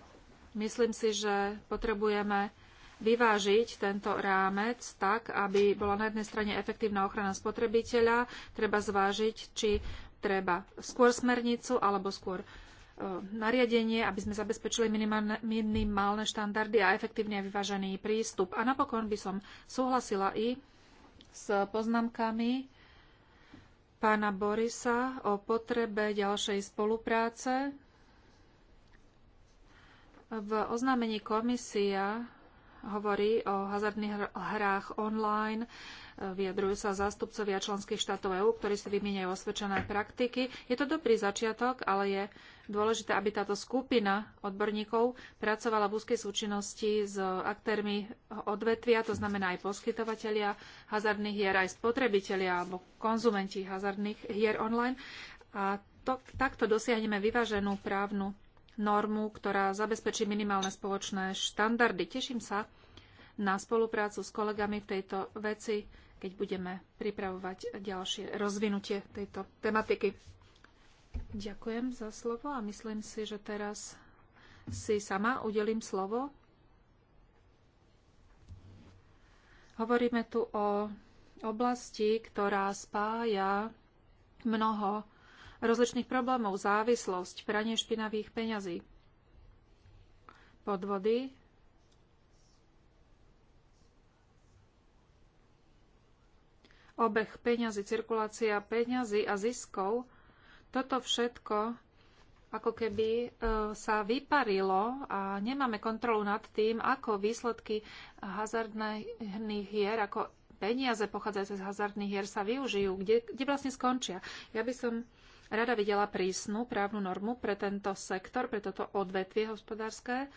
myslím si, že potrebujeme vyvážiť tento rámec tak, aby bola na jednej strane efektívna ochrana spotrebiteľa. Treba zvážiť, či treba skôr smernicu alebo skôr nariadenie, aby sme zabezpečili minimálne, minimálne štandardy a efektívne vyvážený prístup. A napokon by som súhlasila i s poznámkami pána Borisa o potrebe ďalšej spolupráce. V oznámení komisia hovorí o hazardných hrách online. E, vyjadrujú sa zástupcovia členských štátov EÚ, ktorí si vymieňajú osvedčené praktiky. Je to dobrý začiatok, ale je dôležité, aby táto skupina odborníkov pracovala v úzkej súčinnosti s aktérmi odvetvia, to znamená aj poskytovateľia hazardných hier, aj spotrebitelia alebo konzumenti hazardných hier online. A to, takto dosiahneme vyváženú právnu normu, ktorá zabezpečí minimálne spoločné štandardy. Teším sa na spoluprácu s kolegami v tejto veci, keď budeme pripravovať ďalšie rozvinutie tejto tematiky. Ďakujem za slovo a myslím si, že teraz si sama udelím slovo. Hovoríme tu o oblasti, ktorá spája mnoho rozličných problémov, závislosť, pranie špinavých peňazí, podvody, obeh peňazí, cirkulácia peňazí a ziskov, toto všetko ako keby e, sa vyparilo a nemáme kontrolu nad tým, ako výsledky hazardných hier, ako peniaze pochádzajúce z hazardných hier sa využijú, kde, kde vlastne skončia. Ja by som Rada videla prísnu právnu normu pre tento sektor, pre toto odvetvie hospodárske,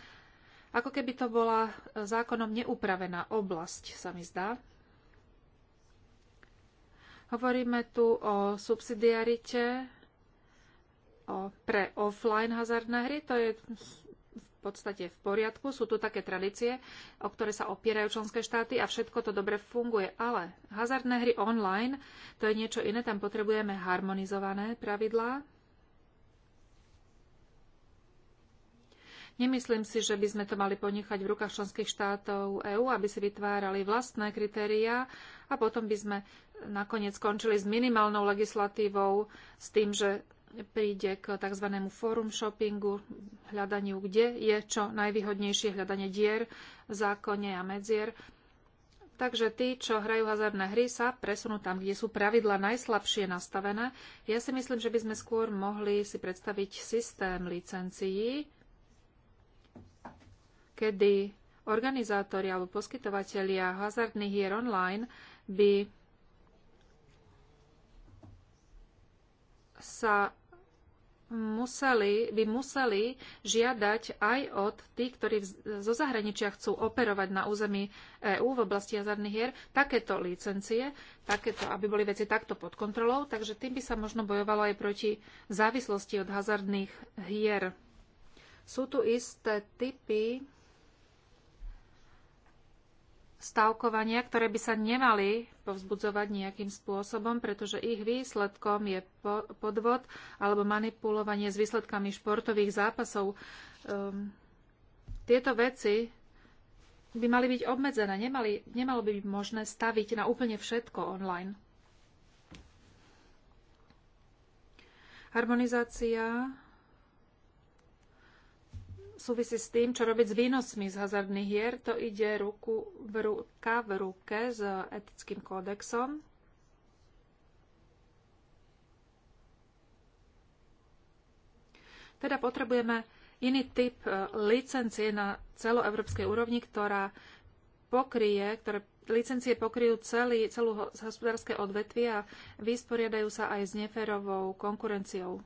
ako keby to bola zákonom neupravená oblasť, sa mi zdá. Hovoríme tu o subsidiarite, pre offline hazardné hry, to je podstate v poriadku. Sú tu také tradície, o ktoré sa opierajú členské štáty a všetko to dobre funguje. Ale hazardné hry online, to je niečo iné, tam potrebujeme harmonizované pravidlá. Nemyslím si, že by sme to mali ponechať v rukách členských štátov EÚ, aby si vytvárali vlastné kritériá a potom by sme nakoniec skončili s minimálnou legislatívou, s tým, že príde k tzv. forum shoppingu, hľadaniu, kde je čo najvýhodnejšie hľadanie dier v zákone a medzier. Takže tí, čo hrajú hazardné hry, sa presunú tam, kde sú pravidla najslabšie nastavené. Ja si myslím, že by sme skôr mohli si predstaviť systém licencií, kedy organizátori alebo poskytovateľia hazardných hier online by sa museli, by museli žiadať aj od tých, ktorí zo zahraničia chcú operovať na území EÚ v oblasti hazardných hier, takéto licencie, takéto, aby boli veci takto pod kontrolou, takže tým by sa možno bojovalo aj proti závislosti od hazardných hier. Sú tu isté typy stavkovania, ktoré by sa nemali povzbudzovať nejakým spôsobom, pretože ich výsledkom je podvod alebo manipulovanie s výsledkami športových zápasov. Um, tieto veci by mali byť obmedzené, nemali, nemalo by byť možné staviť na úplne všetko online. Harmonizácia súvisí s tým, čo robiť s výnosmi z hazardných hier. To ide ruku v ruka v ruke s etickým kódexom. Teda potrebujeme iný typ e, licencie na celoevropskej úrovni, ktorá pokrie, ktoré licencie pokryjú celý, celú hospodárske odvetvie a vysporiadajú sa aj s neférovou konkurenciou.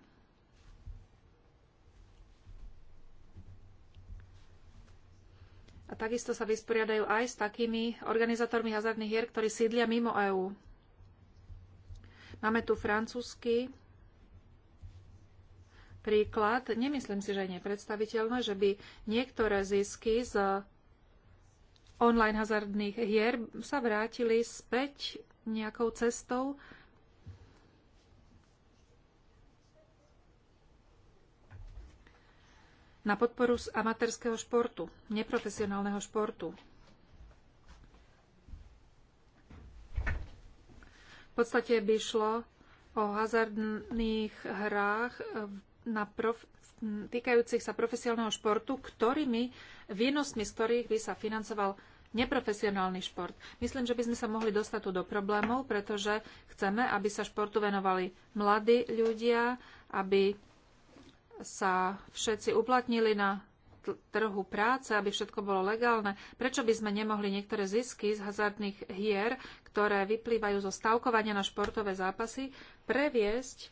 A takisto sa vysporiadajú aj s takými organizátormi hazardných hier, ktorí sídlia mimo EÚ. Máme tu francúzsky príklad. Nemyslím si, že je nepredstaviteľné, že by niektoré zisky z online hazardných hier sa vrátili späť nejakou cestou na podporu z amatérskeho športu, neprofesionálneho športu. V podstate by šlo o hazardných hrách eh, na prof, týkajúcich sa profesionálneho športu, ktorými výnosmi, z ktorých by sa financoval neprofesionálny šport. Myslím, že by sme sa mohli dostať tu do problémov, pretože chceme, aby sa športu venovali mladí ľudia, aby sa všetci uplatnili na trhu práce, aby všetko bolo legálne, prečo by sme nemohli niektoré zisky z hazardných hier, ktoré vyplývajú zo stavkovania na športové zápasy, previesť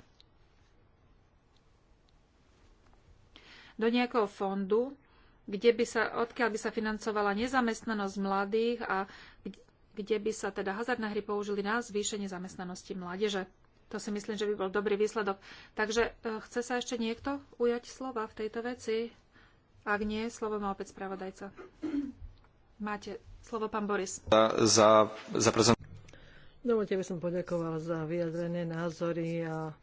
do nejakého fondu, kde by sa, odkiaľ by sa financovala nezamestnanosť mladých a kde by sa teda hazardné hry použili na zvýšenie zamestnanosti mládeže. To si myslím, že by bol dobrý výsledok. Takže e, chce sa ešte niekto ujať slova v tejto veci? Ak nie, slovo má opäť spravodajca. Máte slovo, pán Boris. Za, za, za Dovolte by som poďakoval za vyjadrené názory a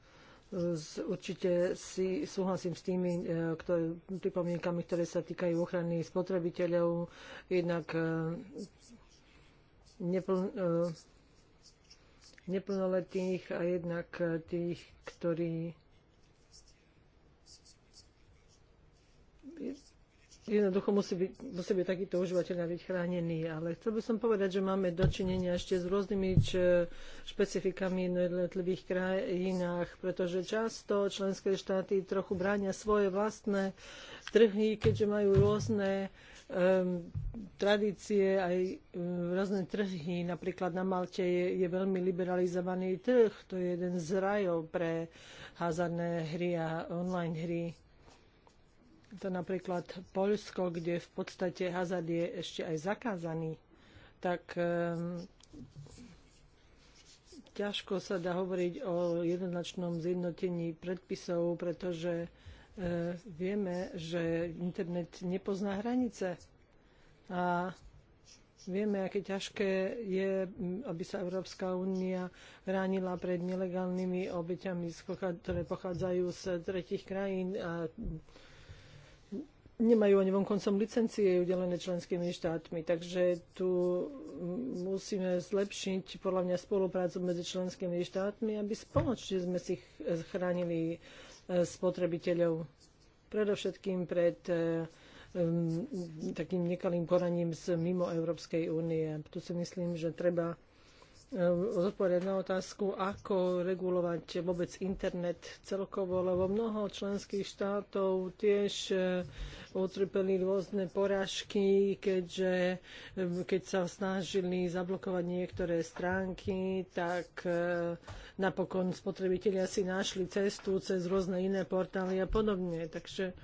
e, Určite si súhlasím s tými e, ktoré, pripomienkami, ktoré sa týkajú ochrany spotrebiteľov, jednak nepl- neplnoletých a jednak eh, tých, ktorí jednoducho musí byť, musí byť takýto užívateľ byť chránený. Ale chcel by som povedať, že máme dočinenia ešte s rôznymi č- eh, špecifikami v jednotlivých krajinách, pretože často členské štáty trochu bránia svoje vlastné trhy, keďže majú rôzne uh, tradície, aj rôzne trhy. Napríklad na Malte je, je veľmi liberalizovaný trh. To je jeden z rajov pre Hazardné hry a online hry. To napríklad Polsko, kde v podstate hazard je ešte aj zakázaný, tak um, ťažko sa dá hovoriť o jednoznačnom zjednotení predpisov, pretože E, vieme, že internet nepozná hranice a vieme, aké ťažké je, aby sa Európska únia bránila pred nelegálnymi obeťami, ktoré pochádzajú z tretich krajín a nemajú ani vonkoncom licencie udelené členskými štátmi. Takže tu musíme zlepšiť podľa mňa spoluprácu medzi členskými štátmi, aby spoločne sme si chránili spotrebiteľov. Predovšetkým pred eh, mm, takým nekalým koraním z mimo Európskej únie. Tu si myslím, že treba eh, zodpovedať na otázku, ako regulovať vôbec internet celkovo, lebo mnoho členských štátov tiež eh, utrpeli rôzne porážky, keďže keď sa snažili zablokovať niektoré stránky, tak e, napokon spotrebitelia si našli cestu cez rôzne iné portály a podobne. Takže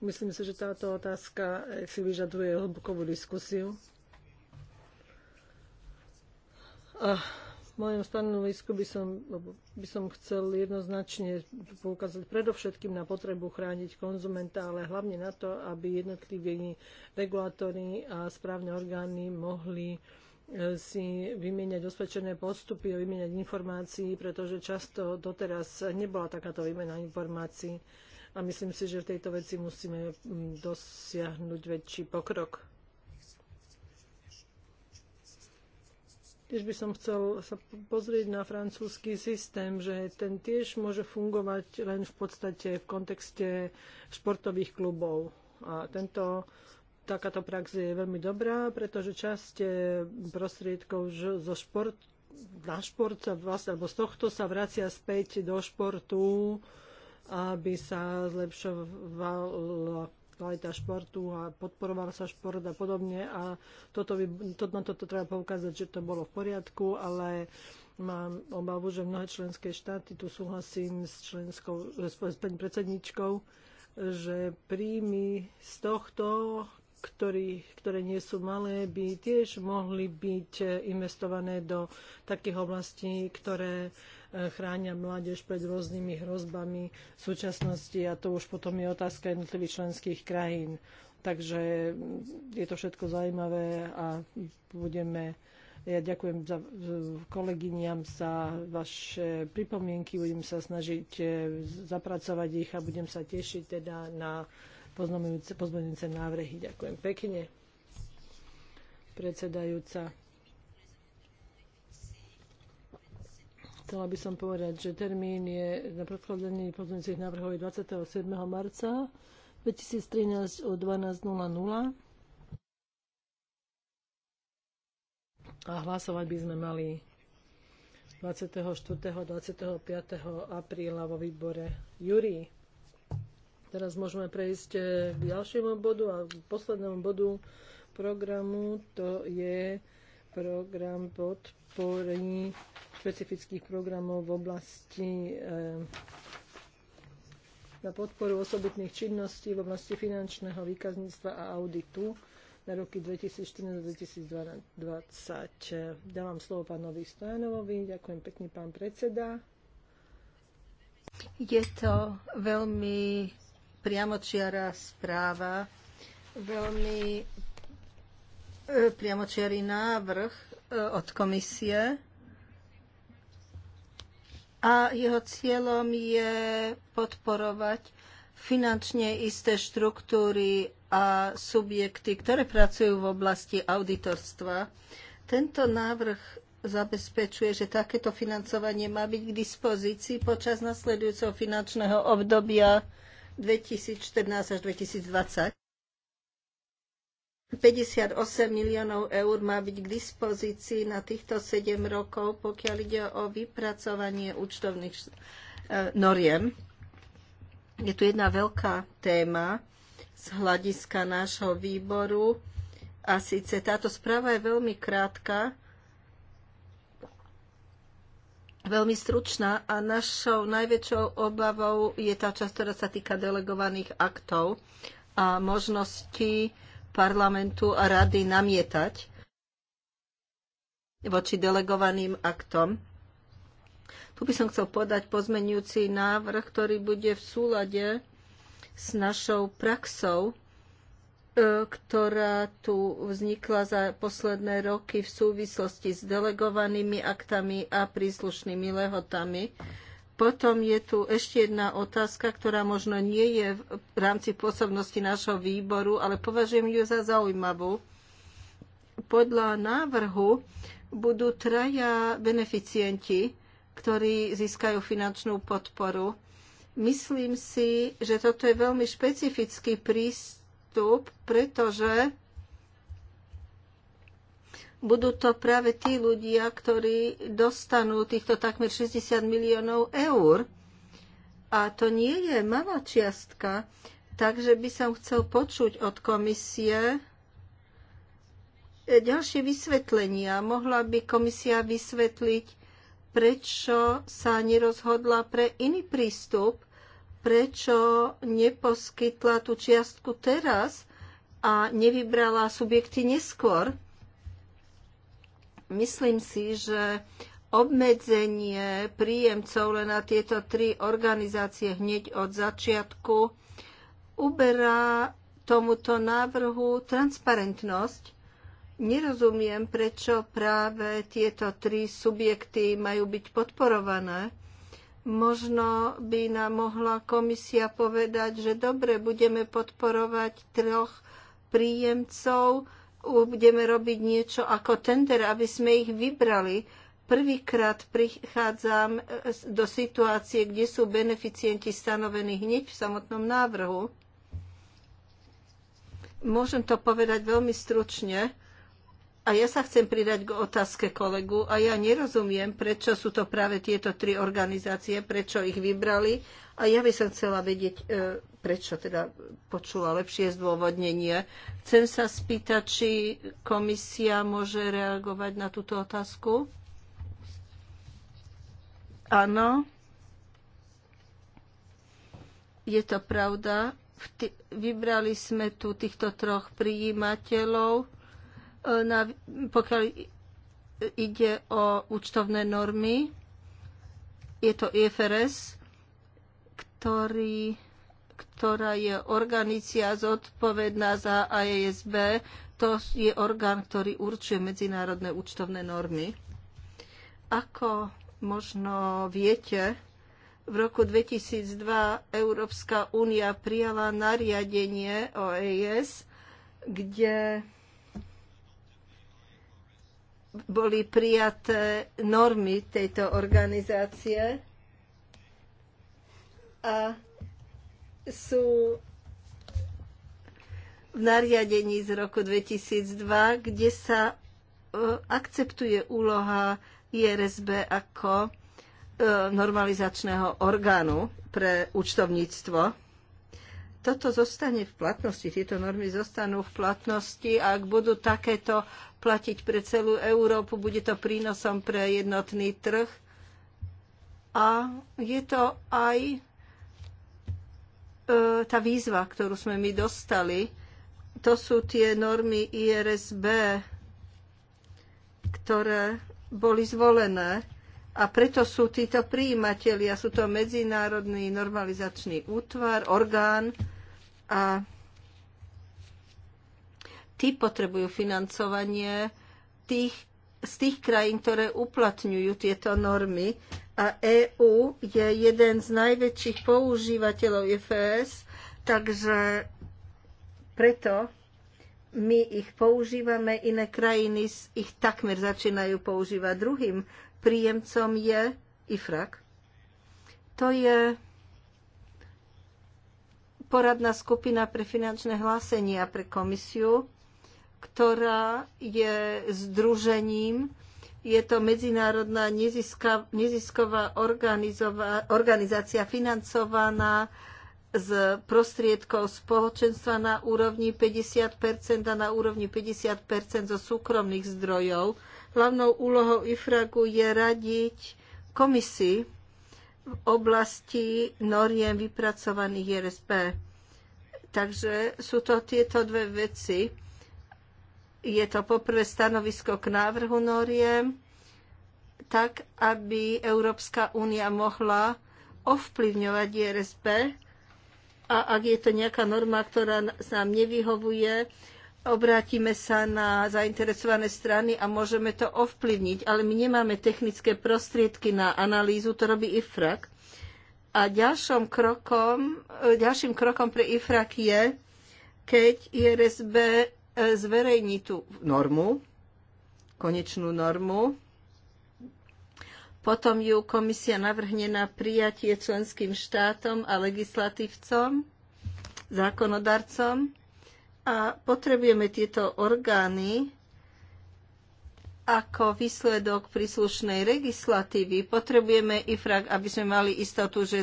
myslím si, že táto otázka si vyžaduje hlbokovú diskusiu. A v mojom stanovisku by som, by som chcel jednoznačne poukázať predovšetkým na potrebu chrániť konzumenta, ale hlavne na to, aby jednotliví regulátory a správne orgány mohli e, si vymieňať osvedčené postupy a vymieňať informácií, pretože často doteraz nebola takáto výmena informácií a myslím si, že v tejto veci musíme mm, dosiahnuť väčší pokrok. Tiež by som chcel sa pozrieť na francúzsky systém, že ten tiež môže fungovať len v podstate v kontexte športových klubov. A tento, takáto prax je veľmi dobrá, pretože časť eh, prostriedkov zo šport, na šport sa vlastne, alebo z tohto sa vracia späť do športu, aby sa zlepšovala kvalita športu a podporoval sa šport a podobne a toto by, to, na toto treba poukázať, že to bolo v poriadku, ale mám obavu, že mnohé členské štáty, tu súhlasím s, členskou, s predsedničkou, že príjmy z tohto ktorý, ktoré nie sú malé, by tiež mohli byť e, investované do takých oblastí, ktoré e, chránia mládež pred rôznymi hrozbami v súčasnosti a to už potom je otázka jednotlivých členských krajín. Takže mm, je to všetko zaujímavé a budeme ja ďakujem za kolegyniam za vaše pripomienky, budem sa snažiť e, zapracovať ich a budem sa tešiť teda na pozmenujúce návrhy. Ďakujem pekne. Predsedajúca. Chcela by som povedať, že termín je na predkladanie pozmeňujúcich návrhov je 27. marca 2013 o 12.00. A hlasovať by sme mali 24. a 25. apríla vo výbore Jurii. Teraz môžeme prejsť e, k ďalšiemu bodu a k poslednému bodu programu. To je program podpory špecifických programov v oblasti e, na podporu osobitných činností v oblasti finančného výkazníctva a auditu na roky 2014-2020. Dávam slovo pánovi Stojanovovi. Ďakujem pekne, pán predseda. Je to veľmi priamočiara správa, veľmi e, priamočiarý návrh e, od komisie a jeho cieľom je podporovať finančne isté štruktúry a subjekty, ktoré pracujú v oblasti auditorstva. Tento návrh zabezpečuje, že takéto financovanie má byť k dispozícii počas nasledujúceho finančného obdobia 2014 až 2020. 58 miliónov eur má byť k dispozícii na týchto 7 rokov, pokiaľ ide o vypracovanie účtovných e, noriem. Je tu jedna veľká téma z hľadiska nášho výboru a síce táto správa je veľmi krátka, veľmi stručná a našou najväčšou obavou je tá časť, ktorá sa týka delegovaných aktov a možnosti parlamentu a rady namietať voči delegovaným aktom. Tu by som chcel podať pozmenujúci návrh, ktorý bude v súlade s našou praxou E, ktorá tu vznikla za posledné roky v súvislosti s delegovanými aktami a príslušnými lehotami. Potom je tu ešte jedna otázka, ktorá možno nie je v rámci pôsobnosti nášho výboru, ale považujem ju za zaujímavú. Podľa návrhu budú traja beneficienti, ktorí získajú finančnú podporu. Myslím si, že toto je veľmi špecifický prístup prístup, pretože budú to práve tí ľudia, ktorí dostanú týchto takmer 60 miliónov eur. A to nie je malá čiastka, takže by som chcel počuť od komisie e, ďalšie vysvetlenia. Mohla by komisia vysvetliť, prečo sa nerozhodla pre iný prístup, prečo neposkytla tú čiastku teraz a nevybrala subjekty neskôr. Myslím si, že obmedzenie príjemcov len na tieto tri organizácie hneď od začiatku uberá tomuto návrhu transparentnosť. Nerozumiem, prečo práve tieto tri subjekty majú byť podporované Možno by nám mohla komisia povedať, že dobre, budeme podporovať troch príjemcov, budeme robiť niečo ako tender, aby sme ich vybrali. Prvýkrát prichádzam e, do situácie, kde sú beneficienti stanovení hneď v samotnom návrhu. Môžem to povedať veľmi stručne a ja sa chcem pridať k otázke kolegu a ja nerozumiem, prečo sú to práve tieto tri organizácie, prečo ich vybrali a ja by som chcela vedieť, e, prečo teda počula lepšie zdôvodnenie. Chcem sa spýtať, či komisia môže reagovať na túto otázku. Áno. Je to pravda. Vybrali sme tu týchto troch prijímateľov na, pokiaľ ide o účtovné normy, je to IFRS, ktorý, ktorá je organícia zodpovedná za IASB. E to je orgán, ktorý určuje medzinárodné účtovné normy. Ako možno viete, v roku 2002 Európska únia prijala nariadenie o EIS, kde boli prijaté normy tejto organizácie a sú v nariadení z roku 2002, kde sa e, akceptuje úloha IRSB ako e, normalizačného orgánu pre účtovníctvo toto zostane v platnosti, tieto normy zostanú v platnosti a ak budú takéto platiť pre celú Európu, bude to prínosom pre jednotný trh. A je to aj e, tá výzva, ktorú sme my dostali. To sú tie normy IRSB, ktoré boli zvolené a preto sú títo príjimatelia, sú to Medzinárodný normalizačný útvar, orgán, a tí potrebujú financovanie tých, z tých krajín, ktoré uplatňujú tieto normy. A EÚ je jeden z najväčších používateľov IFS, e takže preto my ich používame, iné krajiny ich takmer začínajú používať. Druhým príjemcom je IFRAK. To je poradná skupina pre finančné hlásenia pre komisiu, ktorá je združením je to medzinárodná nezisková organizácia financovaná z prostriedkov spoločenstva na úrovni 50 a na úrovni 50 zo súkromných zdrojov. Hlavnou úlohou IFRAGu je radiť komisii v oblasti noriem vypracovaných RSP. Takže sú to tieto dve veci. Je to poprvé stanovisko k návrhu noriem, tak aby Európska únia mohla ovplyvňovať RSP a ak je to nejaká norma, ktorá nám nevyhovuje, obrátime sa na zainteresované strany a môžeme to ovplyvniť, ale my nemáme technické prostriedky na analýzu, to robí IFRAK. A ďalším krokom, e, ďalším krokom pre IFRAK je, keď IRSB e, zverejní tú normu, konečnú normu, potom ju komisia navrhne na prijatie členským štátom a legislatívcom, zákonodarcom a potrebujeme tieto orgány ako výsledok príslušnej legislatívy. Potrebujeme IFRAG, aby sme mali istotu, že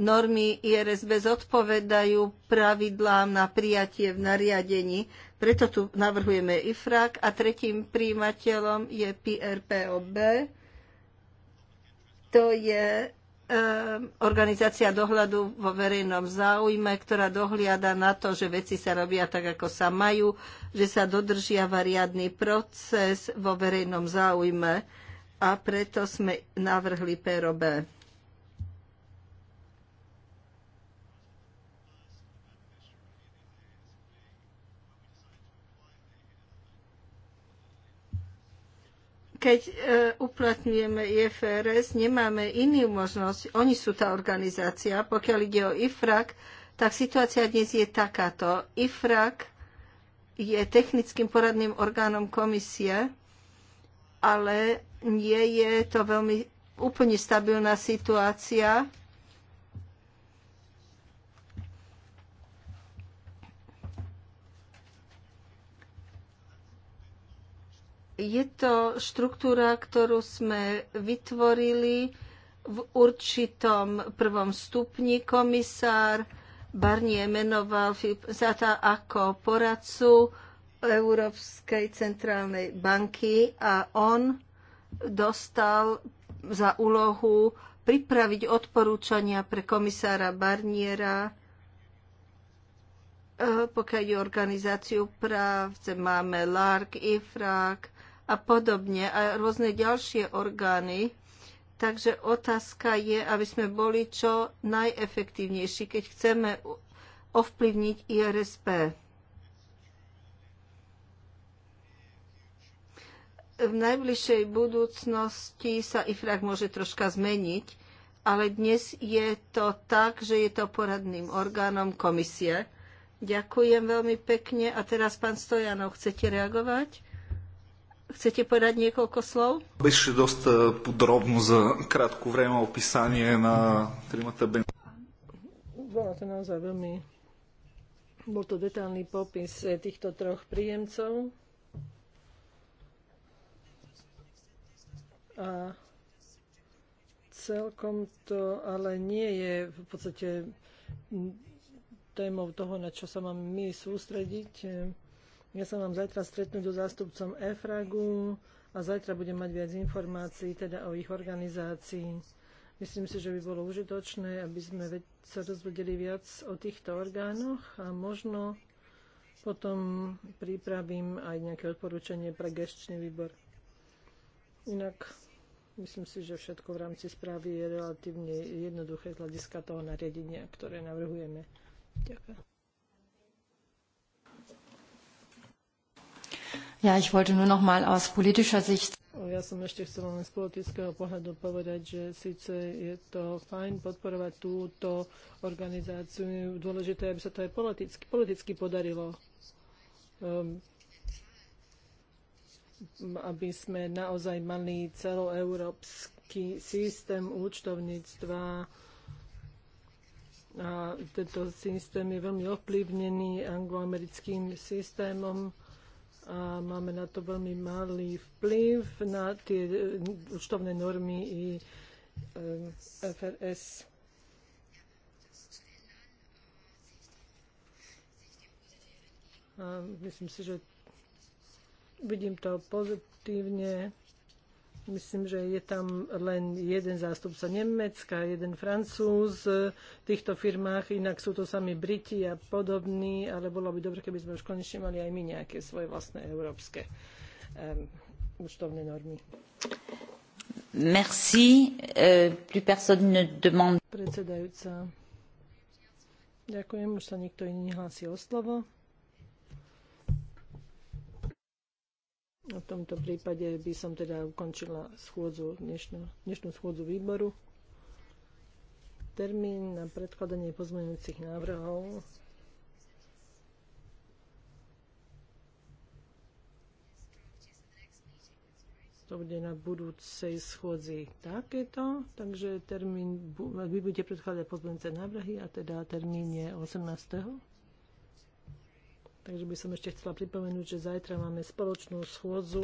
normy IRSB zodpovedajú pravidlám na prijatie v nariadení. Preto tu navrhujeme IFRAG a tretím príjimateľom je PRPOB. To je Ehm, organizácia dohľadu vo verejnom záujme, ktorá dohliada na to, že veci sa robia tak, ako sa majú, že sa dodržiava riadny proces vo verejnom záujme a preto sme navrhli PROB. keď e, uplatňujeme IFRS, nemáme inú možnosť. Oni sú tá organizácia. Pokiaľ ide o IFRAK, tak situácia dnes je takáto. IFRAK je technickým poradným orgánom komisie, ale nie je to veľmi úplne stabilná situácia Je to štruktúra, ktorú sme vytvorili v určitom prvom stupni. Komisár Barnier menoval Zata ako poradcu Európskej centrálnej banky a on dostal za úlohu pripraviť odporúčania pre komisára Barniera e, pokiaľ je organizáciu práv, máme LARC, IFRAC, a podobne a rôzne ďalšie orgány. Takže otázka je, aby sme boli čo najefektívnejší, keď chceme ovplyvniť IRSP. V najbližšej budúcnosti sa IFRAG môže troška zmeniť, ale dnes je to tak, že je to poradným orgánom komisie. Ďakujem veľmi pekne. A teraz, pán Stojanov, chcete reagovať? Chcete povedať niekoľko slov? Беше dosť e, podrobnú за krátku vrejme opísanie na Trimata Ben. Bolo to naozaj veľmi... Bol to detálny popis e, týchto troch príjemcov. A celkom to ale nie je v podstate témou toho, na čo sa mám my sústrediť e, ja sa mám zajtra stretnúť so zástupcom EFRAGu a zajtra budem mať viac informácií teda o ich organizácii. Myslím si, že by bolo užitočné, aby sme sa dozvedeli viac o týchto orgánoch a možno potom pripravím aj nejaké odporúčanie pre gestčný výbor. Inak myslím si, že všetko v rámci správy je relatívne jednoduché z hľadiska toho nariadenia, ktoré navrhujeme. Ďakujem. Ja, ich wollte nur noch mal aus politischer Sicht ja som ešte chcel len z politického pohľadu povedať, že síce je to fajn podporovať túto organizáciu, dôležité, aby sa to aj politicky, politicky podarilo. Um, aby sme naozaj mali celoeurópsky systém účtovníctva. A tento systém je veľmi ovplyvnený angloamerickým systémom a máme na to veľmi malý vplyv na tie e, účtovné normy i e, FRS. A myslím si, že vidím to pozitívne. Myslím, že je tam len jeden zástupca Nemecka, jeden Francúz v týchto firmách, inak sú to sami Briti a podobní, ale bolo by dobre, keby sme už konečne mali aj my nejaké svoje vlastné európske um, účtovné normy. Merci. Uh, plus personne ne demande... Predsedajúca. Ďakujem, už sa nikto iný nehlási o slovo. V tomto prípade by som teda ukončila schôdzu, dnešnú, dnešnú schôdzu výboru. Termín na predkladanie pozmeňujúcich návrhov to bude na budúcej schôdzi takéto, takže termín, vy budete predkladať pozmeňujúce návrhy a teda termín je 18. Takže by som ešte chcela pripomenúť, že zajtra máme spoločnú schôdzu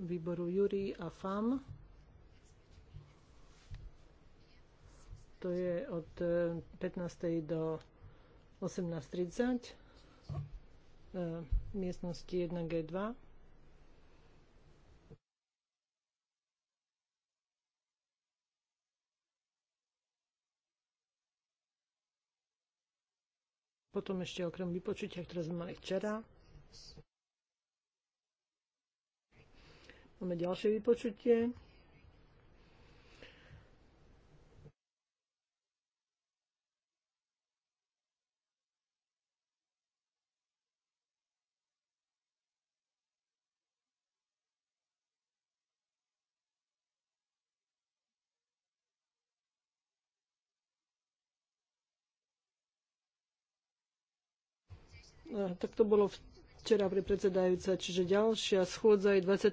výboru Jury a FAM. To je od 15. E, do 18.30 v e, miestnosti 1G2. Potom ešte okrem vypočutia, ktoré sme mali včera, máme ďalšie vypočutie. tak to bolo včera pre predsedajúca, čiže ďalšia schôdza je 20.